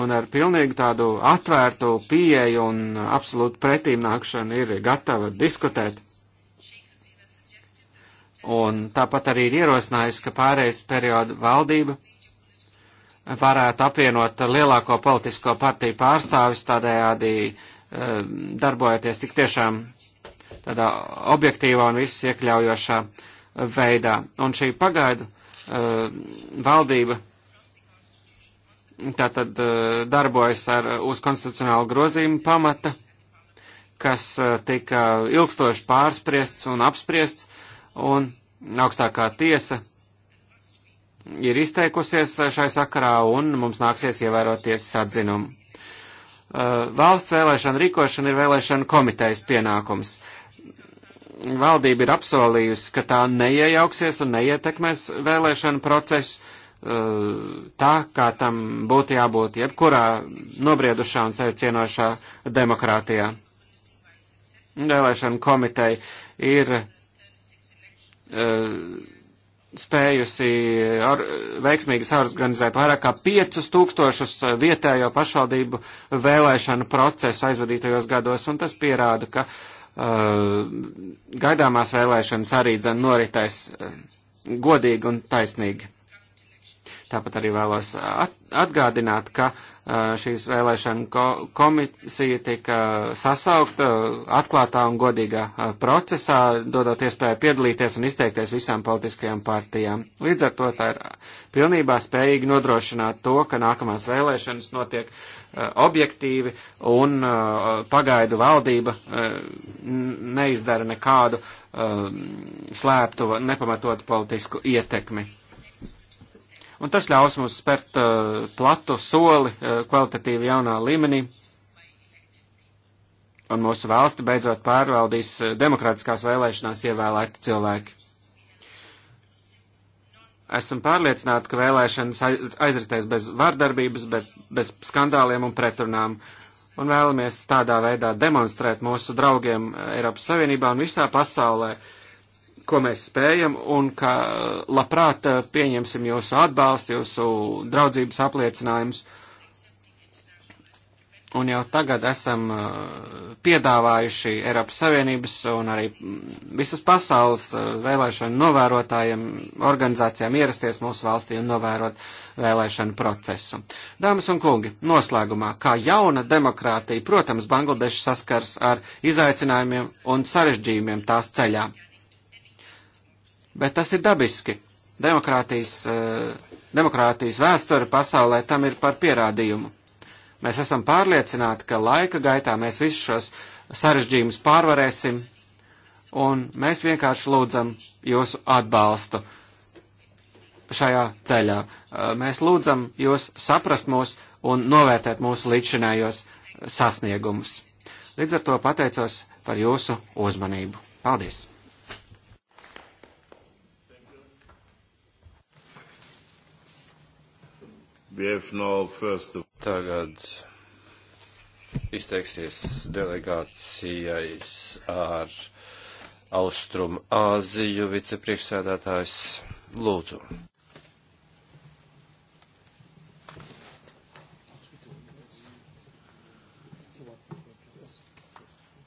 Un ar pilnīgi tādu atvērtu pieeju un absolūtu pretīm nākšanu ir gatava diskutēt. Un tāpat arī ir ierosinājusi, ka pārējais perioda valdība varētu apvienot lielāko politisko partiju pārstāvis, tādējādi eh, darbojoties tik tiešām tādā objektīvā un visus iekļaujošā veidā. Un šī pagaidu eh, valdība tātad eh, darbojas ar uz konstitucionālu grozījumu pamata, kas tika ilgstoši pārspriests un apspriests, un augstākā tiesa ir izteikusies šai sakarā un mums nāksies ievēroties sadzinumu. Uh, valsts vēlēšana rīkošana ir vēlēšana komitejas pienākums. Valdība ir apsolījusi, ka tā neiejauksies un neietekmēs vēlēšanu procesu uh, tā, kā tam būtu jābūt jebkurā nobriedušā un sevi cienošā demokrātijā. Vēlēšana komiteja ir uh, spējusi ar, veiksmīgi sarganizēt vairāk kā 5000 vietējo pašvaldību vēlēšanu procesu aizvadītajos gados, un tas pierāda, ka uh, gaidāmās vēlēšanas arī dzen noritais uh, godīgi un taisnīgi. Tāpat arī vēlos atgādināt, ka uh, šīs vēlēšana komisija tika sasaukta atklātā un godīgā procesā, dodot iespēju piedalīties un izteikties visām politiskajām partijām. Līdz ar to tā ir pilnībā spējīgi nodrošināt to, ka nākamās vēlēšanas notiek objektīvi un pagaidu valdība neizdara nekādu slēptu, nepamatotu politisku ietekmi un tas ļaus mums spērt uh, platu soli uh, kvalitatīvi jaunā līmenī, un mūsu valsti beidzot pārvaldīs uh, demokrātiskās vēlēšanās ievēlēti cilvēki. Esmu pārliecināta, ka vēlēšanas aiz, aizritēs bez vardarbības, bet bez skandāliem un pretrunām, un vēlamies tādā veidā demonstrēt mūsu draugiem uh, Eiropas Savienībā un visā pasaulē, uh, ko mēs spējam un ka labprāt eh, pieņemsim jūsu atbalstu, jūsu draudzības apliecinājumus. Un jau tagad esam eh, piedāvājuši Eiropas Savienības un arī visas pasaules eh, vēlēšanu novērotājiem, organizācijām ierasties mūsu valstī un novērot vēlēšanu procesu. Dāmas un kungi, noslēgumā, kā jauna demokrātija, protams, Bangladeša saskars ar izaicinājumiem un sarežģījumiem tās ceļā. Bet tas ir dabiski. Demokrātijas, eh, demokrātijas vēsture pasaulē tam ir par pierādījumu. Mēs esam pārliecināti, ka laika gaitā mēs visus šos sarežģījumus pārvarēsim, un mēs vienkārši lūdzam jūsu atbalstu šajā ceļā. Eh, mēs lūdzam jūs saprast mūs un novērtēt mūsu līdzinājos sasniegumus. Līdz ar to pateicos par jūsu uzmanību. Paldies! Tagad izteiksies delegācijais ar Austrumu Āziju vicepriekšsēdētājs Lūdzu.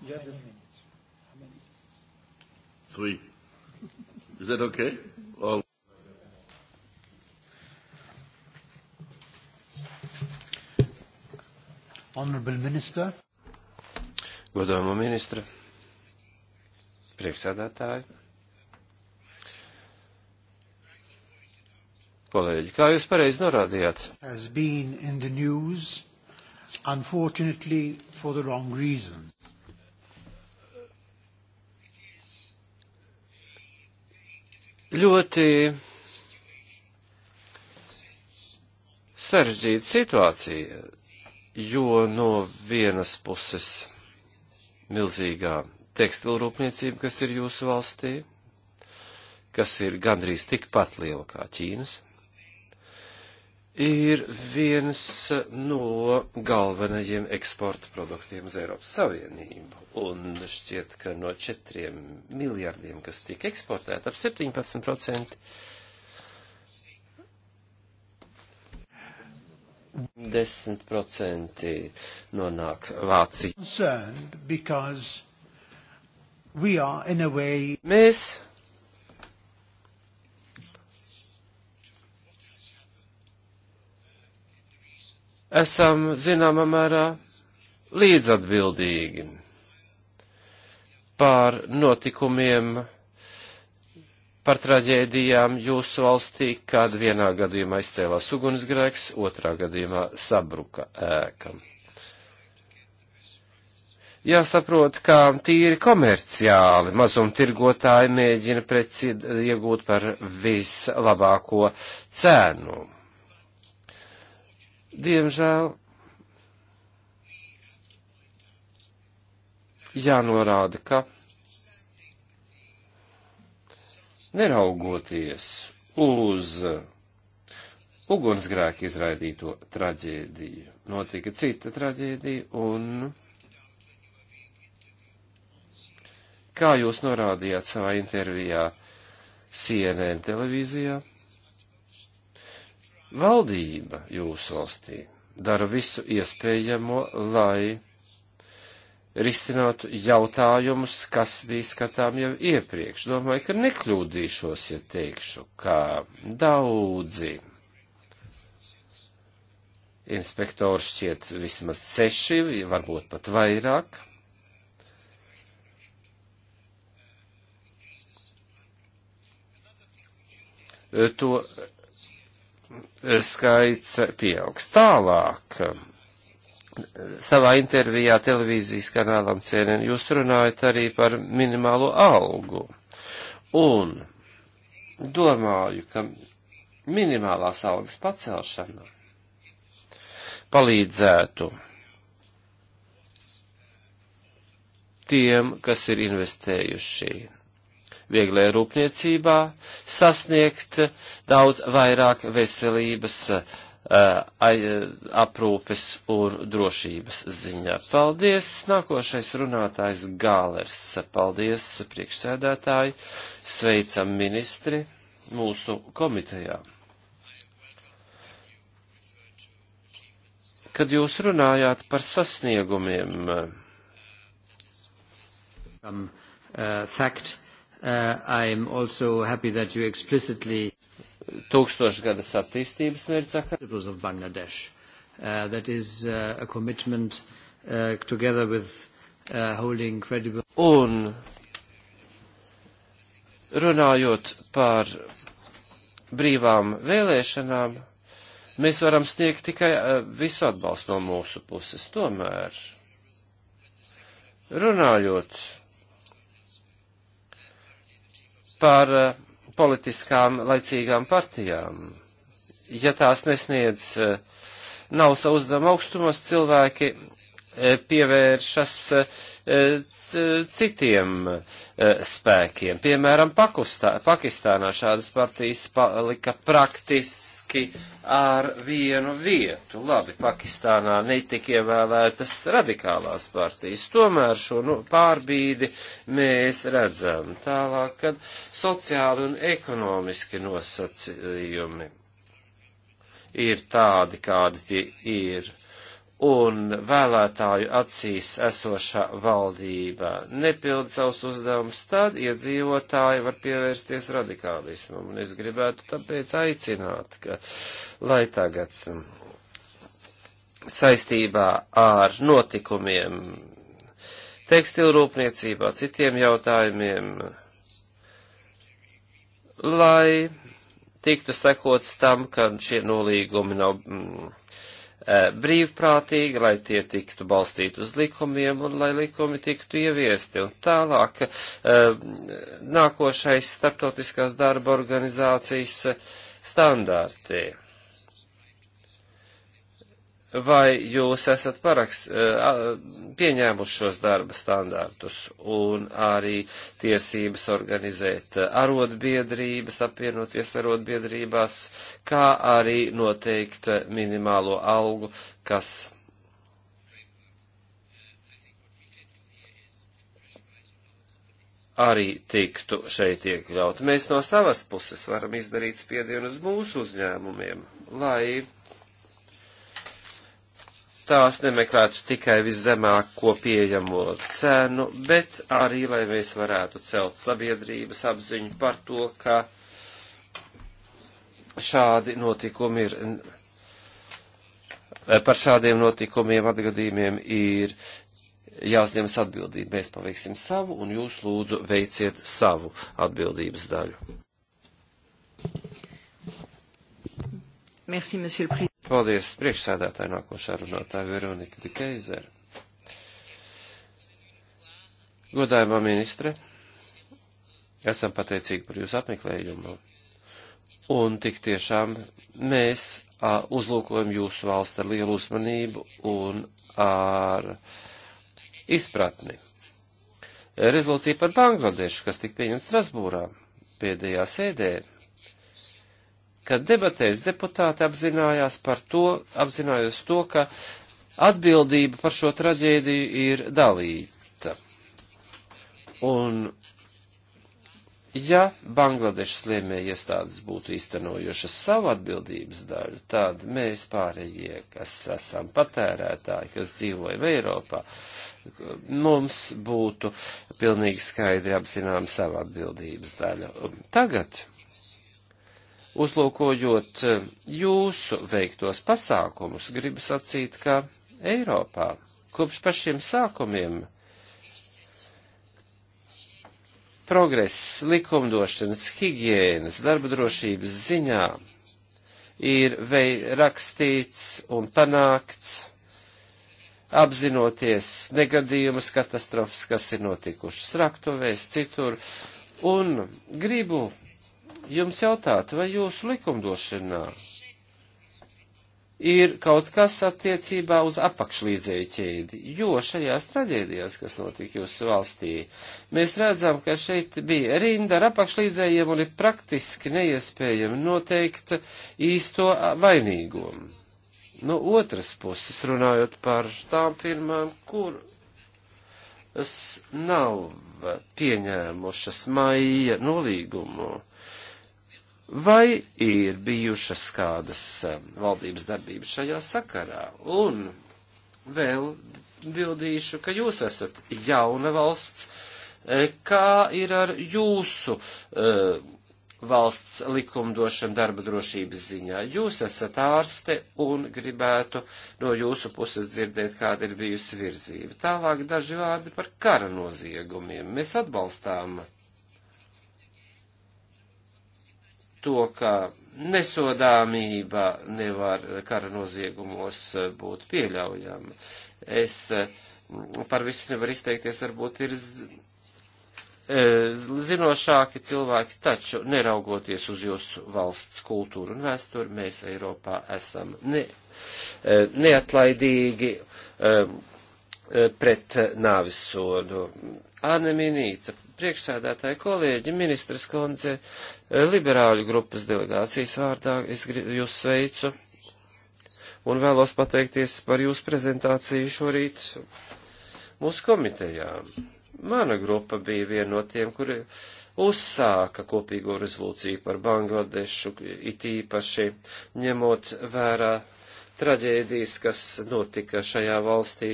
You have the minutes. Three. Is that okay? Or Honorable Minister. Godāmo ministra, priekšsēdētāji, kolēģi, kā jūs pareizi norādījāt? News, Ļoti sarežģīta situācija jo no vienas puses milzīgā tekstilrūpniecība, kas ir jūsu valstī, kas ir gandrīz tikpat liela kā Ķīnas, ir viens no galvenajiem eksporta produktiem uz Eiropas Savienību. Un šķiet, ka no četriem miljardiem, kas tika eksportēta, ap 17% 10% nonāk Vācija. Way... Mēs esam zināmā mērā līdzatbildīgi pār notikumiem par traģēdijām jūsu valstī, kad vienā gadījumā izcēlās ugunsgrēks, otrā gadījumā sabruka ēka. Jāsaprot, kā tīri komerciāli mazumtirgotāji mēģina preci iegūt par vislabāko cēnu. Diemžēl jānorāda, ka neraugoties uz ugunsgrēku izraidīto traģēdiju. Notika cita traģēdija, un kā jūs norādījāt savā intervijā CNN televīzijā, valdība jūsu valstī dara visu iespējamo, lai risinātu jautājumus, kas bija skatām jau iepriekš. Domāju, ka nekļūdīšos, ja teikšu, ka daudzi inspektori šķiet vismaz seši, varbūt pat vairāk. To skaits pieaugs tālāk savā intervijā televīzijas kanālam CNN jūs runājat arī par minimālo algu. Un domāju, ka minimālās algas pacelšana palīdzētu tiem, kas ir investējuši vieglajā rūpniecībā, sasniegt daudz vairāk veselības uh, Uh, uh, aprūpes un drošības ziņā. Paldies! Nākošais runātājs Gālers. Paldies, priekšsēdētāji! Sveicam ministri mūsu komitejā! Kad jūs runājāt par sasniegumiem, um, uh, fact, uh, I'm also happy that you explicitly tūkstošgadas attīstības mērķi. Uh, that is uh, a commitment uh, together with uh, holding credible. Un runājot par brīvām vēlēšanām, mēs varam sniegt tikai uh, visu atbalstu no mūsu puses. Tomēr, runājot par uh, politiskām laicīgām partijām. Ja tās nesniedz eh, nav savu uzdevumu augstumos, cilvēki eh, pievēršas eh, Eh, citiem eh, spēkiem. Piemēram, Pakustā, Pakistānā šādas partijas palika praktiski ar vienu vietu. Labi, Pakistānā netika ievēlētas radikālās partijas. Tomēr šo nu, pārbīdi mēs redzam tālāk, kad sociāli un ekonomiski nosacījumi ir tādi, kādi tie ir un vēlētāju acīs esošā valdība nepild savus uzdevumus, tad iedzīvotāji var pievērsties radikālismam. Un es gribētu tāpēc aicināt, ka, lai tagad saistībā ar notikumiem tekstilrūpniecībā, citiem jautājumiem, lai tiktu sekots tam, ka šie nolīgumi nav. Mm, Eh, brīvprātīgi, lai tie tiktu balstīti uz likumiem un lai likumi tiktu ieviesti. Un tālāk eh, nākošais starptautiskās darba organizācijas eh, standārti vai jūs esat paraks, eh, pieņēmuši šos darba standārtus un arī tiesības organizēt eh, arotbiedrības, apvienoties arotbiedrībās, kā arī noteikt eh, minimālo algu, kas arī tiktu šeit iekļaut. Mēs no savas puses varam izdarīt spiedienu uz mūsu uzņēmumiem, lai tās nemeklētu tikai viszemāko pieejamo cenu, bet arī, lai mēs varētu celt sabiedrības apziņu par to, ka šādi notikumi ir, par šādiem notikumiem atgadījumiem ir jāuzņemas atbildība. Mēs paveiksim savu un jūs lūdzu veiciet savu atbildības daļu. Merci, Paldies, priekšsēdētāji nākošā runātāja Veronika Dikeizer. Godājumā ministre, esam pateicīgi par jūsu apmeklējumu. Un tik tiešām mēs a, uzlūkojam jūsu valsti ar lielu uzmanību un ar izpratni. Rezolūcija par Bangladešu, kas tika pieņemta Strasbūrā pēdējā sēdē, kad debatēs deputāti apzinājās par to, apzinājos to, ka atbildība par šo traģēdiju ir dalīta. Un ja Bangladešas lēmēja iestādes būtu īstenojušas savu atbildības daļu, tad mēs pārējie, kas esam patērētāji, kas dzīvojam Eiropā, mums būtu pilnīgi skaidri apzinām savu atbildības daļu. Tagad Uzlūkojot eh, jūsu veiktos pasākumus, gribu sacīt, ka Eiropā kopš pašiem sākumiem progress likumdošanas, higiēnas, darba drošības ziņā ir vei rakstīts un panākts, apzinoties negadījumus, katastrofas, kas ir notikušas raktovēs, citur, un gribu jums jautāt, vai jūsu likumdošanā ir kaut kas attiecībā uz apakšlīdzēju ķēdi, jo šajās traģēdijās, kas notika jūsu valstī, mēs redzam, ka šeit bija rinda ar apakšlīdzējiem un ir praktiski neiespējami noteikt īsto vainīgumu. No otras puses, runājot par tām firmām, kuras nav pieņēmušas maija nolīgumu, Vai ir bijušas kādas um, valdības darbības šajā sakarā? Un vēl bildīšu, ka jūs esat jauna valsts. E, kā ir ar jūsu uh, valsts likumdošana darba drošības ziņā. Jūs esat ārste un gribētu no jūsu puses dzirdēt, kāda ir bijusi virzība. Tālāk daži vārdi par kara noziegumiem. Mēs atbalstām to, ka nesodāmība nevar kara noziegumos eh, būt pieļaujama. Es eh, par visu nevaru izteikties, varbūt ir eh, zinošāki cilvēki, taču neraugoties uz jūsu valsts kultūru un vēsturi, mēs Eiropā esam ne, neatlaidīgi pret nāvisodu. Anne Minīca priekšsēdētāji kolēģi, ministras kundze, liberāļu grupas delegācijas vārdā es jūs sveicu un vēlos pateikties par jūsu prezentāciju šorīt mūsu komitejā. Mana grupa bija viena no tiem, kuri uzsāka kopīgo rezolūciju par Bangladešu, it īpaši ņemot vērā traģēdijas, kas notika šajā valstī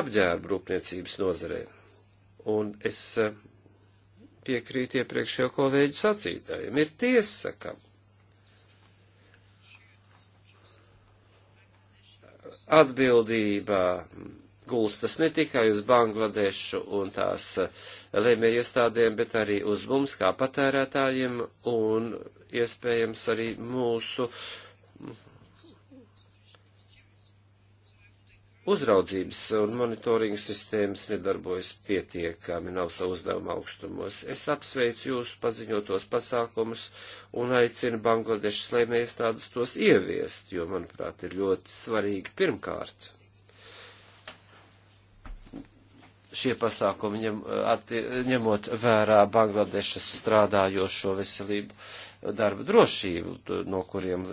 apģērba rūpniecības nozarē. Un es eh, piekrītu iepriekšējo kolēģu sacītājiem. Ir tiesa, ka atbildība gulstas ne tikai uz Bangladešu un tās eh, lēmēju iestādēm, bet arī uz mums kā patērētājiem un iespējams arī mūsu uh, uzraudzības un monitoringa sistēmas nedarbojas pietiekami, nav savu uzdevumu augstumos. Es apsveicu jūsu paziņotos pasākumus un aicinu Bangladešas lēmējas tādus tos ieviest, jo, manuprāt, ir ļoti svarīgi pirmkārt. Šie pasākumi ņem, atti, ņemot vērā Bangladešas strādājošo veselību darba drošību, no kuriem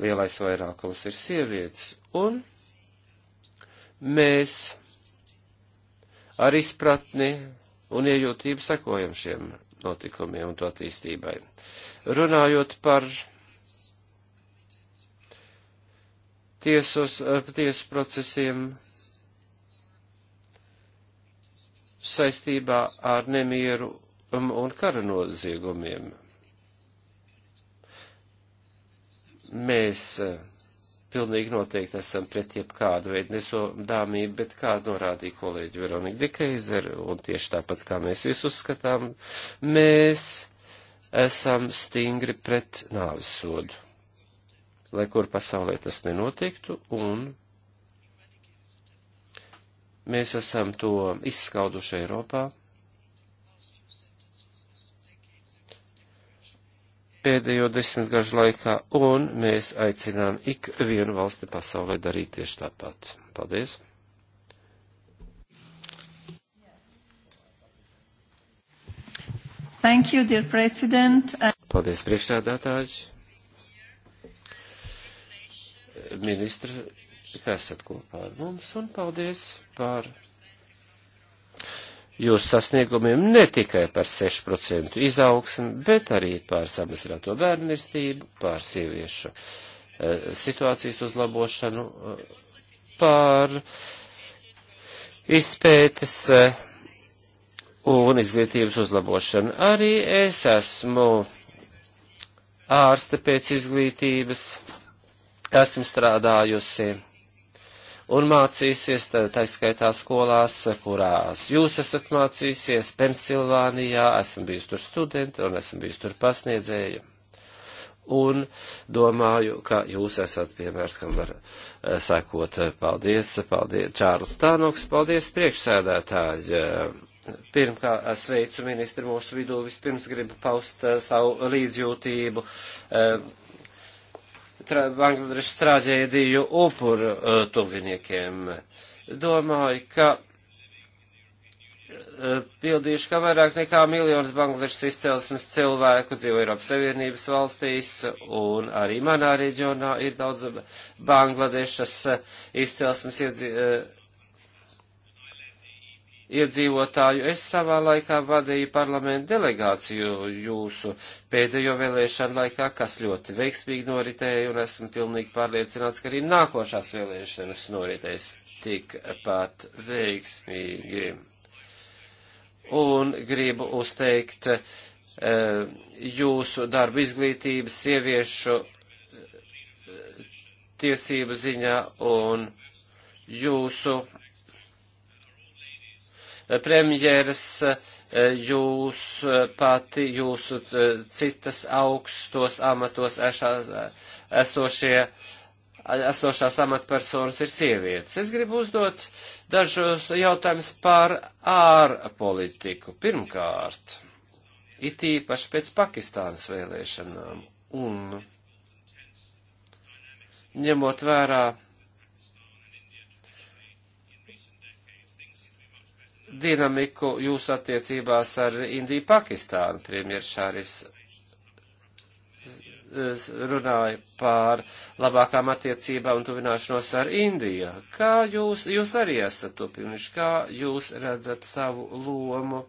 lielais vairākums ir sievietes. Un mēs ar izpratni un iejūtību sekojam šiem notikumiem un to attīstībai. Runājot par tiesos, tiesu procesiem saistībā ar nemieru um, un kara noziegumiem. Mēs uh, pilnīgi noteikti esam pret jebkādu veidu nesodāmību, bet kā norādīja kolēģi Veronika Dikeizer, un tieši tāpat kā mēs visus uzskatām, mēs esam stingri pret nāvis sodu. Lai kur pasaulē tas nenotiktu, un mēs esam to izskauduši Eiropā. pēdējo desmitgažu laikā, un mēs aicinām ik vienu valsti pasaulē darīt tieši tāpat. Paldies! Thank you, dear President. Paldies, priekšsēdētāji. Ministri, kas esat kopā ar mums, un paldies par jūsu sasniegumiem ne tikai par 6% izaugsmu, bet arī par samazināto bērnirstību, par sieviešu eh, situācijas uzlabošanu, eh, par izpētes eh, un izglītības uzlabošanu. Arī es esmu ārste pēc izglītības, esmu strādājusi un mācīsies, taiskaitā skolās, kurās jūs esat mācīsies, Pensilvānijā, esmu bijis tur studenti un esmu bijis tur pasniedzēja. Un domāju, ka jūs esat piemērs, kam var eh, sekot. Paldies, paldies, Čārls Tānoks, paldies priekšsēdētāji. Pirmkārt, sveicu ministru mūsu vidū. Vispirms gribu paust eh, savu līdzjūtību. Uh, tra Bangladešas traģēdiju upuru uh, e, tuviniekiem. Domāju, ka uh, pildīšu, ka vairāk nekā miljons Bangladešas izcelsmes cilvēku dzīvo Eiropas Savienības valstīs, un arī manā reģionā ir daudz Bangladešas izcelsmes iedzīvotāju e, iedzīvotāju. Es savā laikā vadīju parlamentu delegāciju jūsu pēdējo vēlēšanu laikā, kas ļoti veiksmīgi noritēja, un esmu pilnīgi pārliecināts, ka arī nākošās vēlēšanas noritēs tikpat veiksmīgi. Un gribu uzteikt e, jūsu darbu izglītības, sieviešu eh, tiesību ziņā un jūsu premjeras, e, jūs e, pati, jūsu e, citas augstos amatos ešās, esošie, esošās amatpersonas ir sievietes. Es gribu uzdot dažus jautājumus par ārpolitiku. Pirmkārt, it īpaši pēc Pakistānas vēlēšanām un ņemot vērā dinamiku jūsu attiecībās ar Indiju Pakistānu. Premjer Šārifs runāja pār labākām attiecībām un tuvināšanos ar Indiju. Kā jūs, jūs arī esat tupinuši, kā jūs redzat savu lomu?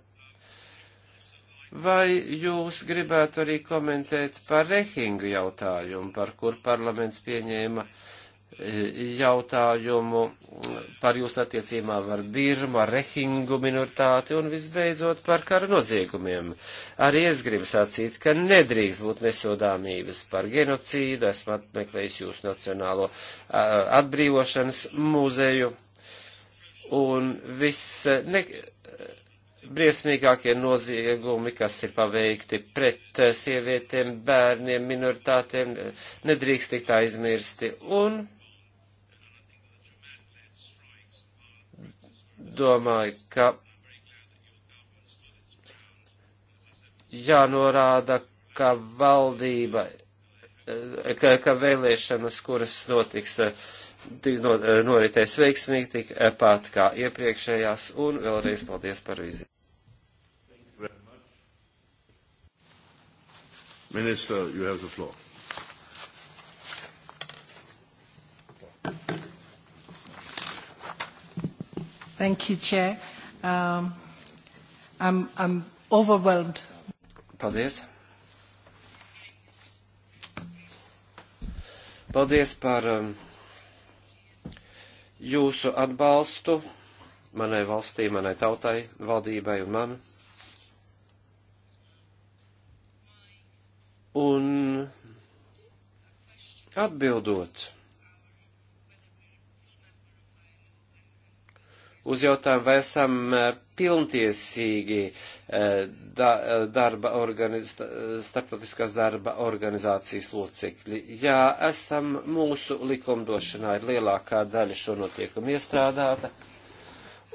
Vai jūs gribētu arī komentēt par rehingu jautājumu, par kur parlaments pieņēma uh, jautājumu par jūsu attiecībām ar Birmu, ar Rehingu minoritāti un visbeidzot par kara noziegumiem. Arī es gribu sacīt, ka nedrīkst būt nesodāmības par genocīdu. Esmu apmeklējis jūsu Nacionālo atbrīvošanas muzeju. Un viss ne, briesmīgākie noziegumi, kas ir paveikti pret sievietēm, bērniem, minoritātēm, nedrīkst tikt aizmirsti. Un domāju, ka jānorāda, ka valdība, eh, ka, ka vēlēšanas, kuras notiks, tik eh, no, eh, noritēs veiksmīgi, tik pat kā iepriekšējās, un vēlreiz paldies par vizīti. Minister, you have the floor. Thank you, Chair. Um, I'm, I'm overwhelmed. Paldies. Paldies par um, jūsu atbalstu manai valstī, manai tautai, valdībai un man. Un atbildot uz jautājumu, vai esam eh, pilntiesīgi eh, da, eh, darba organiz, starptautiskās darba organizācijas locekļi. Jā, esam mūsu likumdošanā ir lielākā daļa šo notiekumu iestrādāta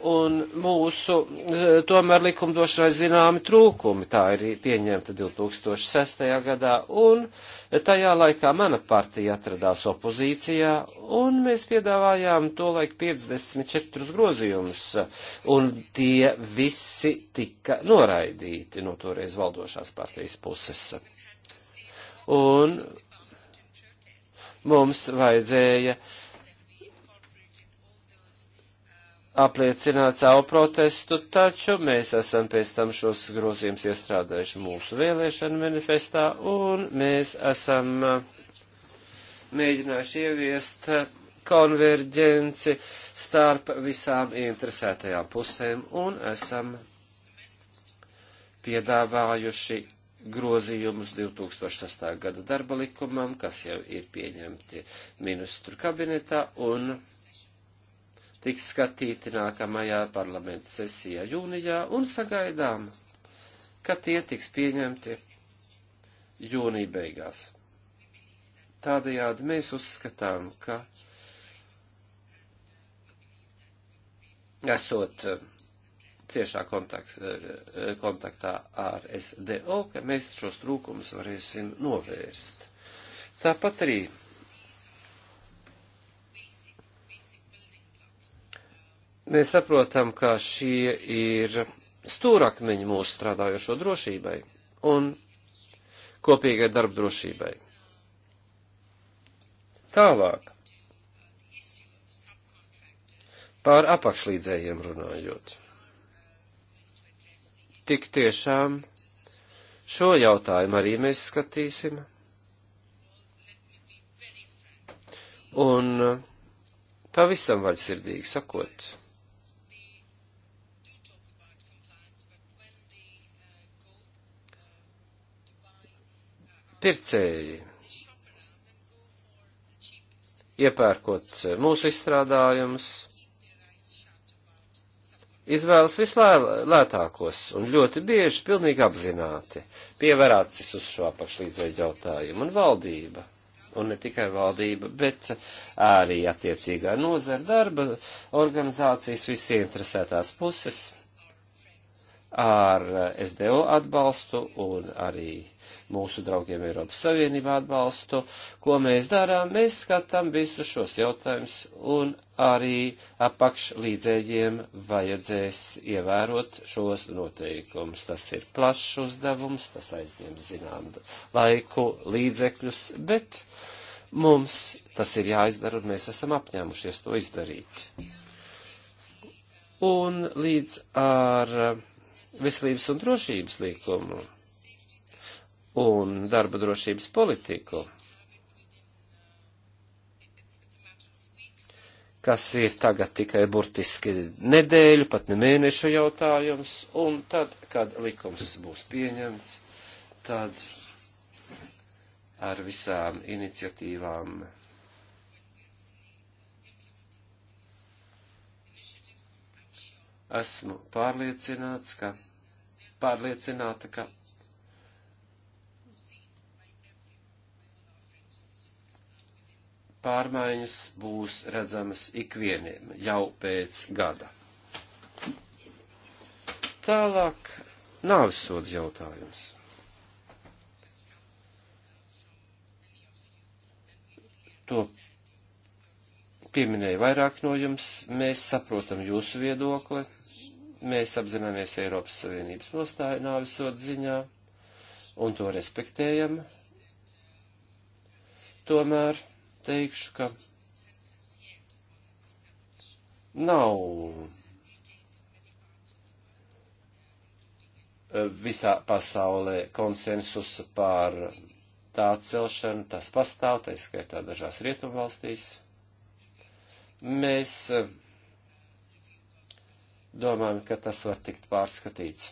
un mūsu eh, tomēr likumdošanai zināmi trūkumi. Tā ir pieņemta 2006. gadā, un tajā laikā mana partija atradās opozīcijā, un mēs piedāvājām to laik 54 grozījumus, un tie visi tika noraidīti no toreiz valdošās partijas puses. Un mums vajadzēja uh, apliecināt savu protestu, taču mēs esam pēc tam šos grozījumus iestrādājuši mūsu vēlēšanu manifestā, un mēs esam eh, mēģinājuši ieviest eh, konverģenci starp visām interesētajām pusēm, un esam piedāvājuši grozījumus 2006. gada darba likumam, kas jau ir pieņemti ministru kabinetā, un tiks skatīti nākamajā parlamenta sesijā jūnijā un sagaidām, ka tie tiks pieņemti jūnija beigās. Tādējādi mēs uzskatām, ka esot eh, ciešā kontakt, eh, kontaktā ar SDO, ka mēs šos trūkumus varēsim novērst. Tāpat arī Mēs saprotam, ka šie ir stūrakmeņi mūsu strādājošo drošībai un kopīgai darba drošībai. Tālāk. Pār apakšlīdzējiem runājot. Tik tiešām šo jautājumu arī mēs skatīsim. Un pavisam vaļsirdīgi sakot, pircēji, iepērkot mūsu izstrādājumus, izvēlas vislētākos un ļoti bieži pilnīgi apzināti pievērācis uz šo apakšlīdzēju jautājumu un valdība. Un ne tikai valdība, bet arī attiecīgā nozara darba organizācijas visi interesētās puses ar SDO atbalstu un arī mūsu draugiem Eiropas Savienībā atbalstu. Ko mēs darām? Mēs skatām visus šos jautājumus un arī apakšlīdzējiem vajadzēs ievērot šos noteikumus. Tas ir plašs uzdevums, tas aizņem zinām laiku, līdzekļus, bet mums tas ir jāizdara un mēs esam apņēmušies to izdarīt. Un līdz ar veselības un drošības likumu un darba drošības politiku, kas ir tagad tikai burtiski nedēļu, pat ne mēnešu jautājums, un tad, kad likums būs pieņemts, tad ar visām iniciatīvām esmu pārliecināts, ka, pārliecināta, ka pārmaiņas būs redzamas ikvieniem jau pēc gada. Tālāk nāvisoda jautājums. To pieminēja vairāk no jums, mēs saprotam jūsu viedokli, mēs apzināmies Eiropas Savienības nostāju nāvisot ziņā un to respektējam. Tomēr teikšu, ka nav eh, visā pasaulē konsensus par tā celšanu, tas pastāv, tā skaitā dažās rietumvalstīs. Mēs eh, domājam, ka tas var tikt pārskatīts.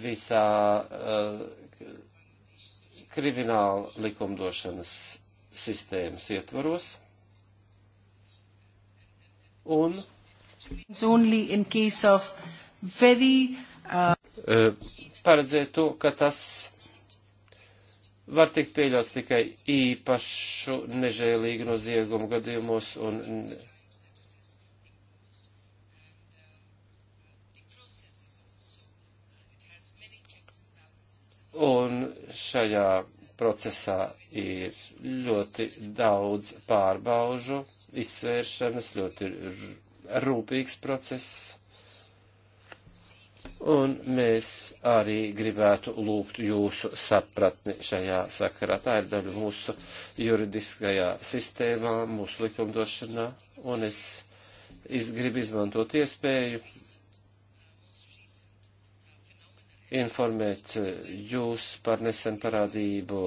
Visā uh, krimināla likumdošanas sistēmas ietvaros. Un very, uh... paredzēt to, ka tas var tikt pieļauts tikai īpašu nežēlīgu noziegumu gadījumos un Un šajā procesā ir ļoti daudz pārbaužu, izsvēršanas, ļoti rūpīgs process. Un mēs arī gribētu lūgt jūsu sapratni šajā sakarā. Tā ir daļa mūsu juridiskajā sistēmā, mūsu likumdošanā, un es, es gribu izmantot iespēju informēt jūs par nesen parādību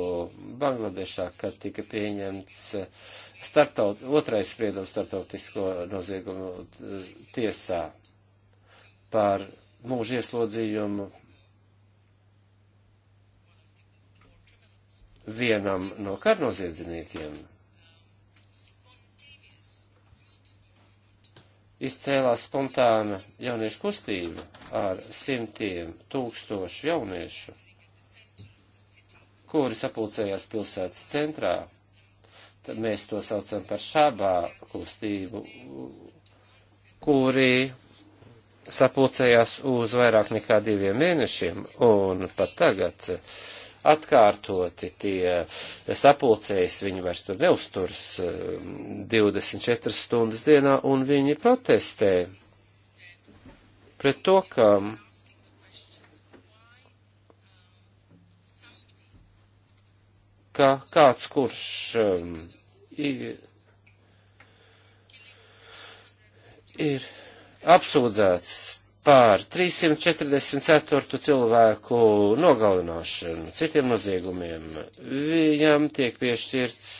Bangladešā, kad tika pieņemts eh, startaut, otrais spriedums startautisko noziegumu eh, tiesā par mūža ieslodzījumu vienam no karnoziedzniekiem. Izcēlās spontāna jauniešu kustība, ar simtiem tūkstošu jauniešu, kuri sapulcējās pilsētas centrā. Tad mēs to saucam par šābā kustību, kuri sapulcējās uz vairāk nekā diviem mēnešiem, un pat tagad atkārtoti tie sapulcējas, viņi vairs tur neusturs 24 um, stundas dienā, un viņi protestē pret to, ka ka kāds, kurš um, ir, ir apsūdzēts pār 344 cilvēku nogalināšanu, citiem noziegumiem, viņam tiek piešķirts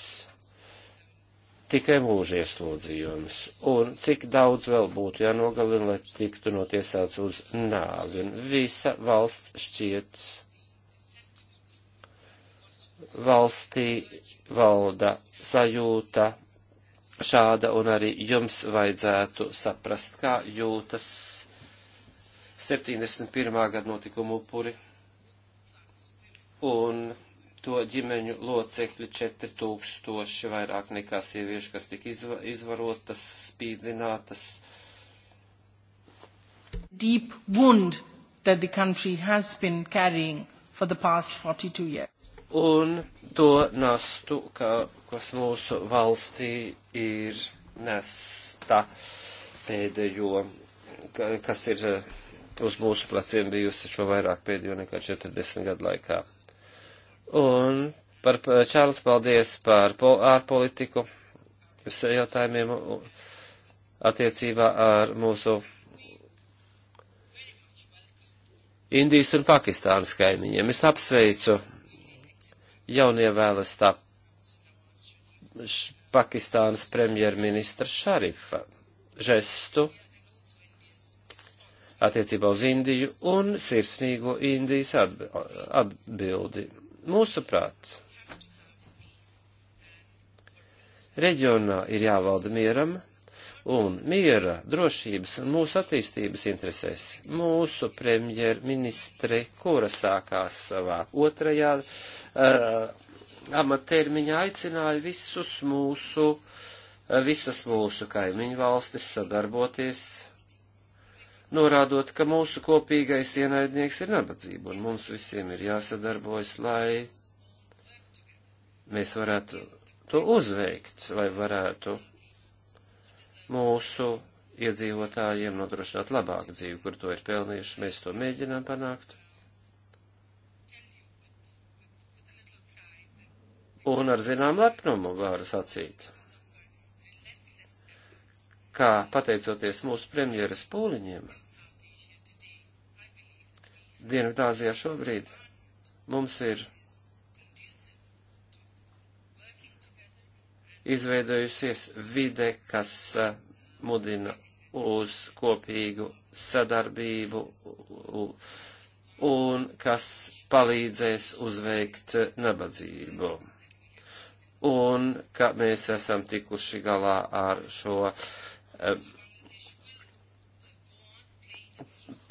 tikai mūža ieslodzījums, un cik daudz vēl būtu jānogalina, lai tiktu notiesāts uz nāvi, un visa valsts šķiet valstī valda sajūta šāda, un arī jums vajadzētu saprast, kā jūtas 71. gada notikumu upuri, un to ģimeņu locekļi 4000 vairāk nekā sieviešu, kas tika izva izvarotas, spīdzinātas. Deep wound that the country has been carrying for the past 42 years. Un to nastu, ka, kas mūsu valstī ir nesta pēdējo, ka, kas ir eh, uz mūsu pleciem bijusi šo vairāk pēdējo nekā 40 gadu laikā. Un par Čārlis paldies par ārpolitiku jautājumiem attiecībā ar mūsu Indijas un Pakistānas kaimiņiem. Es apsveicu jaunievēlestā Pakistānas premjerministra Šarifa žestu attiecībā uz Indiju un sirsnīgo Indijas atbildi. Mūsuprāt, reģionā ir jāvalda mieram un miera, drošības un mūsu attīstības interesēs. Mūsu premjerministre, kura sākās savā otrajā uh, amattermiņā, aicināja visus mūsu, uh, visas mūsu kaimiņu valstis sadarboties norādot, ka mūsu kopīgais ienaidnieks ir nabadzība, un mums visiem ir jāsadarbojas, lai mēs varētu to uzveikt, lai varētu mūsu iedzīvotājiem nodrošināt labāku dzīvi, kur to ir pelnījuši. Mēs to mēģinām panākt. Un ar zinām lepnumu varu sacīt, kā pateicoties mūsu premjeras pūliņiem, Dienvidāzijā šobrīd mums ir izveidojusies vide, kas eh, mudina uz kopīgu sadarbību un kas palīdzēs uzveikt eh, nabadzību. Un ka mēs esam tikuši galā ar šo um,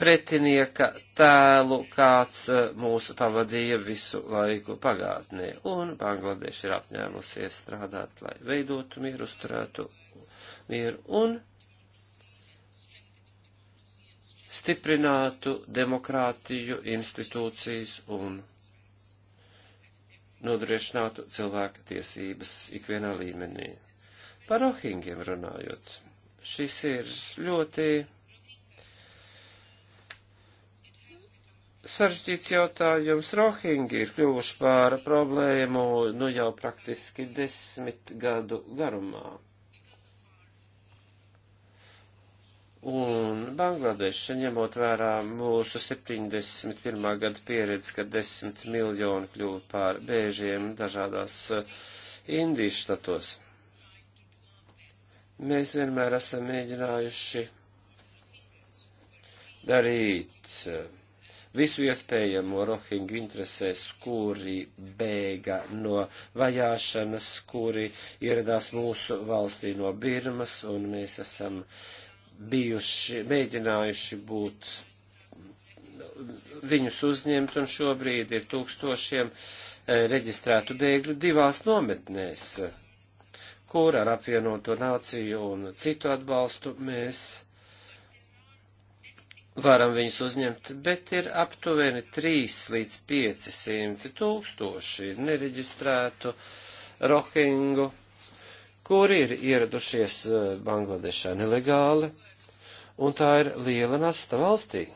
pretinieka tēlu, kāds eh, mūs pavadīja visu laiku pagātnē. Un Bangladeša ir apņēmusies strādāt, lai veidotu mieru, uzturētu mieru un stiprinātu demokrātiju, institūcijas un nodrošinātu cilvēku tiesības ikvienā līmenī. Par rohingiem runājot, šis ir ļoti sarežģīts jautājums. Rohingi ir kļuvuši par problēmu nu jau praktiski desmit gadu garumā. Un Bangladeša, ņemot vērā mūsu 71. gada pieredzi, kad 10 miljoni kļuva par bēžiem dažādās eh, Indijas štatos, mēs vienmēr esam mēģinājuši darīt eh, visu iespējamo rohingu interesēs, kuri bēga no vajāšanas, kuri ieradās mūsu valstī no Birmas, un mēs esam bijuši, mēģinājuši būt viņus uzņemt, un šobrīd ir tūkstošiem eh, reģistrētu bēgļu divās nometnēs, kur ar apvienoto nāciju un citu atbalstu mēs varam viņus uzņemt, bet ir aptuveni 3 līdz 500 tūkstoši nereģistrētu rohingu, kuri ir ieradušies eh, Bangladešā nelegāli, un tā ir liela nasta valstī,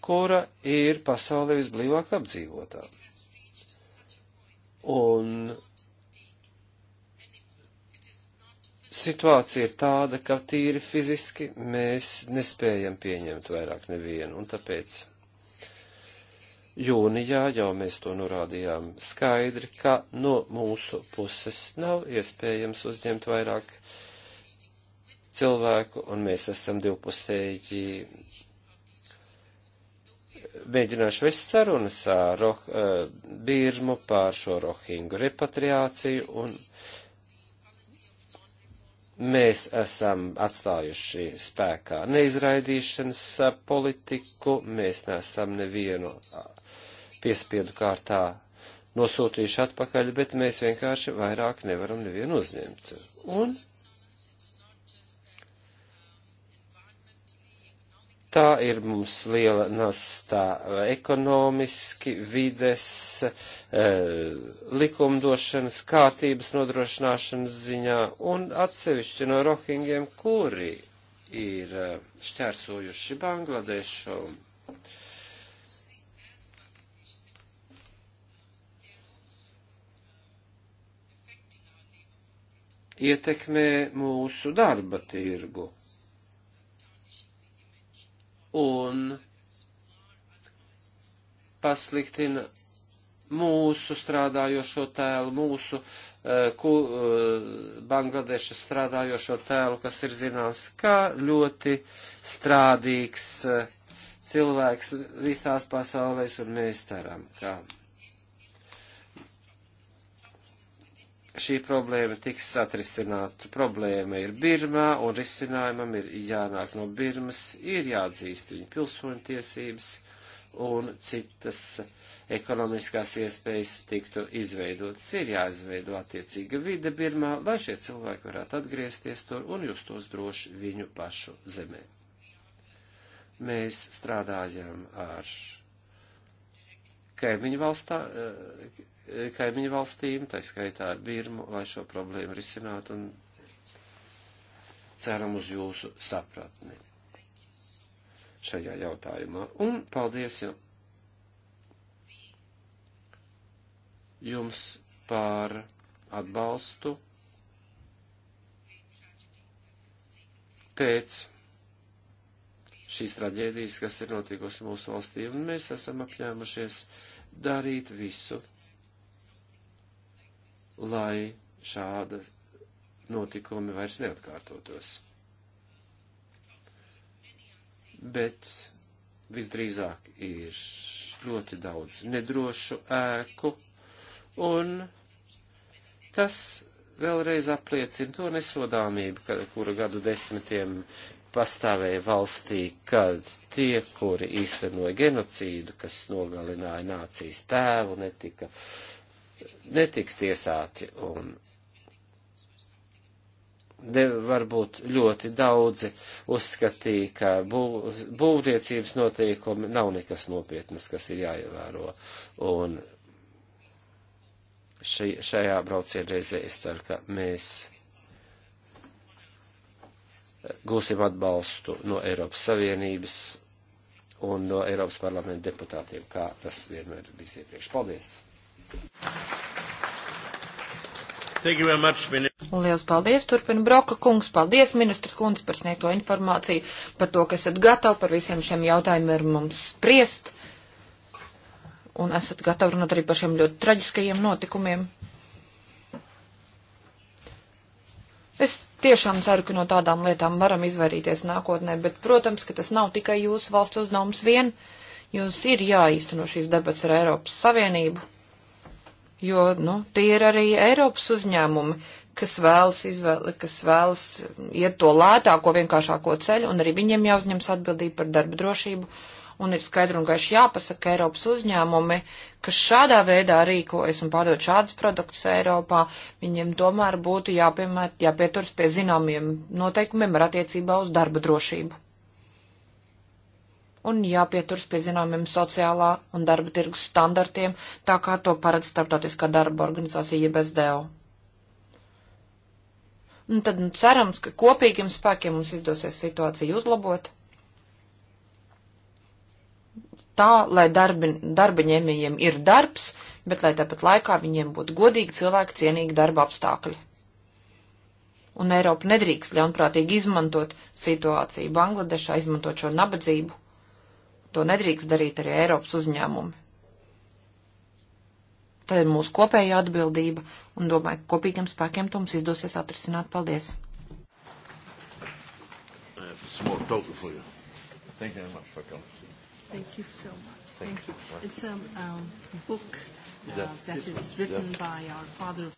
kura ir pasaulē visblīvāk apdzīvotā. Un situācija ir tāda, ka tīri fiziski mēs nespējam pieņemt vairāk nevienu, un tāpēc jūnijā jau mēs to norādījām skaidri, ka no mūsu puses nav iespējams uzņemt vairāk cilvēku, un mēs esam divpusēji mēģināšu vest sarunas ar roh, eh, Birmu pār šo rohingu repatriāciju, un mēs esam atstājuši spēkā neizraidīšanas politiku, mēs neesam nevienu piespiedu kārtā nosūtījuši atpakaļ, bet mēs vienkārši vairāk nevaram nevienu uzņemt. Un Tā ir mums liela nastā ekonomiski, vides, eh, likumdošanas, kārtības nodrošināšanas ziņā un atsevišķi no rohingiem, kuri ir eh, šķērsojuši Bangladešu. Ietekmē mūsu darba tirgu un pasliktina mūsu strādājošo tēlu, mūsu uh, ku, uh, eh, Bangladešas strādājošo tēlu, kas ir zināms, kā ļoti strādīgs uh, cilvēks visās pasaulēs, un mēs ceram, ka šī problēma tiks atrisināta. Problēma ir Birmā, un risinājumam ir jānāk no Birmas, ir jāatzīst viņa pilsoņu tiesības, un citas ekonomiskās iespējas tiktu izveidotas. Ir jāizveido attiecīga vide Birmā, lai šie cilvēki varētu atgriezties tur un justos droši viņu pašu zemē. Mēs strādājam ar kaimiņu valstā, eh, Eh, kaimiņu valstīm, tā skaitā ar Birmu, lai šo problēmu risinātu un ceram uz jūsu sapratni šajā jautājumā. Un paldies jums par atbalstu pēc šīs traģēdijas, kas ir notikusi mūsu valstī, un mēs esam apņēmušies darīt visu, lai šāda notikumi vairs neatkārtotos. Bet visdrīzāk ir ļoti daudz nedrošu ēku, un tas vēlreiz apliecina to nesodāmību, kura gadu desmitiem pastāvēja valstī, kad tie, kuri īstenoja genocīdu, kas nogalināja nācijas tēvu, netika uh, netika tiesāti un ne, varbūt ļoti daudzi uzskatīja, ka būv, būvniecības noteikumi nav nekas nopietnas, kas ir jāievēro. Un šai, šajā brauciena reizē es ceru, ka mēs gūsim atbalstu no Eiropas Savienības un no Eiropas parlamenta deputātiem, kā tas vienmēr bijis iepriekš. Paldies! Much, Lielas paldies, turpina Broka kungs. Paldies, ministra kundze, par sniegto informāciju, par to, ka esat gatavi par visiem šiem jautājumiem ar mums spriest. Un esat gatavi runāt arī par šiem ļoti traģiskajiem notikumiem. Es tiešām ceru, ka no tādām lietām varam izvairīties nākotnē, bet, protams, ka tas nav tikai jūsu valsts uzdevums vien. Jūs ir jāīsteno šīs debats ar Eiropas Savienību jo, nu, tie ir arī Eiropas uzņēmumi, kas vēlas, izvēle, kas vēlas iet to lētāko, vienkāršāko ceļu, un arī viņiem jāuzņems atbildība par darba drošību, un ir skaidri un gaiši jāpasaka Eiropas uzņēmumi, kas šādā veidā rīkojas un pārdod šādus produktus Eiropā, viņiem tomēr būtu jāpiemēt, jāpieturas pie zināmiem noteikumiem ar attiecībā uz darba drošību un jāpieturas pie zināmiem sociālā un darba tirgus standartiem, tā kā to paredz starptautiskā darba organizācija jeb SDO. Un tad nu, cerams, ka kopīgiem spēkiem mums izdosies situāciju uzlabot. Tā, lai darbi, darba ņēmējiem ir darbs, bet lai tāpat laikā viņiem būtu godīgi cilvēki cienīgi darba apstākļi. Un Eiropa nedrīkst ļaunprātīgi izmantot situāciju Bangladešā, izmantot šo nabadzību To nedrīkst darīt arī Eiropas uzņēmumi. Tā ir mūsu kopēja atbildība, un domāju, ka kopīgiem spēkiem to mums izdosies atrisināt. Paldies! Thank you very much for coming. Thank you so much. Thank you. It's um, a um, book uh, that is written by our father.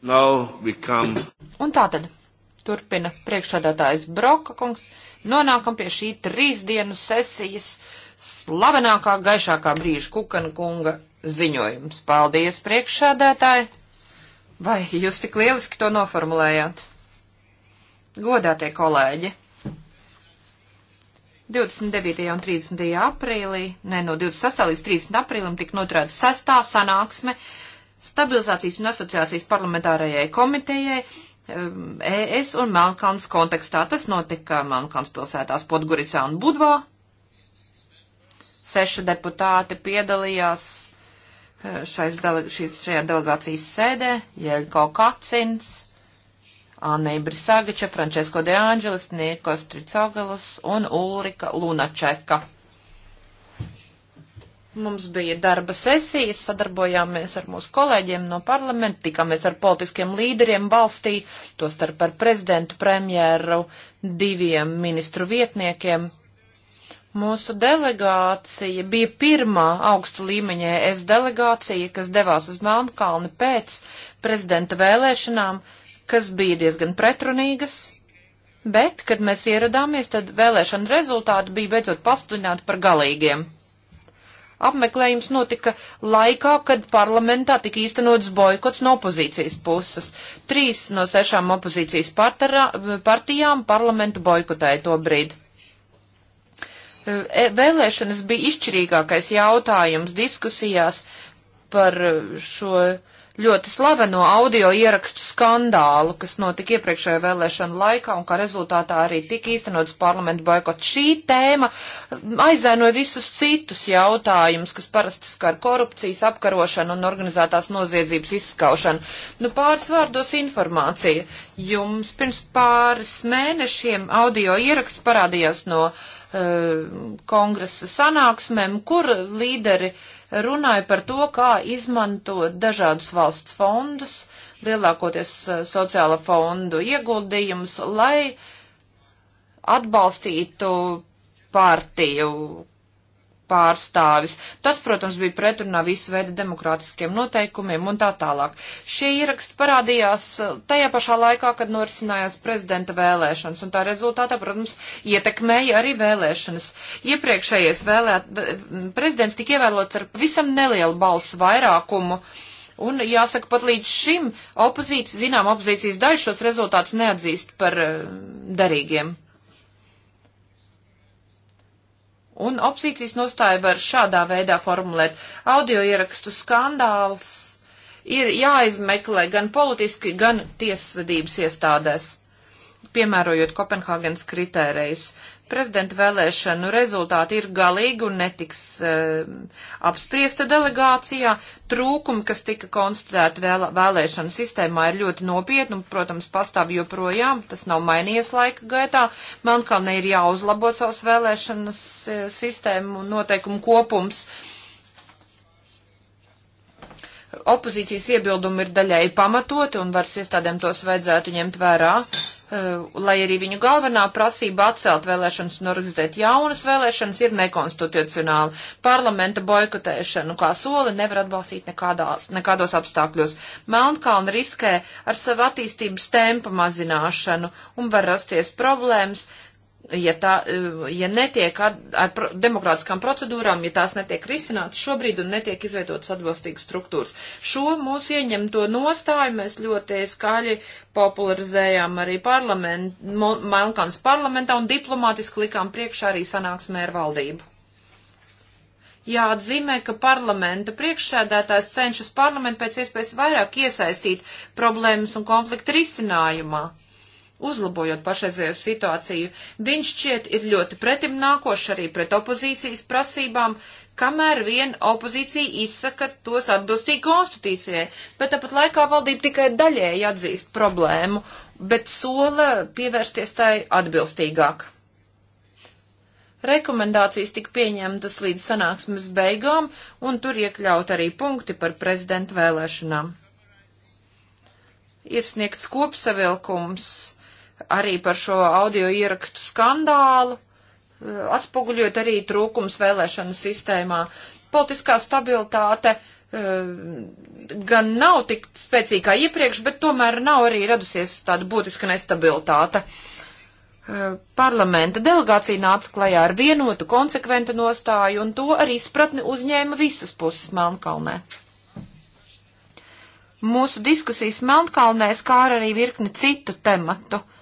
Come... Un tā tad, turpina priekšsādātājs Broka kungs, nonākam pie šī trīs dienu sesijas slavenākā, gaišākā brīža Kukana kunga ziņojums. Paldies, priekšsādātāji! Vai jūs tik lieliski to noformulējāt? Godātie kolēģi! 29. un 30. aprīlī, ne, no 28. līdz 30. aprīlim tika noturēta sestā sanāksme stabilizācijas un asociācijas parlamentārajai komitejai ES e un Melnkāns kontekstā. Tas notika Melnkāns pilsētās Podguricā un Budvā. Seši deputāti piedalījās eh, dele, šīs, šajā delegācijas sēdē. Jeļko Kacins, Anna Ibrisagiča, Francesko De Angelis, Nikos Tricogalus un Ulrika Lunačeka. Mums bija darba sesijas, sadarbojāmies ar mūsu kolēģiem no parlamenta, tikāmies ar politiskiem līderiem valstī, tostarp ar prezidentu, premjeru, diviem ministru vietniekiem. Mūsu delegācija bija pirmā augsta līmeņa es delegācija, kas devās uz Melnkalni pēc prezidenta vēlēšanām, kas bija diezgan pretrunīgas, bet, kad mēs ieradāmies, tad vēlēšana rezultāti bija beidzot pasludināti par galīgiem. Apmeklējums notika laikā, kad parlamentā tika īstenots boikots no opozīcijas puses. Trīs no sešām opozīcijas partarā, partijām parlamentu boikotēja to brīdi. E, e, vēlēšanas bija izšķirīgākais jautājums diskusijās par šo ļoti slaveno audio ierakstu skandālu, kas notika iepriekšējā vēlēšana laikā un kā rezultātā arī tika īstenots parlamentu boikots. Šī tēma aizēnoja visus citus jautājumus, kas parasti skar korupcijas apkarošanu un organizētās noziedzības izskaušanu. Nu, pāris vārdos informācija. Jums pirms pāris mēnešiem audio ieraksts parādījās no uh, kongresa sanāksmēm, kur līderi uh, runāja par to, kā izmantot dažādus valsts fondus, lielākoties eh, sociāla fondu ieguldījumus, lai atbalstītu partiju, pārstāvis. Tas, protams, bija pretrunā visu veidu demokrātiskiem noteikumiem un tā tālāk. Šie ieraksti parādījās uh, tajā pašā laikā, kad norisinājās prezidenta vēlēšanas, un tā rezultātā, protams, ietekmēja arī vēlēšanas. Iepriekšējais vēlēt, prezidents tika ievēlots ar pavisam nelielu balsu vairākumu. Un jāsaka, pat līdz šim opozīcija, zinām, opozīcijas daļa šos rezultātus neatzīst par uh, darīgiem. Un opozīcijas nostāja var šādā veidā formulēt. Audio ierakstu skandāls ir jāizmeklē gan politiski, gan tiesvedības iestādēs, piemērojot Kopenhāgenes kritērijus prezidenta vēlēšanu rezultāti ir galīgi un netiks uh, apspriesta delegācijā. Trūkumi, kas tika konstatēti vēl, vēlēšanu sistēmā, ir ļoti nopietni un, protams, pastāv joprojām. Tas nav mainījies laika gaitā. Melnkalne ir jāuzlabo savas vēlēšanas uh, sistēmu un noteikumu kopums. Opozīcijas iebildumi ir daļēji pamatoti un varas iestādēm tos vajadzētu ņemt vērā. Uh, Eh, lai arī viņu galvenā prasība atcelt vēlēšanas un organizēt jaunas vēlēšanas ir nekonstitucionāla. Parlamenta boikotēšanu kā soli nevar atbalstīt nekādās, nekādos apstākļos. Melnkalna riskē ar savu attīstības tempu mazināšanu un var rasties problēmas, ja, tā, ja netiek ar, ar demokrātiskām procedūrām, ja tās netiek risinātas šobrīd un netiek izveidotas atbilstīgas struktūras. Šo mūsu ieņemto nostāju mēs ļoti skaļi popularizējām arī parlament, Melnkans parlamentā un diplomātiski likām priekšā arī sanāksmē ar valdību. Jāatzīmē, ka parlamenta priekšsēdētājs cenšas parlamentu pēc iespējas vairāk iesaistīt problēmas un konfliktu risinājumā uzlabojot pašreizējo situāciju. Viņš šķiet ir ļoti pretim nākošs arī pret opozīcijas prasībām, kamēr vien opozīcija izsaka tos atbilstīgi konstitūcijai, bet tāpat laikā valdība tikai daļēji atzīst problēmu, bet sola pievērsties tai atbilstīgāk. Rekomendācijas tika pieņemtas līdz sanāksmes beigām, un tur iekļaut arī punkti par prezidentu vēlēšanām. Ir sniegts kopsavilkums arī par šo audio ierakstu skandālu, eh, atspoguļot arī trūkums vēlēšanu sistēmā. Politiskā stabilitāte eh, gan nav tik spēcīga kā iepriekš, bet tomēr nav arī radusies tāda būtiska nestabilitāte. Eh, parlamenta delegācija nāca klajā ar vienotu, konsekventu nostāju, un to arī izpratni uzņēma visas puses Melnkalnē. Mūsu diskusijas Melnkalnē skāra arī virkni citu tematu. Uh,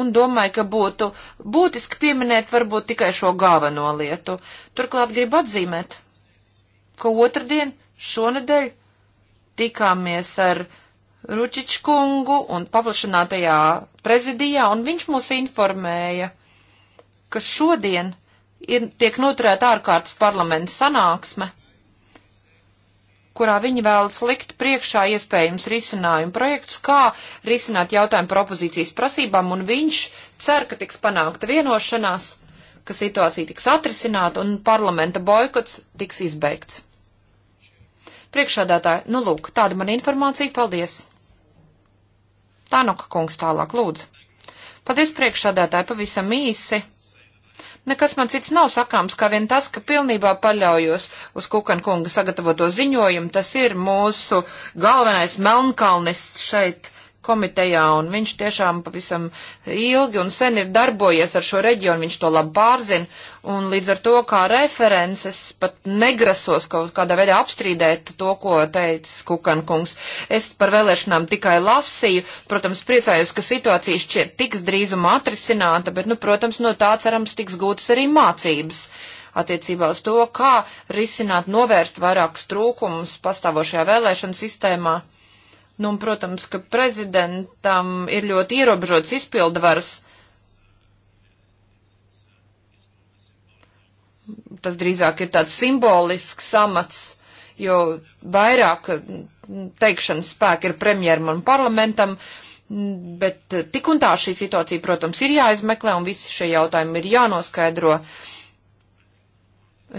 un domāju, ka būtu būtiski pieminēt varbūt tikai šo galveno lietu. Turklāt gribu atzīmēt, ka otrdien šonedēļ tikāmies ar Ručičkungu un paplašinātajā prezidijā, un viņš mūs informēja, ka šodien ir, tiek noturēta ārkārtas parlamenta sanāksme kurā viņi vēlas likt priekšā iespējams risinājumu projekts, kā risināt jautājumu par opozīcijas prasībām, un viņš cer, ka tiks panākta vienošanās, ka situācija tiks atrisināta un parlamenta boikots tiks izbeigts. Priekšādātāji, nu lūk, tāda man informācija, paldies. Tānoka kungs tālāk, lūdzu. Paldies priekšādātāji, pavisam īsi. Nekas man cits nav sakāms, kā vien tas, ka pilnībā paļaujos uz Kukankunga sagatavoto ziņojumu. Tas ir mūsu galvenais melnkalnis šeit komitejā, un viņš tiešām pavisam ilgi un sen ir darbojies ar šo reģionu, viņš to labi pārzina, un līdz ar to kā references pat negrasos kaut kādā veidā apstrīdēt to, ko teica Kukankungs. Es par vēlēšanām tikai lasīju, protams, priecājos, ka situācija šķiet tiks drīzumā atrisināta, bet, nu, protams, no tā cerams tiks gūtas arī mācības attiecībā uz to, kā risināt, novērst vairākus trūkumus pastāvošajā vēlēšana sistēmā Nu, un, protams, ka prezidentam ir ļoti ierobežots izpildvars. Tas drīzāk ir tāds simbolisks samats, jo vairāk mm, teikšanas spēka ir premjeram un parlamentam, mm, bet tik un tā šī situācija, protams, ir jāizmeklē un visi šie jautājumi ir jānoskaidro. Uh,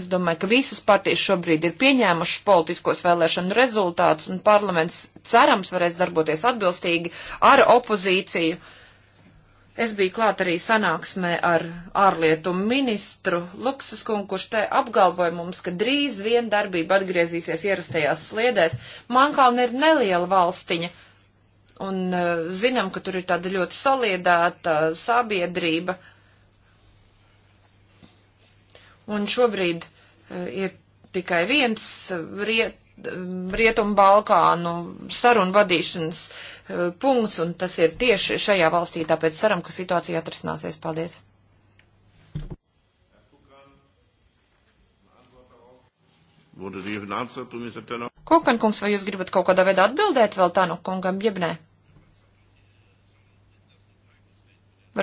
Es domāju, ka visas partijas šobrīd ir pieņēmušas politiskos vēlēšanu rezultātus, un parlaments cerams varēs darboties atbilstīgi ar opozīciju. Es biju klāt arī sanāksmē ar ārlietu ministru Luksaskungu, kurš te apgalvoja mums, ka drīz vien darbība atgriezīsies ierastajās sliedēs. Mankalna ir neliela valstiņa, un uh, zinām, ka tur ir tāda ļoti saliedēta sabiedrība, un šobrīd eh, ir tikai viens eh, riet, eh, Rietumu Balkānu sarunu vadīšanas punkts, un tas ir tieši šajā valstī, tāpēc ceram, ka situācija atrisināsies. Paldies! Kukan kungs, vai jūs gribat kaut kādā veidā atbildēt vēl Tanu kungam, jeb nē?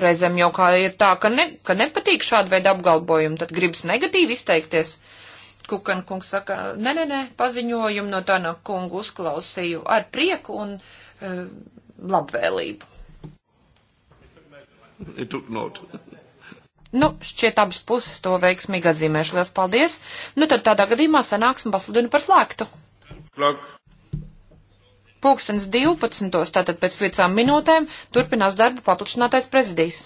Reizēm jau kā ir tā, ka, ne, ka nepatīk šāda veida apgalvojumi, tad gribas negatīvi izteikties. Kukan kungs saka, nē, nē, nē, paziņojumu no tā no kungu uzklausīju ar prieku un uh, labvēlību. Nu, šķiet abas puses to veiksmīgi atzīmēšu. Lielas paldies. Nu, tad tādā gadījumā sanāksim pasludinu par slēgtu. Plāk. Pūkstens 12. tātad pēc 5 minūtēm turpinās darbu paplašinātais prezidijs.